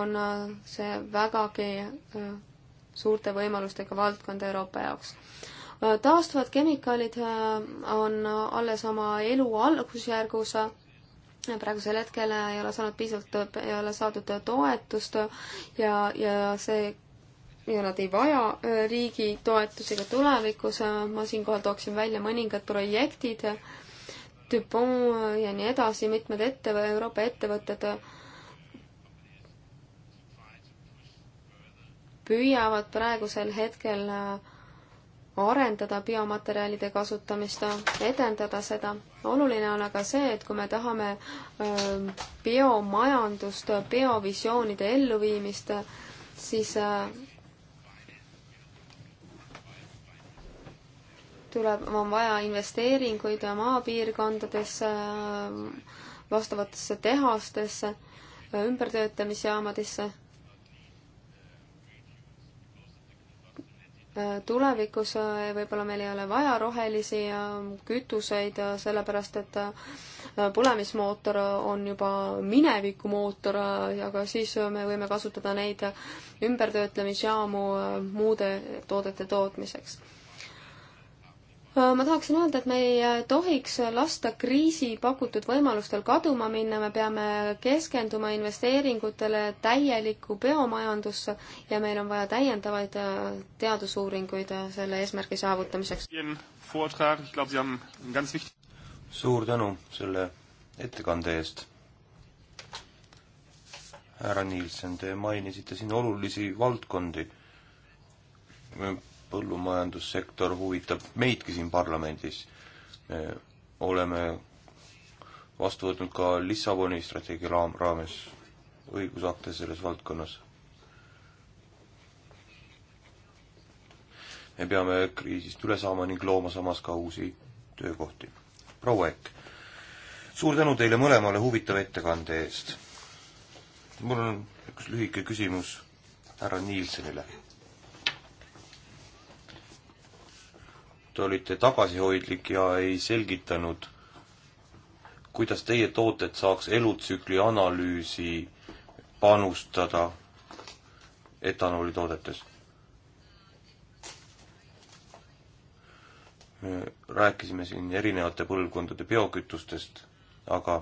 on äh, see vägagi äh, suurte võimalustega valdkond Euroopa jaoks. Äh, taastuvad kemikaalid äh, on alles oma elu algusjärgus, praegusel hetkel ei ole saanud piisavalt, ei ole saadud toetust ja, ja see ja nad ei vaja äh, riigi toetusi ka tulevikus, ma siinkohal tooksin välja mõningad projektid, Dupont ja nii edasi, mitmed ettevõ-, Euroopa ettevõtted püüavad praegusel hetkel äh, arendada biomaterjalide kasutamist, edendada seda. oluline on aga see, et kui me tahame äh, biomajandust, biovisioonide elluviimist, siis äh, tuleb, on vaja investeeringuid maapiirkondadesse, vastavatesse tehastesse, ümbertöötamisjaamadesse tulevikus eh, võib-olla meil ei ole vaja rohelisi eh, kütuseid, eh, sellepärast et põlemismootor on juba minevikumootor, aga siis me võime kasutada neid ümbertöötlemisjaamu muude toodete tootmiseks ma tahaksin öelda, et me ei äh, tohiks lasta kriisi pakutud võimalustel kaduma minna, me peame keskenduma investeeringutele täielikku biomajandusse ja meil on vaja täiendavaid äh, teadusuuringuid äh, selle eesmärgi saavutamiseks. suur tänu selle ettekande eest. härra Nielsen, te mainisite siin olulisi valdkondi põllumajandussektor huvitab meidki siin parlamendis. me oleme vastu võtnud ka Lissaboni strateegia raam, raames õigusakte selles valdkonnas. me peame kriisist üle saama ning looma samas ka uusi töökohti. proua Ekk, suur tänu teile mõlemale huvitava ettekande eest. mul on üks lühike küsimus härra Nielsenile te olite tagasihoidlik ja ei selgitanud, kuidas teie tooted saaks elutsükli analüüsi panustada etanoolitoodetes. rääkisime siin erinevate põlvkondade biokütustest, aga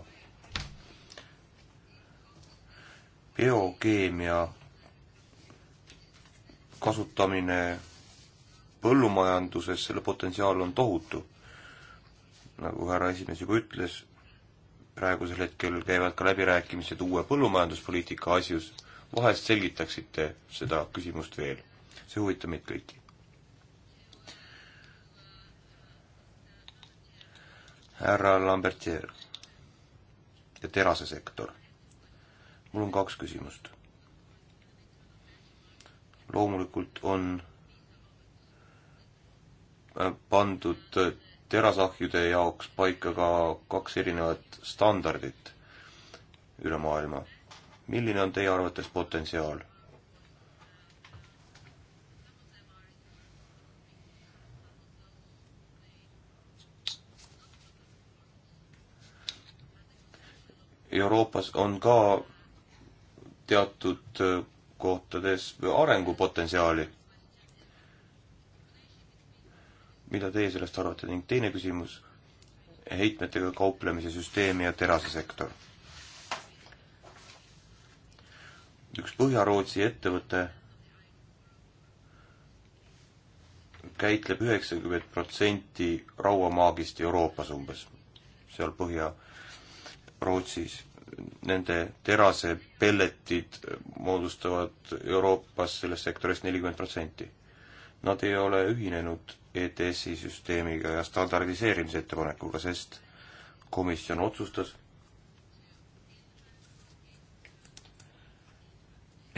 biokeemia kasutamine põllumajanduses selle potentsiaal on tohutu. nagu härra esimees juba ütles, praegusel hetkel käivad ka läbirääkimised uue põllumajanduspoliitika asjus, vahest selgitaksite seda küsimust veel, see huvitab meid kõiki. härra Lambertier ja terasesektor. mul on kaks küsimust. loomulikult on Äh, pandud terasahjude jaoks paika ka kaks erinevat standardit üle maailma. milline on teie arvates potentsiaal? Euroopas on ka teatud äh, kohtades arengupotentsiaali mida teie sellest arvate ning teine küsimus, heitmetega kauplemise süsteem ja terasesektor. üks Põhja-Rootsi ettevõte käitleb üheksakümmend protsenti rauamaagist Euroopas umbes, seal Põhja-Rootsis. Nende terase pelletid moodustavad Euroopas sellest sektorist nelikümmend protsenti Nad ei ole ühinenud ETS-i süsteemiga ja standardiseerimise ettepanekuga, sest komisjon otsustas,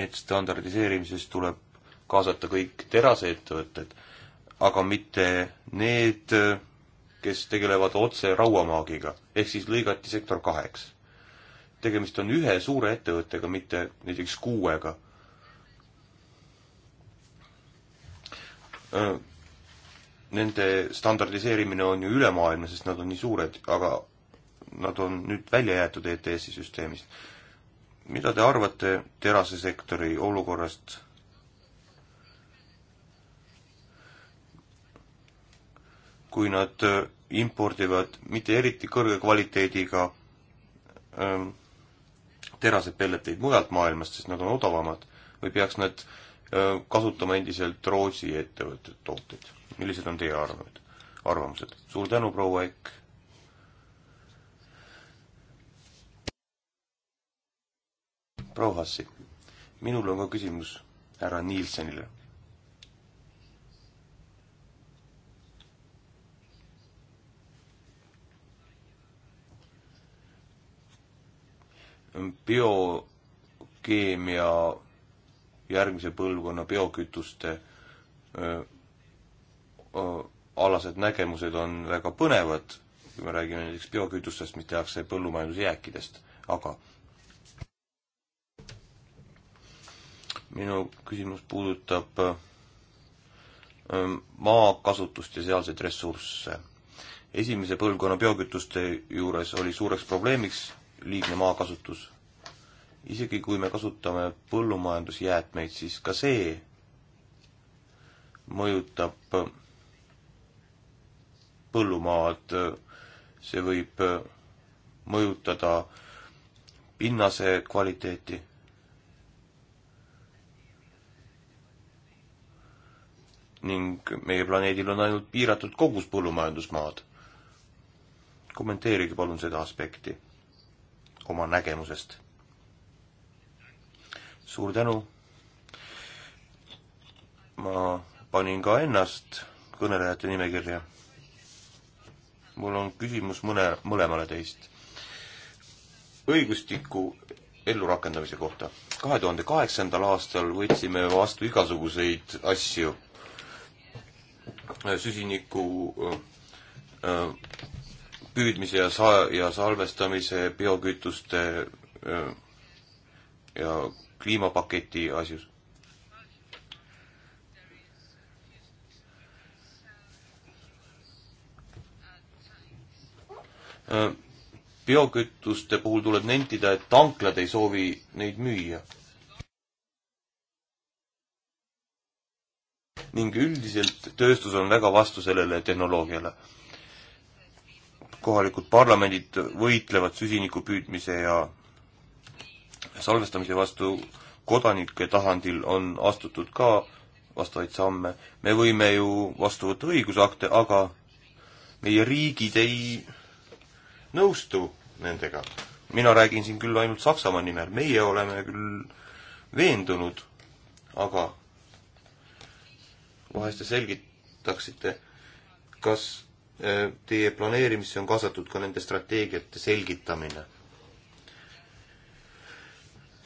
et standardiseerimises tuleb kaasata kõik teraseettevõtted, aga mitte need, kes tegelevad otse rauamaagiga, ehk siis lõigati sektor kaheks. tegemist on ühe suure ettevõttega, mitte näiteks kuuega Äh, nende standardiseerimine on ju ülemaailmne, sest nad on nii suured, aga nad on nüüd välja jäetud ETS-i süsteemist. mida te arvate terasesektori olukorrast? kui nad äh, impordivad mitte eriti kõrge kvaliteediga ähm, terasepelleteid mujalt maailmast, sest nad on odavamad, või peaks nad äh, kasutama endiselt Rootsi ettevõtete tooteid. millised on teie arvamused? arvamused. suur tänu, proua Ekk. proua Hassi, minul on ka küsimus härra Nielsenile. biokeemia järgmise põlvkonna biokütuste öö, öö, alased nägemused on väga põnevad, kui me räägime näiteks biokütustest, mis tehakse põllumajandusjääkidest, aga minu küsimus puudutab maakasutust ja sealseid ressursse. esimese põlvkonna biokütuste juures oli suureks probleemiks liigne maakasutus isegi kui me kasutame põllumajandusjäätmeid, siis ka see mõjutab äh, põllumaad, äh, see võib äh, mõjutada pinnase kvaliteeti. ning meie planeedil on ainult piiratud kogus põllumajandusmaad. kommenteerige palun seda aspekti oma nägemusest suur tänu. ma panin ka ennast kõnelejate nimekirja. mul on küsimus mõne, mõlemale teist. õigustiku ellurakendamise kohta. kahe tuhande kaheksandal aastal võtsime vastu igasuguseid asju. süsiniku öö, äh, äh, püüdmise ja sa- ja salvestamise, biokütuste öö, äh, ja kliimapaketi asjus. Äh, biokütuste puhul tuleb nentida, et tanklad ei soovi neid müüa. ning üldiselt tööstus on väga vastu sellele tehnoloogiale kohalikud parlamendid võitlevad süsiniku püüdmise ja salvestamise vastu kodanike tasandil on astutud ka vastavaid samme. me võime ju vastu võtta õigusakte, aga meie riigid ei nõustu nendega. mina räägin siin küll ainult Saksamaa nimel, meie oleme küll veendunud, aga vahest te selgitaksite, kas eh, teie planeerimisse on kaasatud ka nende strateegiate selgitamine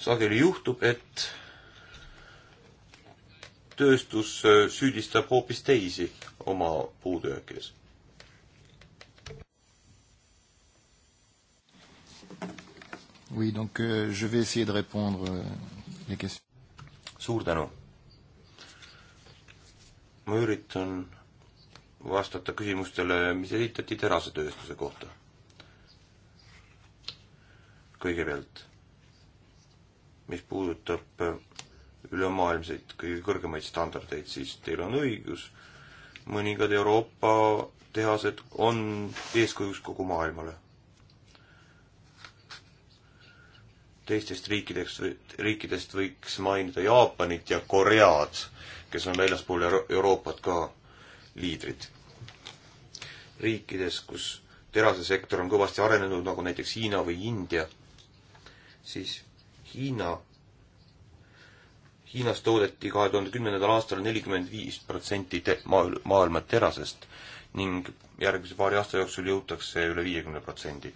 sageli juhtub, et tööstus äh, süüdistab hoopis teisi oma puudujääkides. Oui, donc euh, je vais essayer de répondre euh, les questions. Suur tänu. Ma üritan vastata küsimustele, mis esitati terasetööstuse kohta. Kõigepealt mis puudutab äh, ülemaailmseid kõige kõrgemaid standardeid, siis teil on õigus, mõningad Euroopa tehased on eeskujuks kogu maailmale. teistest riikidest, riikidest võiks mainida Jaapanit ja Koread, kes on väljaspool Euro Euroopat ka liidrid. riikides, kus terasesektor on kõvasti arenenud, nagu näiteks Hiina või India, siis Hiina, Hiinas toodeti kahe tuhande kümnendal aastal nelikümmend viis protsenti maailma terasest ning järgmise paari aasta jooksul jõutakse üle viiekümne protsendi.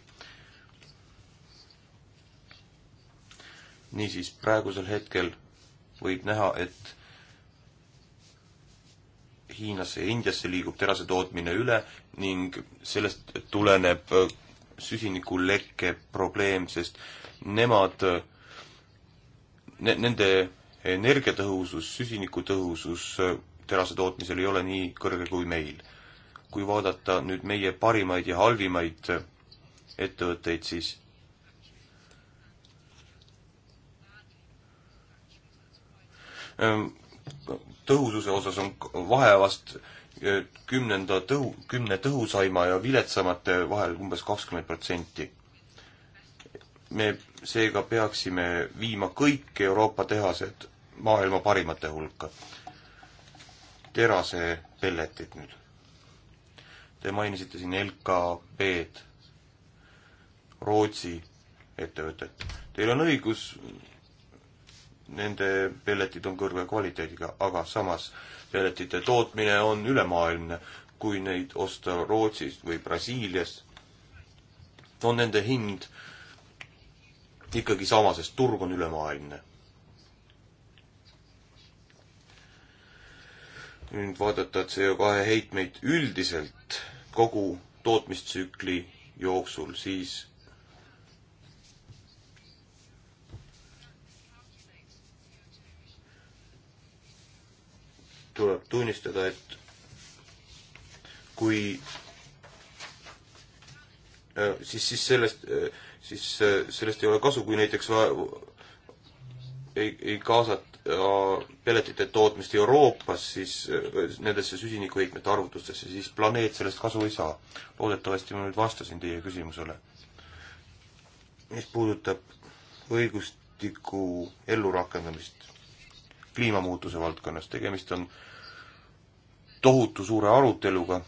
niisiis, praegusel hetkel võib näha, et Hiinasse ja Indiasse liigub terase tootmine üle ning sellest tuleneb süsinikulekke probleem, sest nemad äh, ne-, nende energiatõhusus, süsinikutõhusus äh, terase tootmisel ei ole nii kõrge kui meil. kui vaadata nüüd meie parimaid ja halvimaid äh, ettevõtteid, siis ähm, tõhususe osas on vahe vast äh, kümnenda tõhu, kümne tõhusaima ja viletsamate vahel umbes kakskümmend protsenti. me seega peaksime viima kõik Euroopa tehased maailma parimate hulka. terase pelletid nüüd. Te mainisite siin LKB-d, Rootsi ettevõtet. Teil on õigus, nende pelletid on kõrge kvaliteediga, aga samas pelletite tootmine on ülemaailmne. kui neid osta Rootsist või Brasiiliast, on nende hind äh, ikkagi sama, sest turg on ülemaailmne. nüüd vaadata CO2 heitmeid üldiselt kogu tootmistsükli jooksul, siis tuleb tunnistada, et kui äh, siis, siis sellest äh, siis eh, sellest ei ole kasu, kui näiteks ei, ei kaasata pelletite tootmist Euroopas, siis eh, nendesse süsinikuheitmete arvutustesse, siis planeet sellest kasu ei saa. loodetavasti ma nüüd vastasin teie küsimusele. mis puudutab õigustiku ellurakendamist kliimamuutuse valdkonnas, tegemist on tohutu suure aruteluga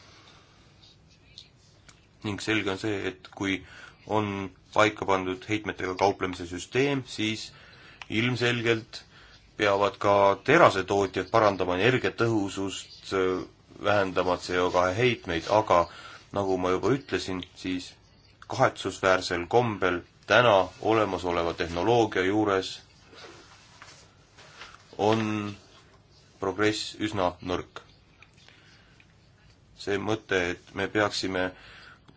ning selge on see, et kui on paika pandud heitmetega kauplemise süsteem, siis ilmselgelt peavad ka terasetootjad parandama energiatõhusust, vähendama CO2 heitmeid, aga nagu ma juba ütlesin, siis kahetsusväärsel kombel täna olemasoleva tehnoloogia juures on progress üsna nõrk. see mõte, et me peaksime äh,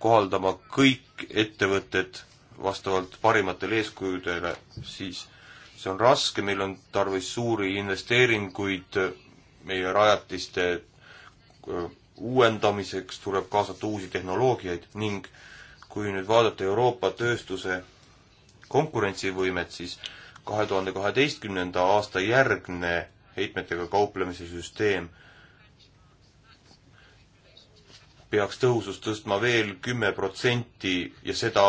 kohaldama kõik ettevõtted vastavalt parimatele eeskujudele, siis see on raske, meil on tarvis suuri investeeringuid meie rajatiste uuendamiseks, tuleb kaasata uusi tehnoloogiaid ning kui nüüd vaadata Euroopa tööstuse konkurentsivõimet, siis kahe tuhande kaheteistkümnenda aasta järgne heitmetega kauplemise süsteem peaks tõhusust tõstma veel kümme protsenti ja seda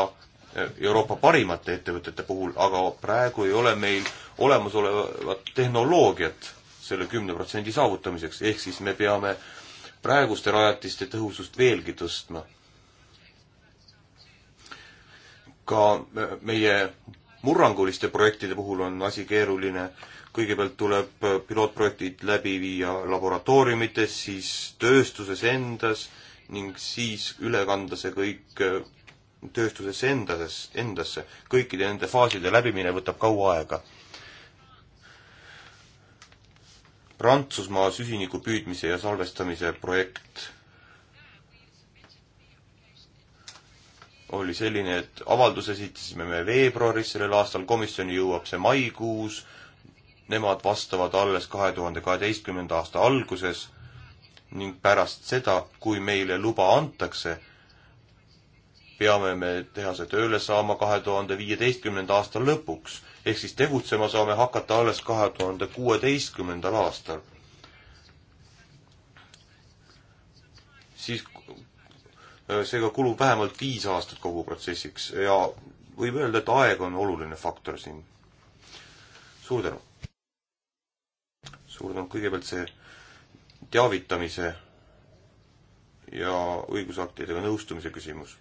eh, Euroopa parimate ettevõtete puhul, aga praegu ei ole meil olemasolevat tehnoloogiat selle kümne protsendi saavutamiseks, ehk siis me peame praeguste rajatiste tõhusust veelgi tõstma. ka eh, meie murranguliste projektide puhul on asi keeruline, kõigepealt tuleb eh, pilootprojektid läbi viia laboratooriumites, siis tööstuses endas ning siis üle kanda see kõik äh, tööstusesse endas, endasse. kõikide nende faaside läbimine võtab kaua aega. Prantsusmaa süsiniku püüdmise ja salvestamise projekt oli selline, et avalduse esitasime me veebruaris sellel aastal, komisjoni jõuab see maikuus, nemad vastavad alles kahe tuhande kaheteistkümnenda aasta alguses ning pärast seda, kui meile luba antakse, peame me tehase tööle saama kahe tuhande viieteistkümnenda aasta lõpuks, ehk siis tegutsema saame hakata alles kahe tuhande kuueteistkümnendal aastal. siis äh, seega kulub vähemalt viis aastat kogu protsessiks ja võib öelda, et aeg on oluline faktor siin. suur tänu! suur tänu, kõigepealt see teavitamise ja õigusaktidega nõustumise küsimus.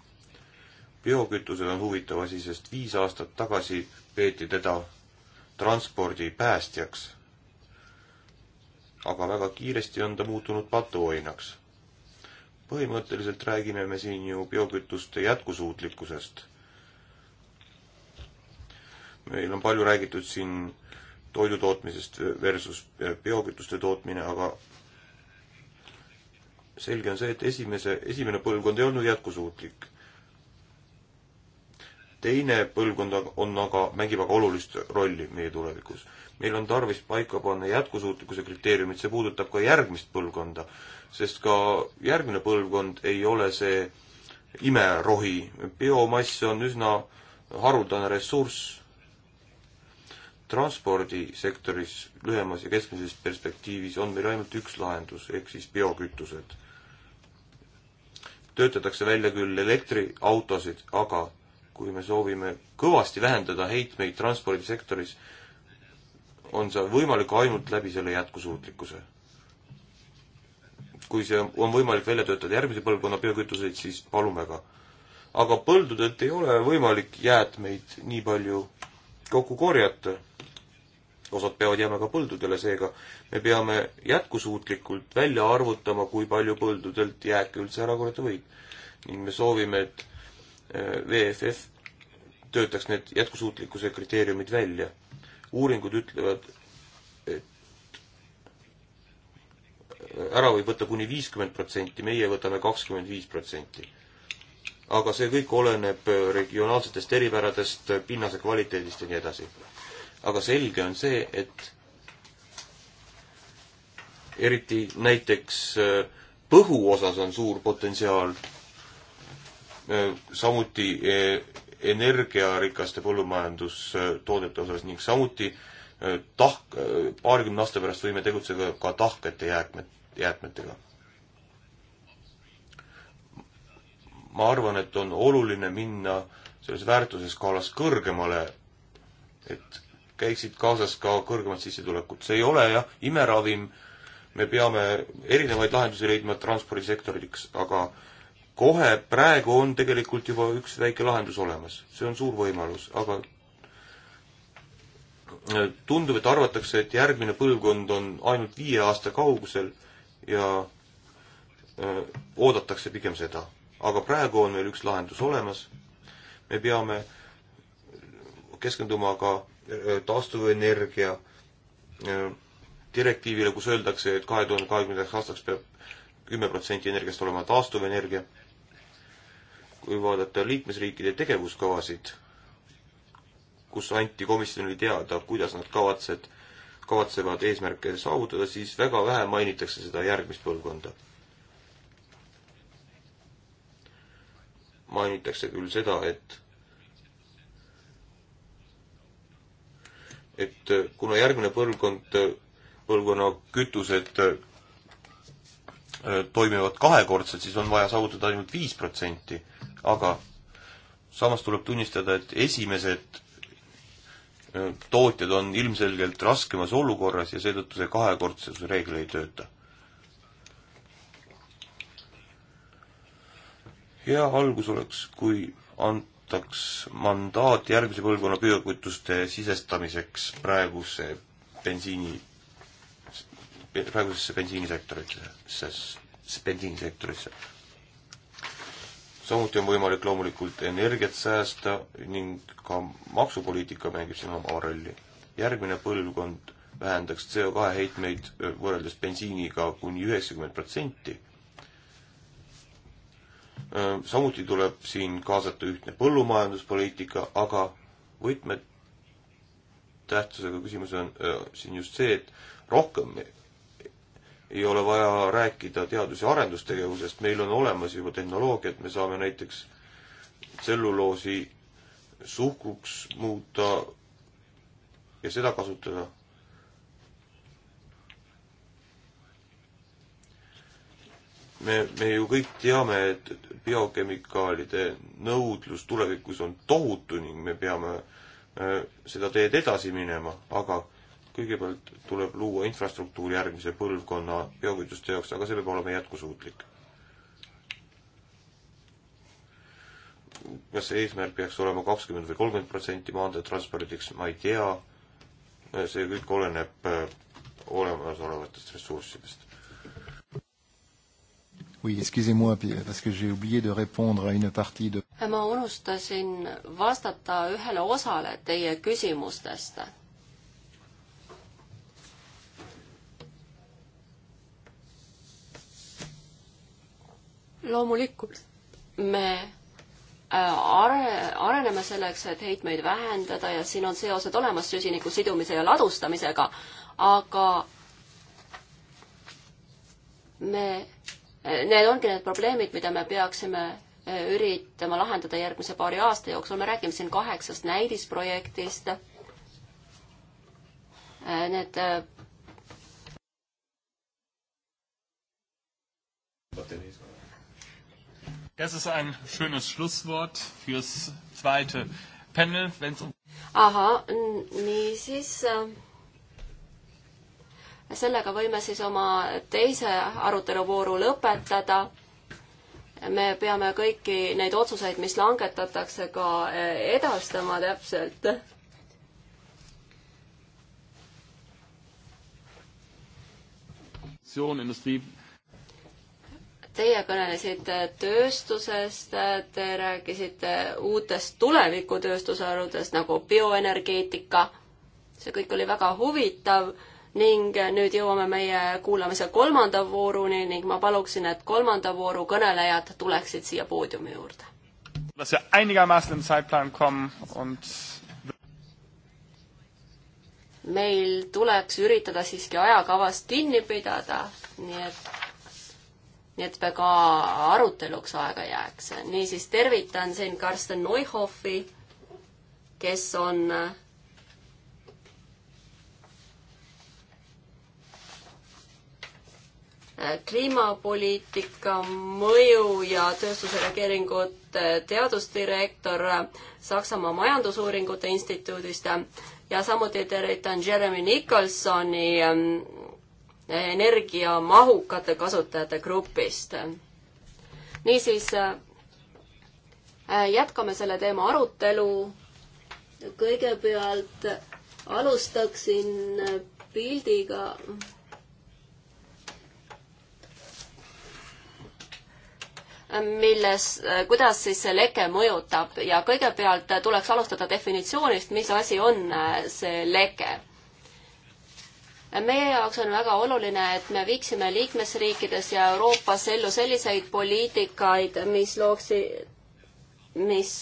biokütused on huvitav asi, sest viis aastat tagasi peeti teda transpordi päästjaks. aga väga kiiresti on ta muutunud patuoinaks. põhimõtteliselt räägime me siin ju biokütuste jätkusuutlikkusest. meil on palju räägitud siin toidu tootmisest versus biokütuste tootmine, aga selge on see, et esimese, esimene põlvkond ei olnud jätkusuutlik. teine põlvkond on aga, mängib aga olulist rolli meie tulevikus. meil on tarvis paika panna jätkusuutlikkuse kriteeriumid, see puudutab ka järgmist põlvkonda, sest ka järgmine põlvkond ei ole see imerohi, biomass on üsna haruldane ressurss, transpordisektoris lühemas ja keskmises perspektiivis on meil ainult üks lahendus, ehk siis biokütused töötatakse välja küll elektriautosid, aga kui me soovime kõvasti vähendada heitmeid transpordisektoris, on see võimalik ainult läbi selle jätkusuutlikkuse. kui see on võimalik välja töötada järgmise põlvkonna biokütuseid, siis palun väga. aga põldudelt ei ole võimalik jäätmeid nii palju kokku korjata osad peavad jääma ka põldudele, seega me peame jätkusuutlikult välja arvutama, kui palju põldudelt jääke üldse ära korjata võib. ning me soovime, et äh, VFF töötaks need jätkusuutlikkuse kriteeriumid välja. uuringud ütlevad, et ära võib võtta kuni viiskümmend protsenti, meie võtame kakskümmend viis protsenti. aga see kõik oleneb regionaalsetest eripäradest, pinnase kvaliteedist ja nii edasi aga selge on see, et eriti näiteks äh, põhu osas on suur potentsiaal, äh, samuti äh, energiarikaste põllumajandustoodete osas ning samuti tahk, paarikümne aasta pärast võime tegutseda ka tahkete jäätmed, jäätmetega. ma arvan, et on oluline minna selles väärtuseskaalas kõrgemale, et käiksid kaasas ka kõrgemad sissetulekud. see ei ole jah imeravim, me peame erinevaid lahendusi leidma transpordisektoriks, aga kohe praegu on tegelikult juba üks väike lahendus olemas, see on suur võimalus, aga tundub, et arvatakse, et järgmine põlvkond on ainult viie aasta kaugusel ja öö, äh, oodatakse pigem seda. aga praegu on meil üks lahendus olemas, me peame keskenduma ka Äh, taastuvenergia äh, direktiivile, kus öeldakse, et kahe tuhande kahekümnendaks aastaks peab kümme protsenti energiast olema taastuvenergia. kui vaadata liikmesriikide tegevuskavasid, kus anti komisjonile teada, kuidas nad kavatsed, kavatsevad eesmärke saavutada, siis väga vähe mainitakse seda järgmist põlvkonda. mainitakse küll seda, et et äh, kuna järgmine põlvkond, äh, põlvkonna kütused äh, toimivad kahekordselt, siis on vaja saavutada ainult viis protsenti, aga samas tuleb tunnistada, et esimesed tootjad on ilmselgelt raskemas olukorras ja seetõttu see kahekordsuse reegel ei tööta. hea algus oleks, kui an-, antaks mandaat järgmise põlvkonna biokütuste sisestamiseks praeguse bensiini, praegusesse bensiinisektorisse, bensiinisektorisse. samuti on võimalik loomulikult energiat säästa ning ka maksupoliitika mängib siin oma rolli. järgmine põlvkond vähendaks CO2 heitmeid võrreldes bensiiniga kuni üheksakümmend protsenti samuti tuleb siin kaasata ühtne põllumajanduspoliitika, aga võtmetähtsusega küsimus on öö, siin just see, et rohkem ei ole vaja rääkida teadus- ja arendustegevusest, meil on olemas juba tehnoloogiad, me saame näiteks tselluloosi suhkruks muuta ja seda kasutada me, me ju kõik teame, et biokemikaalide nõudlus tulevikus on tohutu ning me peame äh, seda teed edasi minema, aga kõigepealt tuleb luua infrastruktuur järgmise põlvkonna biokütuste jaoks, aga see peab olema jätkusuutlik. kas see eesmärk peaks olema kakskümmend või kolmkümmend protsenti maanteetranspordiks, ma ei tea, see kõik oleneb äh, olemasolevatest ressurssidest Oui, excusez-moi, parce que j'ai oublié de répondre à une partie de... Eh, ma unustasin vastata ühele osale teie küsimustest. loomulikult me eh, are-, areneme selleks, et heitmeid vähendada ja siin on seosed olemas süsiniku sidumise ja ladustamisega, aga me Need ongi need probleemid, mida me peaksime e, üritama lahendada järgmise paari aasta jooksul, me räägime siin kaheksast näidisprojektist. E, need e, Das ist ein schönes Schlusswort fürs zweite Panel, wenn es um. Aha, niisiis äh, sellega võime siis oma teise aruteluvooru lõpetada. me peame kõiki neid otsuseid, mis langetatakse, ka eh, edastama täpselt. Teie kõnelesite tööstusest, te rääkisite uutest tulevikutööstusharudest nagu bioenergeetika. see kõik oli väga huvitav ning nüüd jõuame meie kuulamise kolmanda vooruni ning ma paluksin, et kolmanda vooru kõnelejad tuleksid siia poodiumi juurde. meil tuleks üritada siiski ajakavast kinni pidada, nii et nii et ka aruteluks aega jääks. niisiis tervitan siin Karsten Neuhoffi, kes on Äh, kliimapoliitika mõju ja tööstuse reageeringute teadusdirektor Saksamaa Majandusuuringute Instituudist ja samuti tervitan Jeremy Nicholsoni ähm, energiamahukate kasutajate grupist. niisiis, äh, jätkame selle teema arutelu. kõigepealt alustaksin pildiga milles, äh, kuidas siis see leke mõjutab ja kõigepealt äh, tuleks alustada definitsioonist, mis asi on äh, see leke. meie jaoks on väga oluline, et me viiksime liikmesriikides ja Euroopas ellu selliseid poliitikaid, mis looksi, mis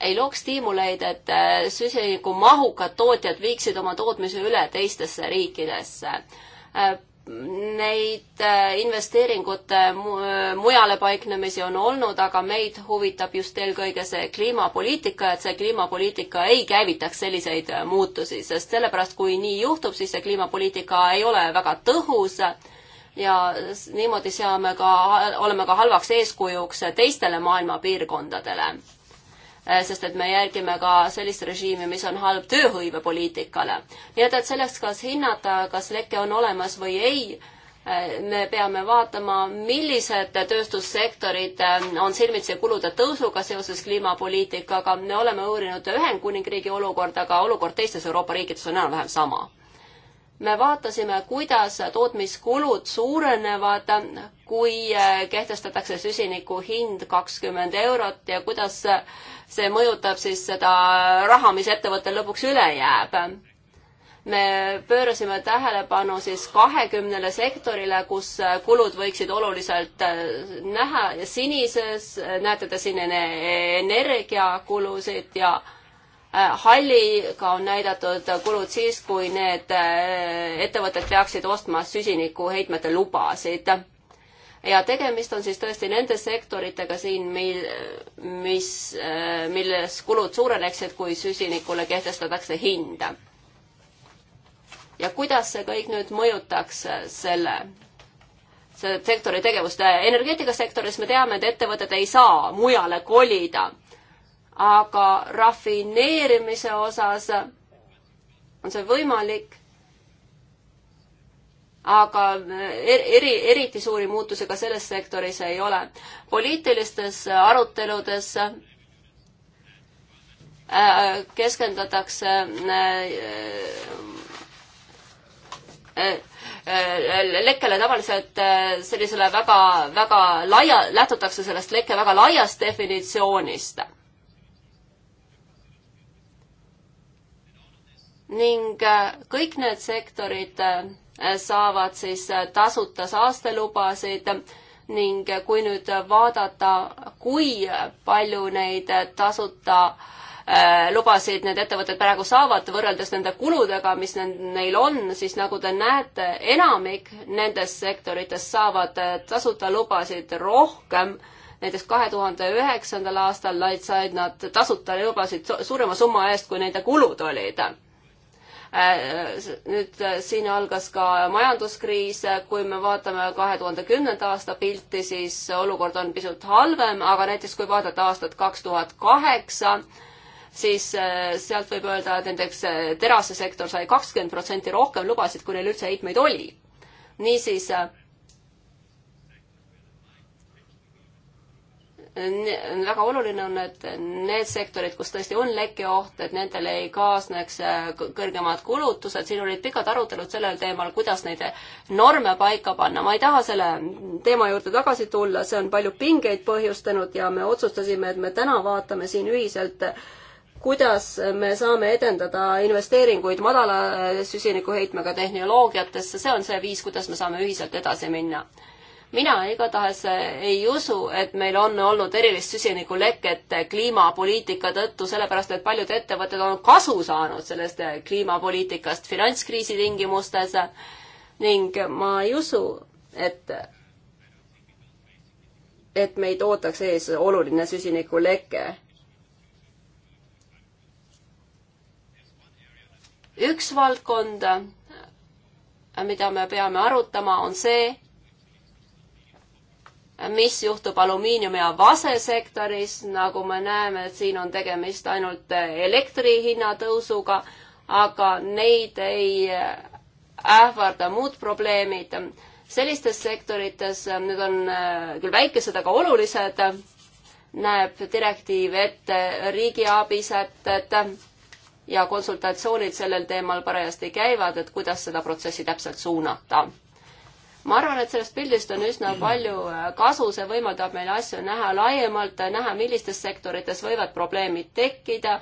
ei looks stiimuleid, et süsinikumahukad tootjad viiksid oma tootmise üle teistesse riikidesse neid äh, investeeringute äh, mujale paiknemisi on olnud, aga meid huvitab just eelkõige see kliimapoliitika, et see kliimapoliitika ei käivitaks selliseid äh, muutusi, sest sellepärast, kui nii juhtub, siis see kliimapoliitika ei ole väga tõhus ja niimoodi seame ka, oleme ka halvaks eeskujuks teistele maailma piirkondadele Äh, sest et me järgime ka sellist režiimi, mis on halb tööhõivepoliitikale. nii et, et selleks, kas hinnata, kas leke on olemas või ei, äh, me peame vaatama, millised tööstussektorid äh, on silmitsi kulude tõusuga seoses kliimapoliitikaga. me oleme uurinud Ühendkuningriigi olukorda, aga olukord teistes Euroopa riikides on enam-vähem sama me vaatasime, kuidas tootmiskulud suurenevad, kui eh, kehtestatakse süsiniku hind kakskümmend eurot ja kuidas see mõjutab siis seda raha, mis ettevõttel lõpuks üle jääb. me pöörasime tähelepanu siis kahekümnele sektorile, kus kulud võiksid oluliselt eh, näha ja sinises näete te siin energiakulusid ja Äh, halliga on näidatud kulud siis, kui need äh, ettevõtted peaksid ostma süsinikuheitmete lubasid. ja tegemist on siis tõesti nende sektoritega siin, mil, mis, äh, milles kulud suureneksid, kui süsinikule kehtestatakse hind. ja kuidas see kõik nüüd mõjutaks selle selle sektori tegevust. energeetikasektoris me teame, et ettevõtted ei saa mujale kolida aga rafineerimise osas on see võimalik. aga er-, eri, eriti suuri muutusi ka selles sektoris ei ole. poliitilistes aruteludes äh, keskendutakse äh, äh, lekkele tavaliselt sellisele väga, väga laia, lähtutakse sellest leke väga laiast definitsioonist ning äh, kõik need sektorid äh, saavad siis äh, tasuta saastelubasid ning kui nüüd vaadata, kui palju neid tasuta lubasid need ettevõtted praegu saavad võrreldes nende kuludega, mis neil on, siis nagu te näete, enamik nendest sektoritest saavad tasuta lubasid rohkem. näiteks kahe tuhande üheksandal aastal said nad tasuta lubasid suurema summa eest, kui nende kulud olid Äh, nüüd äh, siin algas ka majanduskriis, kui me vaatame kahe tuhande kümnenda aasta pilti, siis olukord on pisut halvem, aga näiteks kui vaadata aastat kaks tuhat kaheksa, siis äh, sealt võib öelda, et näiteks terasesektor sai kakskümmend protsenti rohkem lubasid, kui neil üldse heitmeid oli. niisiis väga oluline on, et need sektorid, kus tõesti on lekkeoht, et nendele ei kaasneks äh, kõrgemad kulutused, siin olid pikad arutelud sellel teemal, kuidas neid norme paika panna. ma ei taha selle teema juurde tagasi tulla, see on palju pingeid põhjustanud ja me otsustasime, et me täna vaatame siin ühiselt kuidas me saame edendada investeeringuid madala süsinikuheitmega tehnoloogiatesse, see on see viis, kuidas me saame ühiselt edasi minna mina igatahes ei usu, et meil on olnud erilist süsinikuleket kliimapoliitika tõttu, sellepärast et paljud ettevõtted on kasu saanud sellest kliimapoliitikast finantskriisi tingimustes ning ma ei usu, et et meid ootaks ees oluline süsinikuleke. üks valdkond, mida me peame arutama, on see, mis juhtub alumiiniumi ja vasesektoris, nagu me näeme, et siin on tegemist ainult elektri hinna tõusuga, aga neid ei ähvarda muud probleemid. sellistes sektorites, need on äh, küll väikesed, aga olulised, näeb direktiiv ette riigiabisätted ja konsultatsioonid sellel teemal parajasti käivad, et kuidas seda protsessi täpselt suunata ma arvan, et sellest pildist on üsna palju äh, kasu, see võimaldab meil asju näha laiemalt, näha, millistes sektorites võivad probleemid tekkida,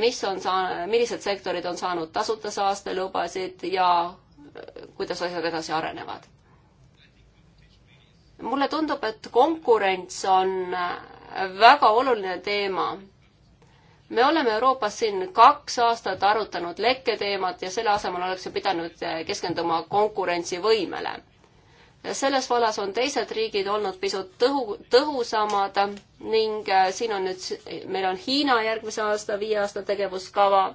mis on saa-, millised sektorid on saanud tasuta saastelubasid ja äh, kuidas asjad edasi arenevad. mulle tundub, et konkurents on äh, väga oluline teema me oleme Euroopas siin kaks aastat arutanud lekketeemat ja selle asemel oleks ju pidanud keskenduma konkurentsivõimele selles vallas on teised riigid olnud pisut tõhu, tõhusamad ning äh, siin on nüüd, meil on Hiina järgmise aasta viie aasta tegevuskava.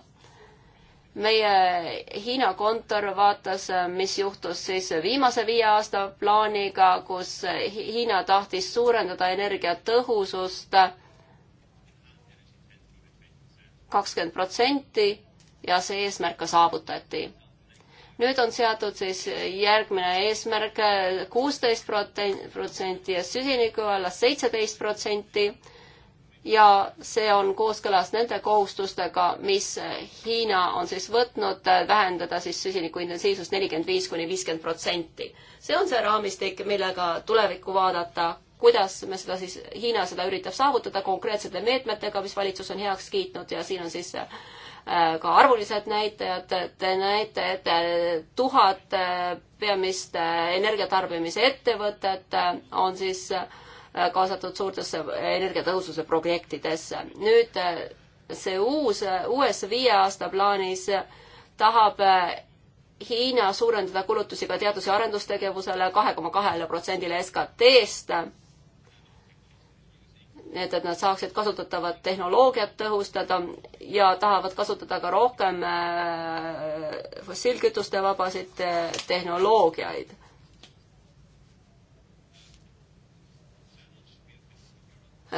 meie Hiina kontor vaatas, äh, mis juhtus siis viimase viie aasta plaaniga, kus äh, Hiina tahtis suurendada energiatõhusust kakskümmend protsenti ja see eesmärk ka saavutati nüüd on seatud siis järgmine eesmärk kuusteist protsenti ja süsiniku alla seitseteist protsenti ja see on kooskõlas nende kohustustega, mis Hiina on siis võtnud äh, vähendada siis süsiniku intensiivsust nelikümmend viis kuni viiskümmend protsenti. see on see raamistik, millega tulevikku vaadata, kuidas me seda siis, Hiina seda üritab saavutada konkreetsete meetmetega, mis valitsus on heaks kiitnud ja siin on siis äh, Äh, ka arvulised näitajad, te näete, et äh, tuhat äh, peamist energiatarbimise ettevõtet on siis kaasatud suurtesse energiatõhususe projektidesse. nüüd see uus, uues viie aasta plaanis tahab Hiina suurendada kulutusi ka teadus- ja arendustegevusele kahe koma kahele protsendile SKT-st et, et nad saaksid kasutatavat tehnoloogiat tõhustada ja tahavad kasutada ka rohkem äh, fossiilkütuste vabasid äh, tehnoloogiaid.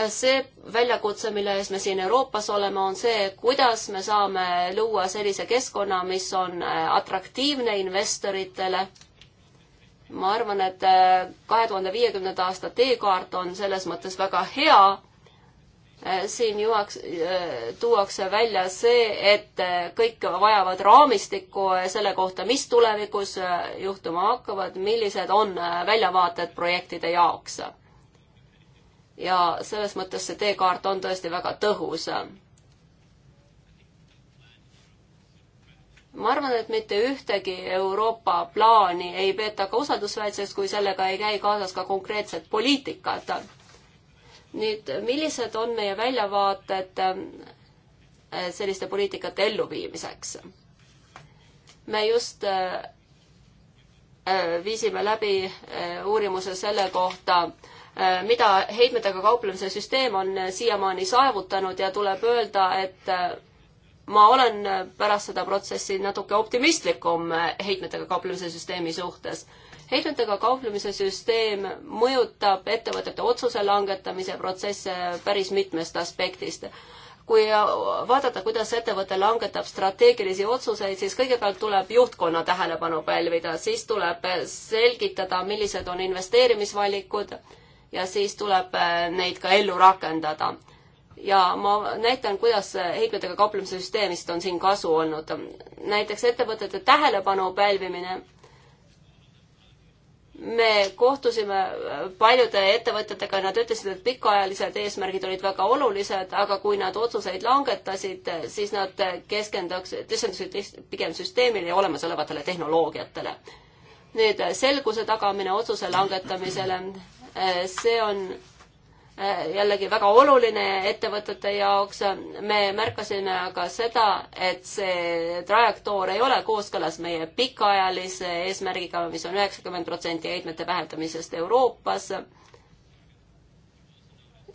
see väljakutse, mille ees me siin Euroopas oleme, on see, kuidas me saame luua sellise keskkonna, mis on äh, atraktiivne investoritele ma arvan, et äh, kahe tuhande viiekümnenda aasta teekaart on selles mõttes väga hea äh, siin juhaks, äh, tuuakse välja see, et kõik vajavad raamistikku selle kohta, mis tulevikus juhtuma hakkavad, millised on väljavaated projektide jaoks. ja selles mõttes see teekaart on tõesti väga tõhus. ma arvan, et mitte ühtegi Euroopa plaani ei peeta ka usaldusväärseks, kui sellega ei käi kaasas ka konkreetsed poliitikad. nüüd, millised on meie väljavaated äh, selliste poliitikate elluviimiseks? me just äh, äh, viisime läbi uurimuse selle kohta, mida heitmetega kauplemise süsteem on siiamaani saavutanud ja tuleb öelda, et ma olen pärast seda protsessi natuke optimistlikum heitmetega kauplemise süsteemi suhtes. heitmetega kauplemise süsteem mõjutab ettevõtete otsuse langetamise protsesse päris mitmest aspektist. kui vaadata, kuidas ettevõte langetab strateegilisi otsuseid, siis kõigepealt tuleb juhtkonna tähelepanu pälvida, siis tuleb selgitada, millised on investeerimisvalikud ja siis tuleb neid ka ellu rakendada ja ma näitan, kuidas heitmetega kauplemise süsteemist on siin kasu olnud. näiteks ettevõtete tähelepanu pälvimine. me kohtusime paljude ettevõtetega, nad ütlesid, et pikaajalised eesmärgid olid väga olulised, aga kui nad otsuseid langetasid, siis nad keskenduks, keskendusid pigem süsteemile ja olemasolevatele tehnoloogiatele. nüüd selguse tagamine otsuse langetamisele, see on jällegi väga oluline ettevõtete jaoks. me märkasime aga seda, et see trajektoor ei ole kooskõlas meie pikaajalise eesmärgiga, mis on üheksakümmend protsenti heitmete vähendamisest Euroopas.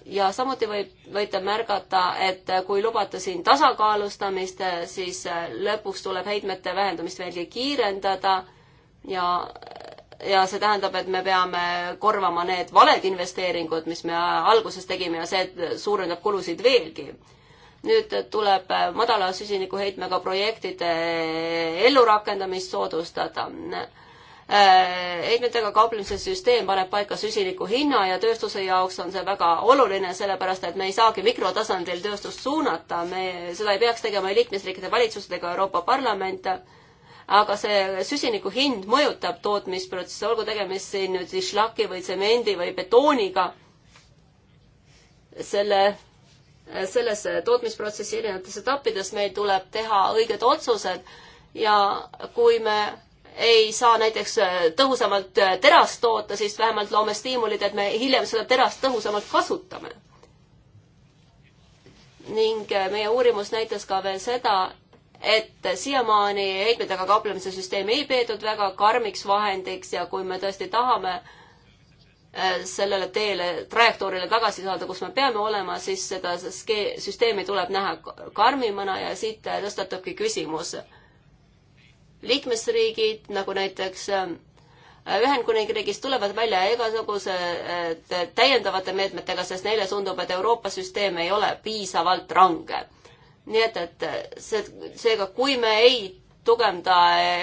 ja samuti võib, võite märgata, et kui lubate siin tasakaalustamist, siis lõpuks tuleb heitmete vähendamist veelgi kiirendada ja ja see tähendab, et me peame korvama need valed investeeringud, mis me alguses tegime ja see suurendab kulusid veelgi. nüüd tuleb madala süsinikuheitmega projektide ellurakendamist soodustada. heitmetega kauplemise süsteem paneb paika süsiniku hinna ja tööstuse jaoks on see väga oluline, sellepärast et me ei saagi mikrotasandil tööstust suunata, me, seda ei peaks tegema liikmesriikide valitsused ega Euroopa Parlament aga see süsiniku hind mõjutab tootmisprotsessi, olgu tegemist siin nüüd siis šlaki või tsemendi või betooniga. selle, selles tootmisprotsessi erinevates etappides meil tuleb teha õiged otsused ja kui me ei saa näiteks tõhusamalt terast toota, siis vähemalt loome stiimulid, et me hiljem seda terast tõhusamalt kasutame. ning meie uurimus näitas ka veel seda, et siiamaani heitmetega kauplemise süsteemi ei peetud väga karmiks vahendiks ja kui me tõesti tahame äh, sellele teele, trajektoorile tagasi saada, kus me peame olema, siis seda skee-, süsteemi tuleb näha karmimana ja siit tõstatubki küsimus. liikmesriigid, nagu näiteks äh, Ühendkuningriigis tulevad välja igasuguse äh, täiendavate meetmetega, sest neile tundub, et Euroopa süsteem ei ole piisavalt range nii et, et see, seega kui me ei tugevda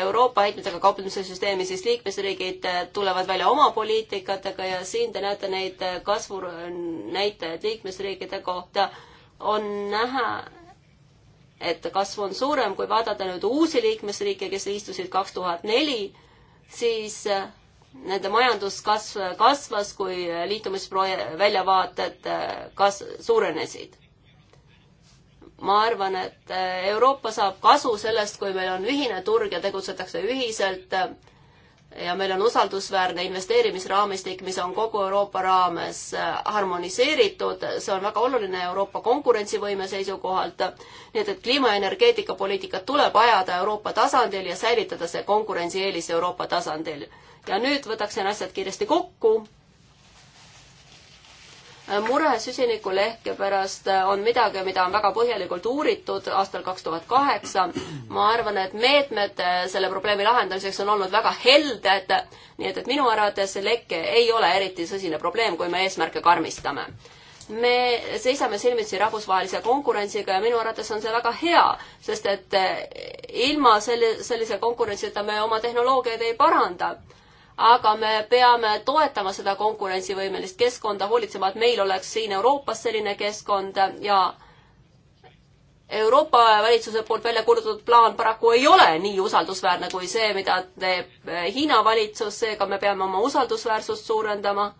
Euroopa heitmetega kauplemise süsteemi, siis liikmesriigid tulevad välja oma poliitikatega ja siin te näete neid kasvunäitajaid liikmesriikide kohta. on näha, et kasv on suurem, kui vaadata nüüd uusi liikmesriike, kes liistusid kaks tuhat neli, siis nende majanduskasv kasvas, kui liitumisprojekt, väljavaated kas-, suurenesid ma arvan, et eh, Euroopa saab kasu sellest, kui meil on ühine turg ja tegutsetakse ühiselt eh, ja meil on usaldusväärne investeerimisraamistik, mis on kogu Euroopa raames eh, harmoniseeritud, see on väga oluline Euroopa konkurentsivõime seisukohalt, nii et, et kliimaenergeetikapoliitikat tuleb ajada Euroopa tasandil ja säilitada see konkurentsieelis Euroopa tasandil. ja nüüd võtaksin asjad kiiresti kokku mure süsinikulehke pärast äh, on midagi, mida on väga põhjalikult uuritud aastal kaks tuhat kaheksa. ma arvan, et meetmed äh, selle probleemi lahendamiseks on olnud väga helded, nii et, et minu arvates see leke ei ole eriti sõsine probleem, kui me eesmärke karmistame me seisame silmitsi rahvusvahelise konkurentsiga ja minu arvates on see väga hea, sest et äh, ilma selle, sellise konkurentsita me oma tehnoloogiaid ei paranda aga me peame toetama seda konkurentsivõimelist keskkonda, hoolitsema, et meil oleks siin Euroopas selline keskkond ja Euroopa valitsuse poolt välja kuulutatud plaan paraku ei ole nii usaldusväärne kui see, mida teeb eh, Hiina valitsus, seega me peame oma usaldusväärsust suurendama.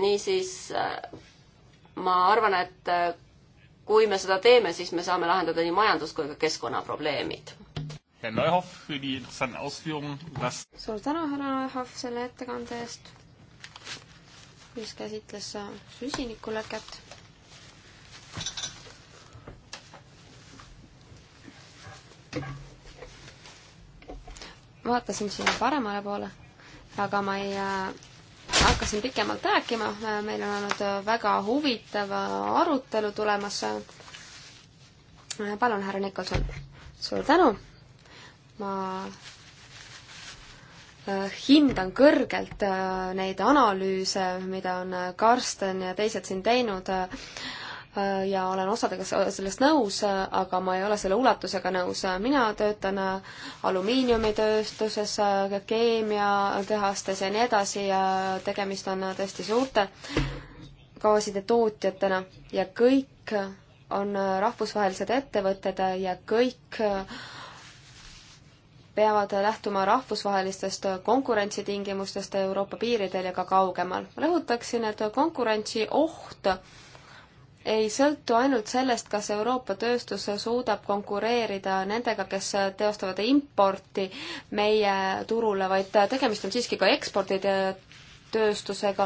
niisiis eh, ma arvan, et eh, kui me seda teeme, siis me saame lahendada nii majandus kui ka keskkonnaprobleemid Herr Neuhoff für die interessanten Ausführungen. Was... suur tänu, härra Neuhoff, selle ettekande eest, mis käsitles äh, süsinikuleket. vaatasin siia paremale poole, aga ma ei äh, hakkasin pikemalt rääkima, äh, meil on olnud väga huvitav arutelu tulemas. palun, härra Nikolson. suur tänu ma äh, hindan kõrgelt äh, neid analüüse, mida on äh, Karsten ja teised siin teinud ja olen osadega sellest nõus, aga ma ei ole selle ulatusega nõus. mina töötan alumiiniumitööstuses, keemiatehastes ja nii edasi ja tegemist on tõesti suurte gaaside tootjatena ja kõik on rahvusvahelised ettevõtted ja kõik peavad lähtuma rahvusvahelistest konkurentsitingimustest Euroopa piiridel ja ka kaugemal. rõhutaksin, et konkurentsi oht ei sõltu ainult sellest, kas Euroopa tööstus suudab konkureerida nendega, kes teostavad importi meie turule, vaid tegemist on siiski ka ekspordi tööstusega,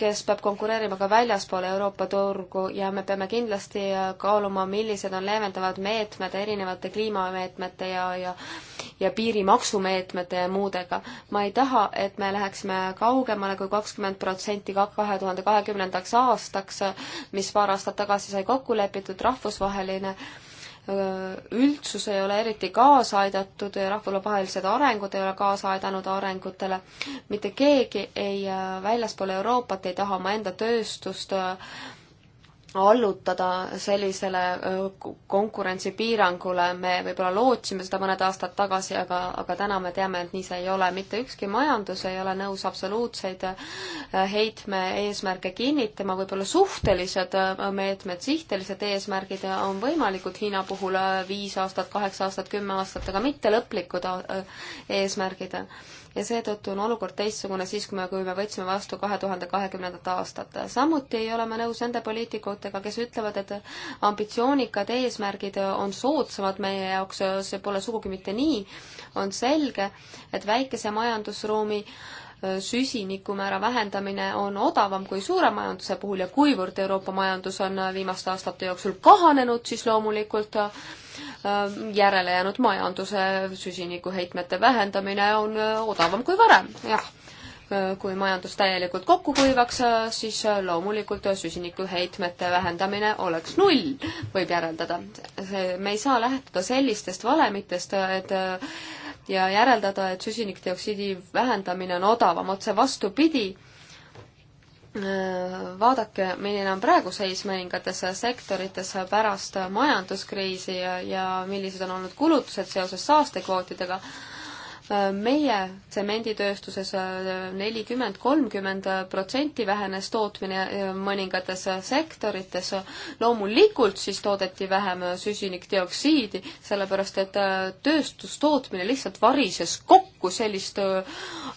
kes peab konkureerima ka väljaspool Euroopa turgu ja me peame kindlasti kaaluma, millised on leevendavad meetmed erinevate kliimameetmete ja, ja ja piirimaksumeetmete ja muudega. ma ei taha, et me läheksime kaugemale kui kakskümmend protsenti kahe tuhande kahekümnendaks aastaks, mis paar aastat tagasi sai kokku lepitud, rahvusvaheline äh, üldsus ei ole eriti kaasa aidatud ja rahvusvahelised arengud ei ole kaasa aidanud arengutele. mitte keegi ei, väljaspool Euroopat ei taha omaenda tööstust allutada sellisele konkurentsipiirangule, me võib-olla lootsime seda mõned aastad tagasi, aga, aga täna me teame, et nii see ei ole. mitte ükski majandus ei ole nõus absoluutseid heitme eesmärke kinnitama, võib-olla suhtelised meetmed, sihtelised eesmärgid on võimalikud Hiina puhul viis aastat, kaheksa aastat, kümme aastat, aga mitte lõplikud eesmärgid ja seetõttu on olukord teistsugune siis, kui me, kui me võtsime vastu kahe tuhande kahekümnendat aastat. samuti ei ole ma nõus nende poliitikutega, kes ütlevad, et ambitsioonikad eesmärgid on soodsamad meie jaoks, see pole sugugi mitte nii. on selge, et väikese majandusruumi äh, Äh, süsinikumäära vähendamine on odavam kui suure majanduse puhul ja kuivõrd Euroopa majandus on äh, viimaste aastate jooksul kahanenud, siis loomulikult äh, järele jäänud majanduse süsinikuheitmete vähendamine on odavam kui varem, jah. kui majandus täielikult kokku kuivaks, siis loomulikult süsinikuheitmete vähendamine oleks null, võib järeldada. me ei saa lähtuda sellistest valemitest, et ja järeldada, et süsinikdioksiidi vähendamine on odavam, otse vastupidi, äh, vaadake, milline on praegu seis mõningates sektorites pärast majanduskriisi ja, ja millised on olnud kulutused seoses saastekvootidega meie tsemenditööstuses äh, nelikümmend, kolmkümmend äh, protsenti vähenes tootmine äh, mõningates sektorites. loomulikult siis toodeti vähem süsinikdioksiidi, sellepärast et tööstustootmine lihtsalt varises kokku, sellist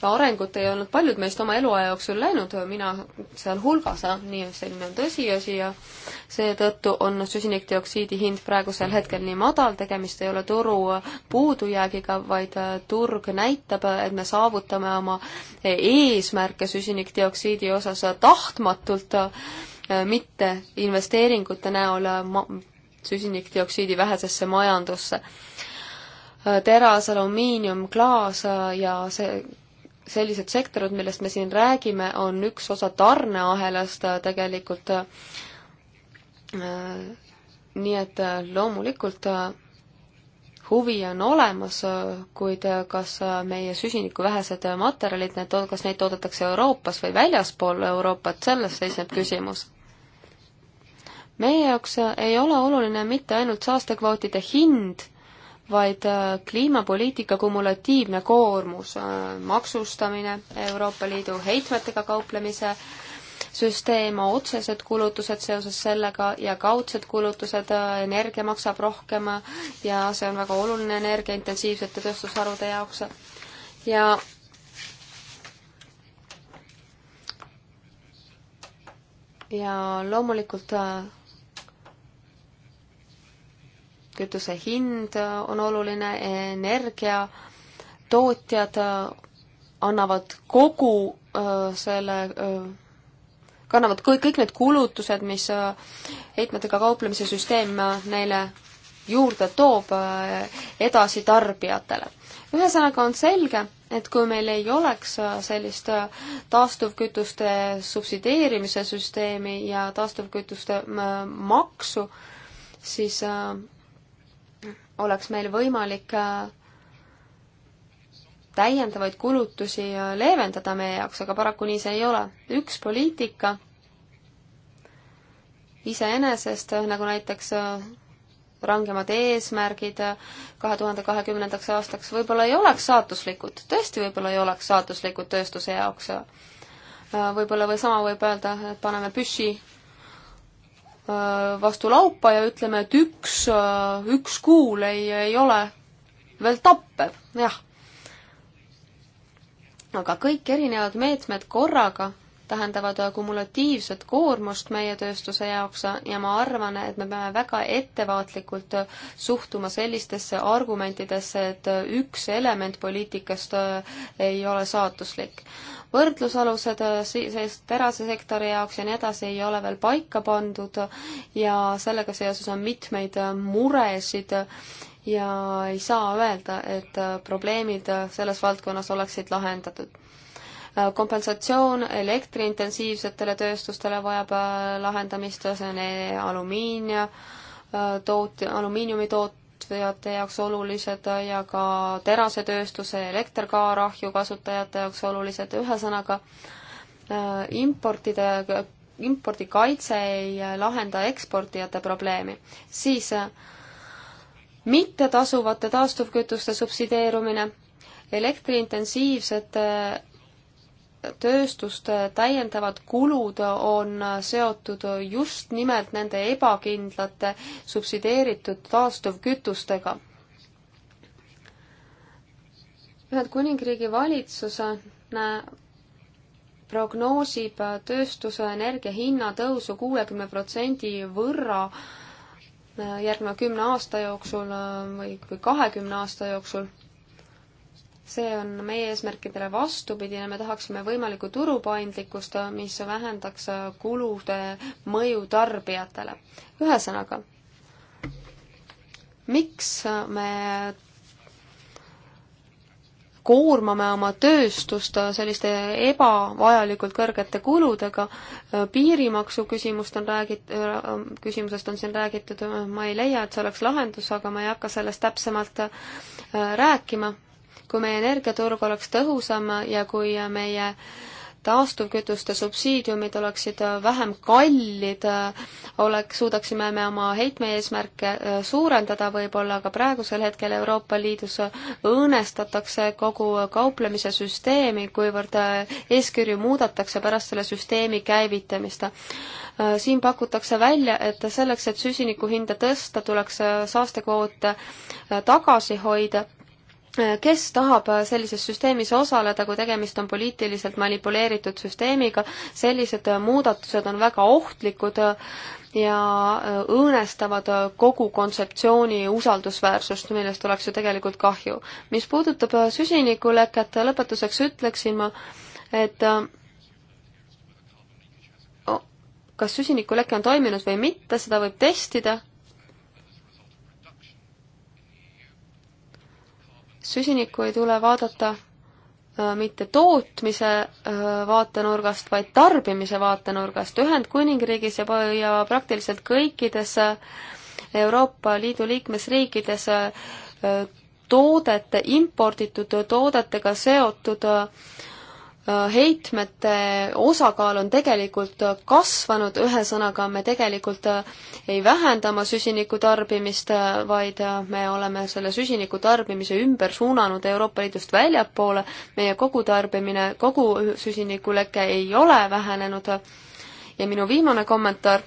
arengut ei olnud paljud meist oma eluaja jooksul läinud, mina sealhulgas, nii selline on tõsiasi ja seetõttu on süsinikdioksiidi hind praegusel hetkel nii madal, tegemist ei ole turu puudujäägiga, vaid turg turg näitab, et me saavutame oma eesmärke süsinikdioksiidi osas tahtmatult, mitte investeeringute näol süsinikdioksiidi vähesesse majandusse. teras, alumiinium, klaas ja see, sellised sektorid, millest me siin räägime, on üks osa tarneahelast tegelikult. nii et loomulikult huvi on olemas, kuid kas meie süsinikuvähesed materjalid, need, kas neid toodetakse Euroopas või väljaspool Euroopat, selles seisneb küsimus. meie jaoks ei ole oluline mitte ainult saastekvootide hind, vaid kliimapoliitika kumulatiivne koormus, maksustamine, Euroopa Liidu heitmetega kauplemise süsteem, otsesed kulutused seoses sellega ja kaudsed kulutused, energia maksab rohkem ja see on väga oluline energiaintensiivsete tööstusharude jaoks. ja ja loomulikult äh, kütuse hind äh, on oluline, energia tootjad äh, annavad kogu selle kannavad kõik, kõik need kulutused, mis äh, heitmetega kauplemise süsteem äh, neile juurde toob äh, edasi tarbijatele. ühesõnaga on selge, et kui meil ei oleks sellist taastuvkütuste subsideerimise süsteemi ja taastuvkütuste maksu, siis oleks meil võimalik täiendavaid kulutusi leevendada meie jaoks, aga paraku nii see ei ole. üks poliitika iseenesest, nagu näiteks äh, rangemad eesmärgid äh, kahe tuhande kahekümnendaks aastaks võib-olla ei oleks saatuslikud, tõesti võib-olla ei oleks saatuslikud tööstuse jaoks. Äh, võib-olla või sama võib öelda, et paneme püssi vastu laupa ja ütleme, et üks, üks kuul ei, ei ole veel tappev, jah aga kõik erinevad meetmed korraga tähendavad kumulatiivset koormust meie tööstuse jaoks ja ma arvan, et me peame väga ettevaatlikult suhtuma sellistesse argumentidesse, et üks element poliitikast äh, ei ole saatuslik. võrdlusalused äh, siis terasesektori jaoks ja nii edasi ei ole veel paika pandud ja sellega seoses on mitmeid äh, muresid ja ei saa öelda, et äh, probleemid äh, selles valdkonnas oleksid lahendatud. Äh, kompensatsioon elektriintensiivsetele tööstustele vajab lahendamist, see on alumiinia toot-, alumiiniumi tootjate jaoks olulised ja ka terasetööstuse elekterkaarahju kasutajate jaoks olulised, ühesõnaga importide, impordikaitse ei lahenda eksportijate probleemi, siis mittetasuvate taastuvkütuste subsideerumine, elektriintensiivsete tööstuste täiendavad kulud on seotud just nimelt nende ebakindlate subsideeritud taastuvkütustega. Ühendkuningriigi valitsus prognoosib tööstuse energia hinna tõusu kuuekümne protsendi võrra järgneva kümne aasta jooksul äh, või, või kahekümne aasta jooksul. see on meie eesmärkidele vastupidine, me tahaksime võimalikku turupaindlikkust, äh, mis vähendaks äh, kulude mõju tarbijatele. ühesõnaga, miks me koormame oma tööstust selliste ebavajalikult kõrgete kuludega. piirimaksu küsimust on räägit-, küsimusest on siin räägitud, ma ei leia, et see oleks lahendus, aga ma ei hakka sellest täpsemalt äh, rääkima. kui meie energiaturg oleks tõhusam ja kui meie äh, taastuvkütuste subsiidiumid oleksid äh, vähem kallid, äh, oleks, suudaksime me oma heitme-eesmärke äh, suurendada võib-olla, aga praegusel hetkel Euroopa Liidus õõnestatakse kogu kauplemise süsteemi, kuivõrd eeskirju muudetakse pärast selle süsteemi käivitamist. siin pakutakse välja, et selleks, et süsiniku hinda tõsta, tuleks saastekvoote tagasi hoida kes tahab sellises süsteemis osaleda, kui tegemist on poliitiliselt manipuleeritud süsteemiga, sellised muudatused on väga ohtlikud ja õõnestavad kogu kontseptsiooni usaldusväärsust, millest oleks ju tegelikult kahju. mis puudutab süsinikuleket, lõpetuseks ütleksin ma, et oh, kas süsinikuleke on toiminud või mitte, seda võib testida süsinikku ei tule vaadata äh, mitte tootmise äh, vaatenurgast, vaid tarbimise vaatenurgast. Ühendkuningriigis ja, ja praktiliselt kõikides äh, Euroopa Liidu liikmesriikides toodete, imporditud toodetega seotud äh, Äh, heitmete osakaal on tegelikult äh, kasvanud, ühesõnaga me tegelikult äh, ei vähenda oma süsiniku tarbimist, vaid me oleme selle süsiniku tarbimise ümber suunanud Euroopa Liidust väljapoole, meie kogutarbimine, kogu süsinikuleke ei ole vähenenud ja minu viimane kommentaar,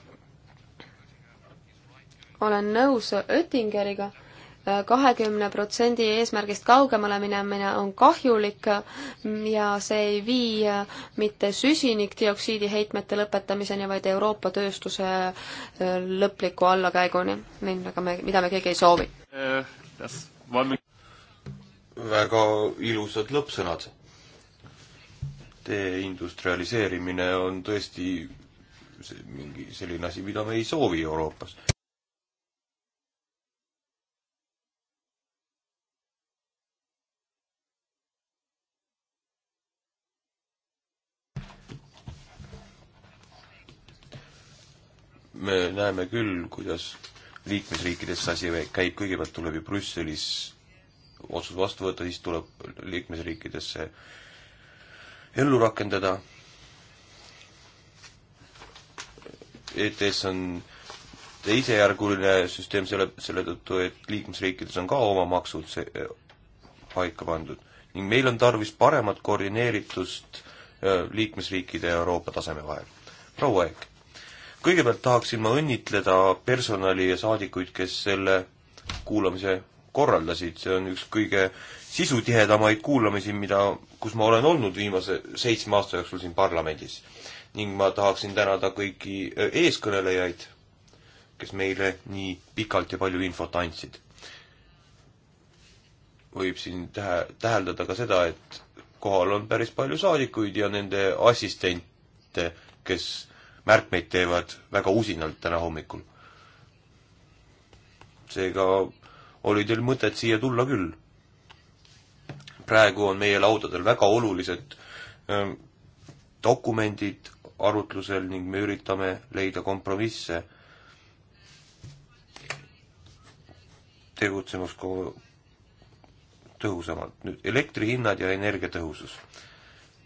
olen nõus Oettingeriga kahekümne protsendi eesmärgist kaugemale minemine on kahjulik ja see ei vii mitte süsinikdioksiidi heitmete lõpetamiseni, vaid Euroopa tööstuse äh, lõpliku allakäiguni, millega me, mida me keegi ei soovi. väga ilusad lõppsõnad. deindustrialiseerimine on tõesti mingi selline asi, mida me ei soovi Euroopas me näeme küll, kuidas liikmesriikides see asi käib, kõigepealt tuleb ju Brüsselis otsus vastu võtta, siis tuleb liikmesriikidesse ellu rakendada. ETS on teisejärguline süsteem selle, selle tõttu, et liikmesriikides on ka oma maksud see, e, paika pandud ning meil on tarvis paremat koordineeritust e, liikmesriikide ja Euroopa taseme vahel. proua Eek kõigepealt tahaksin ma õnnitleda personali ja saadikuid, kes selle kuulamise korraldasid, see on üks kõige sisutihedamaid kuulamisi, mida, kus ma olen olnud viimase seitsme aasta jooksul siin parlamendis. ning ma tahaksin tänada kõiki äh, eeskõnelejaid, kes meile nii pikalt ja palju infot andsid. võib siin tähe, täheldada ka seda, et kohal on päris palju saadikuid ja nende assistente, kes märkmeid teevad väga usinalt täna hommikul. seega oli teil mõtet siia tulla küll. praegu on meie laudadel väga olulised öö, ähm, dokumendid arutlusel ning me üritame leida kompromisse, tegutsemas tõhusamalt. nüüd elektrihinnad ja energiatõhusus.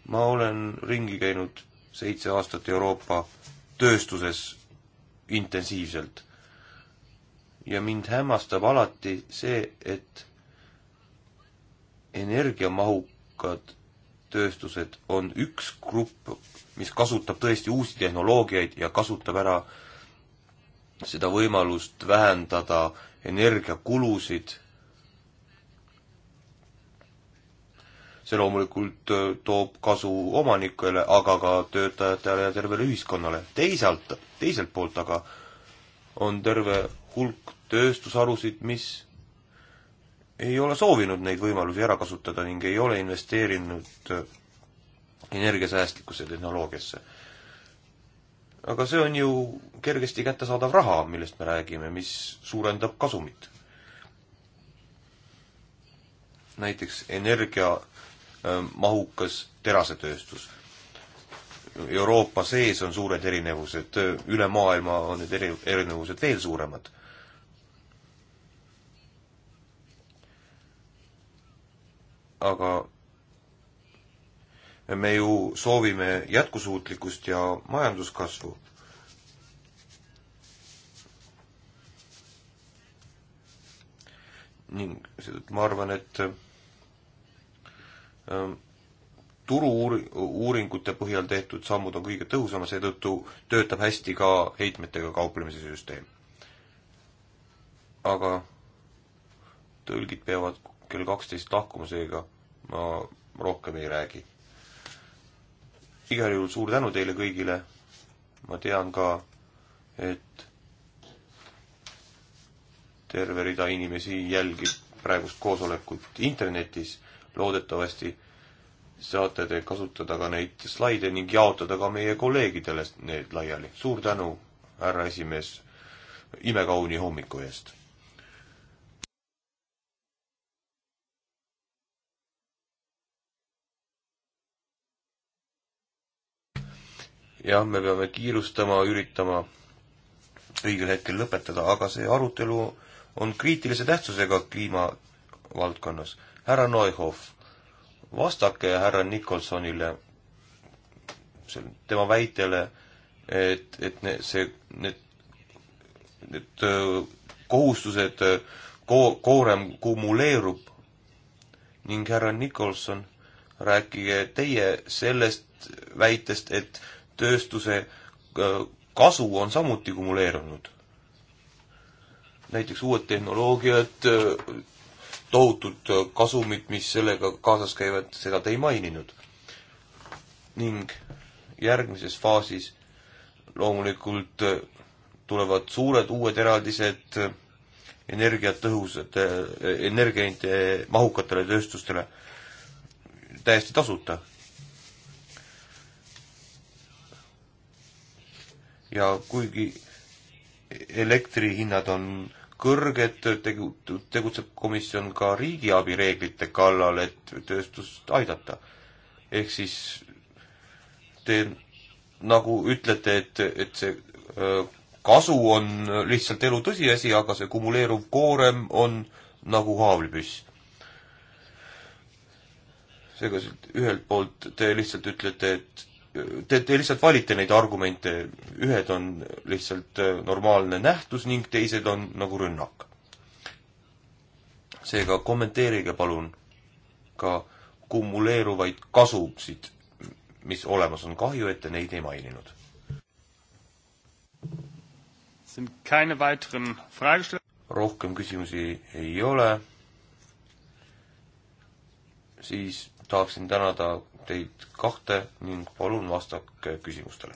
ma olen ringi käinud seitse aastat Euroopa tööstuses intensiivselt. ja mind hämmastab alati see, et energiamahukad tööstused on üks grupp, mis kasutab tõesti uusi tehnoloogiaid ja kasutab ära seda võimalust vähendada energiakulusid see loomulikult äh, toob kasu omanikele, aga ka töötajatele ja tervele ühiskonnale. teisalt, teiselt poolt aga on terve hulk tööstusharusid, mis ei ole soovinud neid võimalusi ära kasutada ning ei ole investeerinud äh, energiasäästlikkuse tehnoloogiasse. aga see on ju kergesti kättesaadav raha, millest me räägime, mis suurendab kasumit. näiteks energia Äh, mahukas terasetööstus. Euroopa sees on suured erinevused, äh, üle maailma on need eri, erinevused veel suuremad. aga me ju soovime jätkusuutlikkust ja majanduskasvu. ning ma arvan, et Ehm, turu-uuringute põhjal tehtud sammud on kõige tõhusamad, seetõttu töötab hästi ka heitmetega kauplemise süsteem. aga tõlgid peavad kell kaksteist lahkuma, seega ma rohkem ei räägi. igal juhul suur tänu teile kõigile, ma tean ka, et terve rida inimesi jälgib praegust koosolekut internetis loodetavasti saate te kasutada ka neid slaide ning jaotada ka meie kolleegidele need laiali. suur tänu, härra esimees, imekauni hommiku eest! jah, me peame kiirustama, üritama õigel hetkel lõpetada, aga see arutelu on kriitilise tähtsusega kliima valdkonnas härra Neuhoff, vastake härra Nicholsonile, tema väitele, et, et ne, see, need, need äh, kohustused äh, ko-, koorem kumuleerub ning härra Nicholson, rääkige teie sellest väitest, et tööstuse äh, kasu on samuti kumuleerunud. näiteks uued tehnoloogiad tohutut äh, kasumit, mis sellega kaasas käivad, seda te ei maininud. ning järgmises faasis loomulikult äh, tulevad suured uued eraldised äh, energiatõhusate, energiainte mahukatele tööstustele täiesti tasuta. ja kuigi elektrihinnad on kõrged, tegutseb komisjon ka riigiabi reeglite kallal, et tööstust aidata. ehk siis te nagu ütlete, et, et see kasu on lihtsalt elu tõsiasi, aga see kumuleeruv koorem on nagu haavlipüss. seega ühelt poolt te lihtsalt ütlete, et te, te lihtsalt valite neid argumente, ühed on lihtsalt äh, normaalne nähtus ning teised on nagu rünnak. seega kommenteerige palun ka kumuleeruvaid kasusid, mis olemas on, kahju, et te neid ei maininud. rohkem küsimusi ei ole. siis tahaksin tänada teid kahte ning palun vastake küsimustele.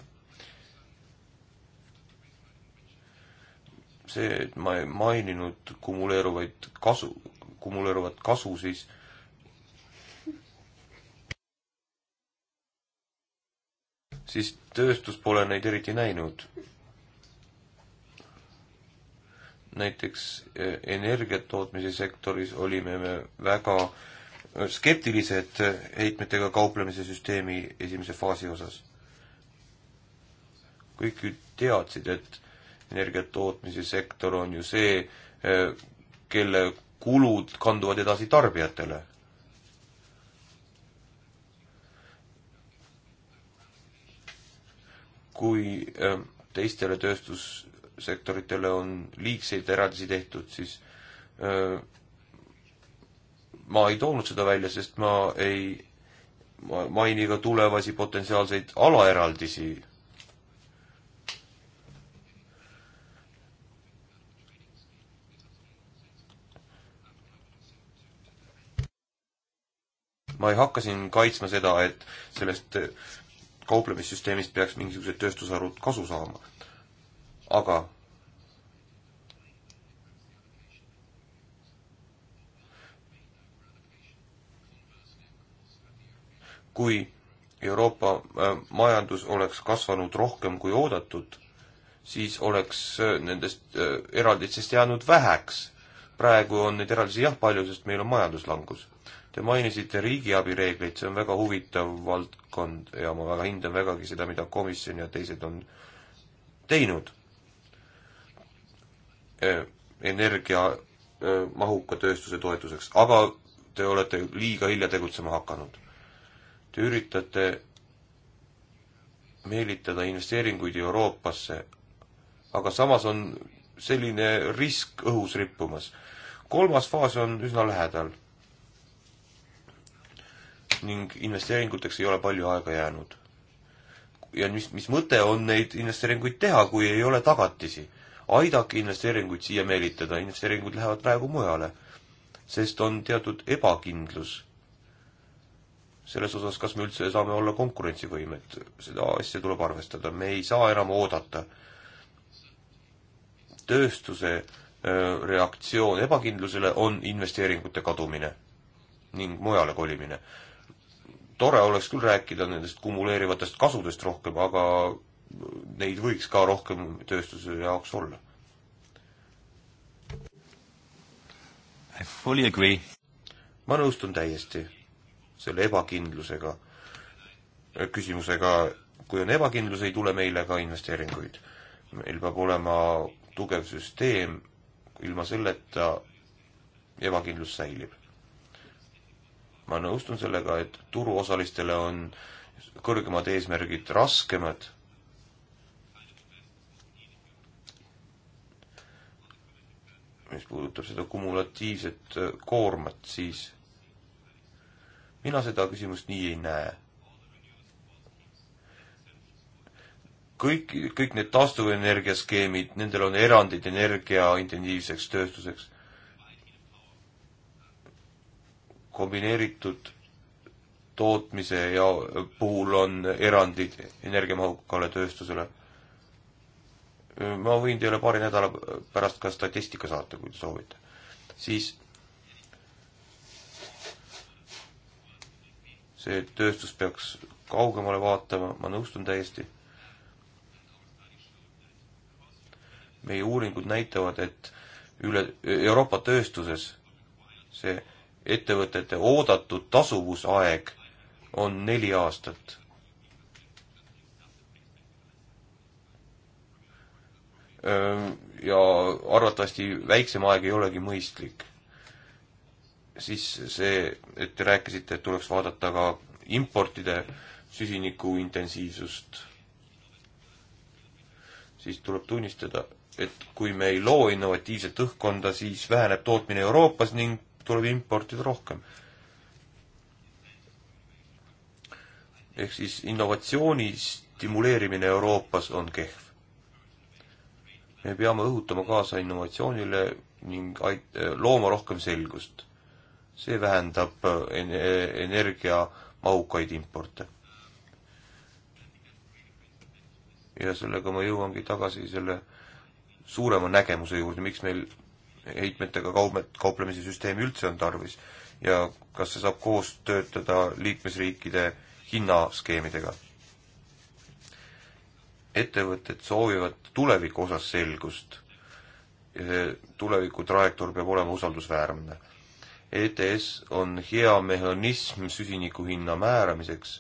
see, et ma ei maininud kumuleeruvaid kasu, kumuleeruvat kasu, siis siis tööstus pole neid eriti näinud. näiteks eh, energiatootmise sektoris olime me väga äh, skeptilised heitmetega kauplemise süsteemi esimese faasi osas. kõik ju teadsid, et energiatootmise sektor on ju see, kelle kulud kanduvad edasi tarbijatele kui ähm, teistele tööstussektoritele on liigseid eraldisi tehtud, siis äh, ma ei toonud seda välja, sest ma ei maini ka tulevasi potentsiaalseid alaeraldisi ma ei hakka siin kaitsma seda, et sellest kauplemissüsteemist peaks mingisugused tööstusharud kasu saama. aga kui Euroopa äh, majandus oleks kasvanud rohkem kui oodatud, siis oleks äh, nendest äh, eraldistest jäänud väheks. praegu on neid eraldisi jah palju, sest meil on majanduslangus. Te mainisite riigiabi reegleid, see on väga huvitav valdkond ja ma väga hindan vägagi seda, mida komisjon ja teised on teinud. energiamahuka tööstuse toetuseks, aga te olete liiga hilja tegutsema hakanud Te üritate meelitada investeeringuid Euroopasse, aga samas on selline risk õhus rippumas. kolmas faas on üsna lähedal ning investeeringuteks ei ole palju aega jäänud. ja mis, mis mõte on neid investeeringuid teha, kui ei ole tagatisi? aidake investeeringuid siia meelitada, investeeringud lähevad praegu mujale, sest on teatud ebakindlus selles osas, kas me üldse saame olla konkurentsivõimed, seda asja tuleb arvestada, me ei saa enam oodata. tööstuse reaktsioon ebakindlusele on investeeringute kadumine ning mujale kolimine. tore oleks küll rääkida nendest kumuleerivatest kasudest rohkem, aga neid võiks ka rohkem tööstuse jaoks olla. I fully agree. ma nõustun täiesti selle ebakindlusega, äh, küsimusega, kui on ebakindlus, ei tule meile ka investeeringuid. meil peab olema tugev süsteem, ilma selleta ebakindlus säilib. ma nõustun sellega, et turuosalistele on kõrgemad eesmärgid raskemad, mis puudutab seda kumulatiivset äh, koormat, siis mina seda küsimust nii ei näe. kõik, kõik need taastuvenergia skeemid, nendel on erandid energiaintensiivseks tööstuseks. kombineeritud tootmise ja puhul on erandid energiamahukale tööstusele. ma võin teile paari nädala pärast ka statistika saata, kui te soovite. siis see tööstus peaks kaugemale vaatama, ma nõustun täiesti. meie uuringud näitavad, et üle Euroopa tööstuses see ettevõtete oodatud tasuvusaeg on neli aastat. ja arvatavasti väiksem aeg ei olegi mõistlik siis see, et te rääkisite, et tuleks vaadata ka importide süsiniku intensiivsust, siis tuleb tunnistada, et kui me ei loo innovatiivset õhkkonda, siis väheneb tootmine Euroopas ning tuleb importida rohkem. ehk siis innovatsiooni stimuleerimine Euroopas on kehv. me peame õhutama kaasa innovatsioonile ning ait-, looma rohkem selgust see vähendab eh, eh, energiamahukaid importe. ja sellega ma jõuangi tagasi selle suurema nägemuse juurde, miks meil heitmetega kaubet, kauplemise süsteemi üldse on tarvis ja kas see saab koos töötada liikmesriikide hinnaskeemidega. ettevõtted soovivad tuleviku osas selgust ja eh, see tuleviku trajektoor peab olema usaldusväärne ETS on hea mehhanism süsiniku hinna määramiseks.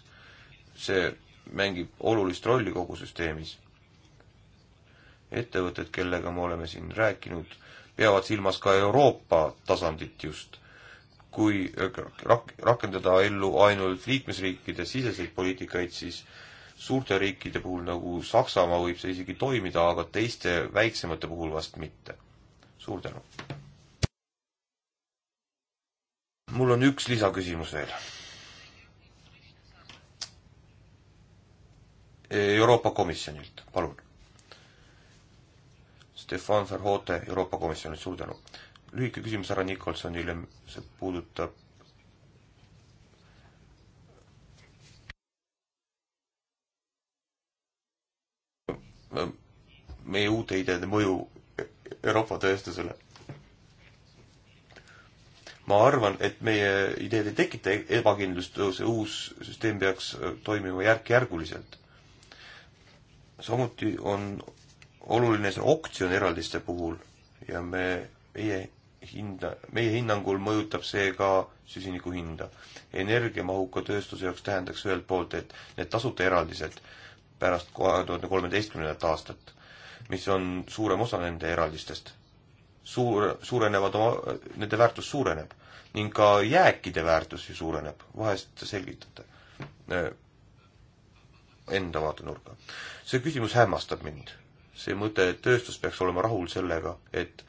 see mängib olulist rolli kogu süsteemis. ettevõtted, kellega me oleme siin rääkinud, peavad silmas ka Euroopa tasandit just. kui rak-, rakendada ellu ainult liikmesriikide siseseid poliitikaid, siis suurte riikide puhul nagu Saksamaa võib see isegi toimida, aga teiste väiksemate puhul vast mitte. suur tänu! mul on üks lisaküsimus veel. Euroopa Komisjonilt, palun. Stefan Verhote Euroopa Komisjonilt, suur tänu. lühike küsimus härra Nikolsonile, see puudutab meie uute ideede mõju Euroopa tööstusele ma arvan, et meie ideed ei tekita ebakindlust, see uus süsteem peaks äh, toimima järk-järguliselt. samuti on oluline see oktsion eraldiste puhul ja me, meie hinda, meie hinnangul mõjutab see ka süsiniku hinda. energiamahuka tööstuse jaoks tähendaks ühelt poolt, et need tasuta eraldised pärast kahe tuhande kolmeteistkümnendat aastat, mis on suurem osa nende eraldistest suur, suurenevad oma, nende väärtus suureneb ning ka jääkide väärtus ju suureneb, vahest selgitate eh, enda vaatenurga. see küsimus hämmastab mind. see mõte, et tööstus peaks olema rahul sellega, et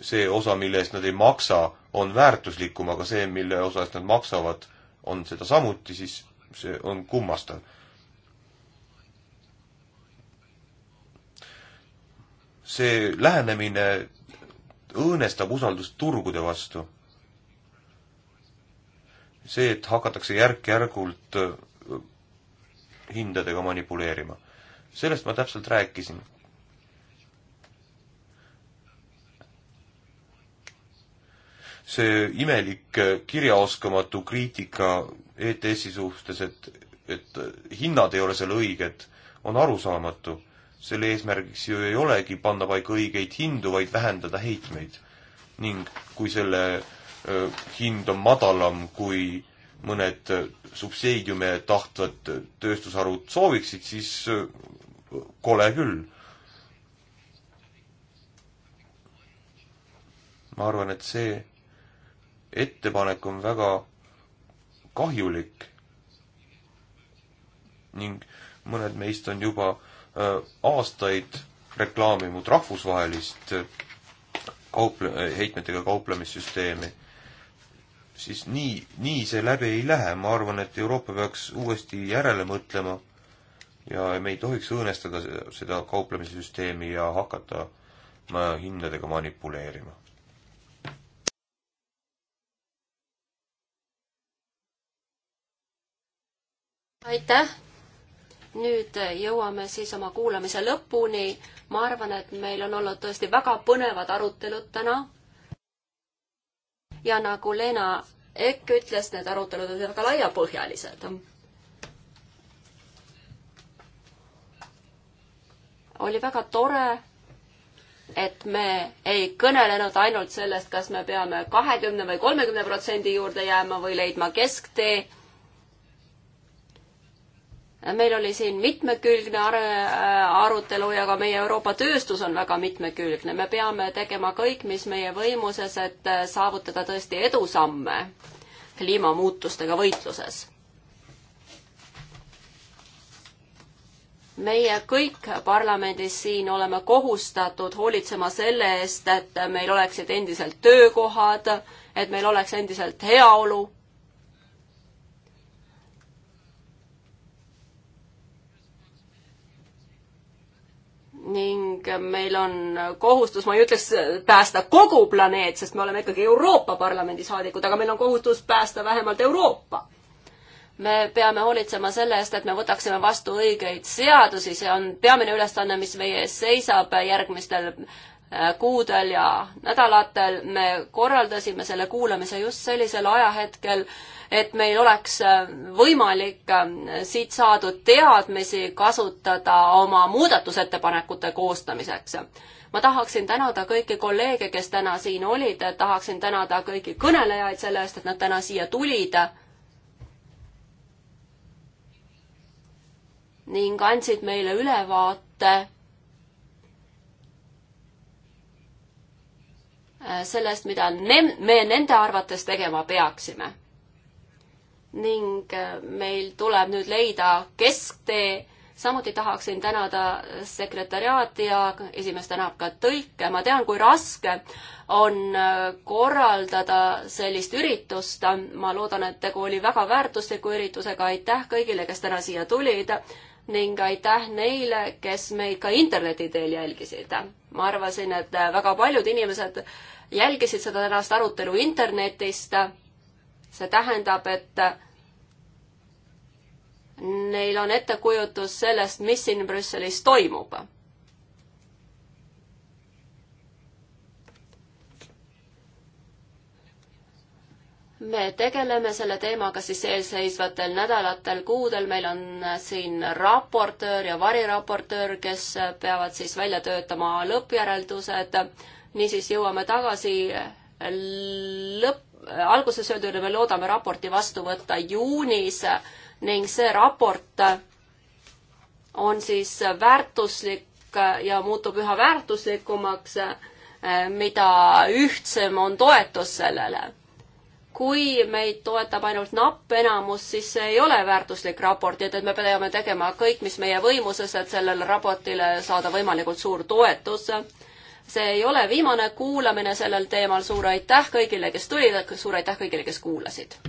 see osa, mille eest nad ei maksa, on väärtuslikum, aga see, mille osa eest nad maksavad, on seda samuti, siis see on kummastav see lähenemine õõnestab usaldust turgude vastu. see, et hakatakse järk-järgult hindadega manipuleerima. sellest ma täpselt rääkisin. see imelik kirjaoskamatu kriitika ETS-i suhtes, et, et hinnad ei ole seal õiged, on arusaamatu selle eesmärgiks ju ei olegi panna paika õigeid hindu, vaid vähendada heitmeid. ning kui selle hind on madalam, kui mõned subsiidiume tahtvad tööstusharud sooviksid, siis kole küll. ma arvan, et see ettepanek on väga kahjulik ning mõned meist on juba Äh, aastaid reklaaminud rahvusvahelist äh, kauple-, äh, heitmetega kauplemissüsteemi, siis nii, nii see läbi ei lähe, ma arvan, et Euroopa peaks uuesti järele mõtlema ja me ei tohiks õõnestada seda kauplemissüsteemi ja hakata hindadega manipuleerima. aitäh nüüd eh, jõuame siis oma kuulamise lõpuni. ma arvan, et meil on olnud tõesti väga põnevad arutelud täna. ja nagu Leena Ekk ütles, need arutelud olid väga laiapõhjalised. oli väga tore et me ei kõnelenud ainult sellest, kas me peame kahekümne või kolmekümne protsendi juurde jääma või leidma kesktee meil oli siin mitmekülgne ar äh, arutelu ja ka meie Euroopa tööstus on väga mitmekülgne. me peame tegema kõik, mis meie võimuses, et äh, saavutada tõesti edusamme kliimamuutustega võitluses. meie kõik parlamendis siin oleme kohustatud hoolitsema selle eest, et meil oleksid endiselt töökohad, et meil oleks endiselt heaolu ning meil on kohustus, ma ei ütleks päästa kogu planeet, sest me oleme ikkagi Euroopa Parlamendi saadikud, aga meil on kohustus päästa vähemalt Euroopa. me peame hoolitsema selle eest, et me võtaksime vastu õigeid seadusi, see on peamine ülesanne, mis meie ees seisab järgmistel Äh, kuudel ja nädalatel me korraldasime selle kuulamise just sellisel ajahetkel, et meil oleks äh, võimalik äh, siit saadud teadmisi kasutada oma muudatusettepanekute koostamiseks. ma tahaksin tänada kõiki kolleege, kes täna siin olid, tahaksin tänada kõiki kõnelejaid selle eest, et nad täna siia tulid ning andsid meile ülevaate Äh, sellest, mida ne-, me nende arvates tegema peaksime. ning äh, meil tuleb nüüd leida kesktee, samuti tahaksin tänada sekretäriaati ja esimees tänab ka tõlke, ma tean, kui raske on äh, korraldada sellist üritust, ma loodan, et tegu oli väga väärtusliku üritusega, aitäh kõigile, kes täna siia tulid ning aitäh neile, kes meid ka interneti teel jälgisid. ma arvasin, et väga paljud inimesed jälgisid seda tänast arutelu internetist. see tähendab, et neil on ettekujutus sellest, mis siin Brüsselis toimub me tegeleme selle teemaga siis eelseisvatel nädalatel, kuudel, meil on siin raportöör ja variraportöör, kes peavad siis välja töötama lõppjäreldused. niisiis jõuame tagasi lõpp, alguses öelduna me loodame raporti vastu võtta juunis ning see raport on siis väärtuslik ja muutub üha väärtuslikumaks, mida ühtsem on toetus sellele kui meid toetab ainult napp enamus, siis see ei ole väärtuslik raport, nii et, et me peame tegema kõik, mis meie võimuses, et sellele raportile saada võimalikult suur toetus. see ei ole viimane kuulamine sellel teemal, suur aitäh kõigile, kes tulid, suur aitäh kõigile, kes kuulasid!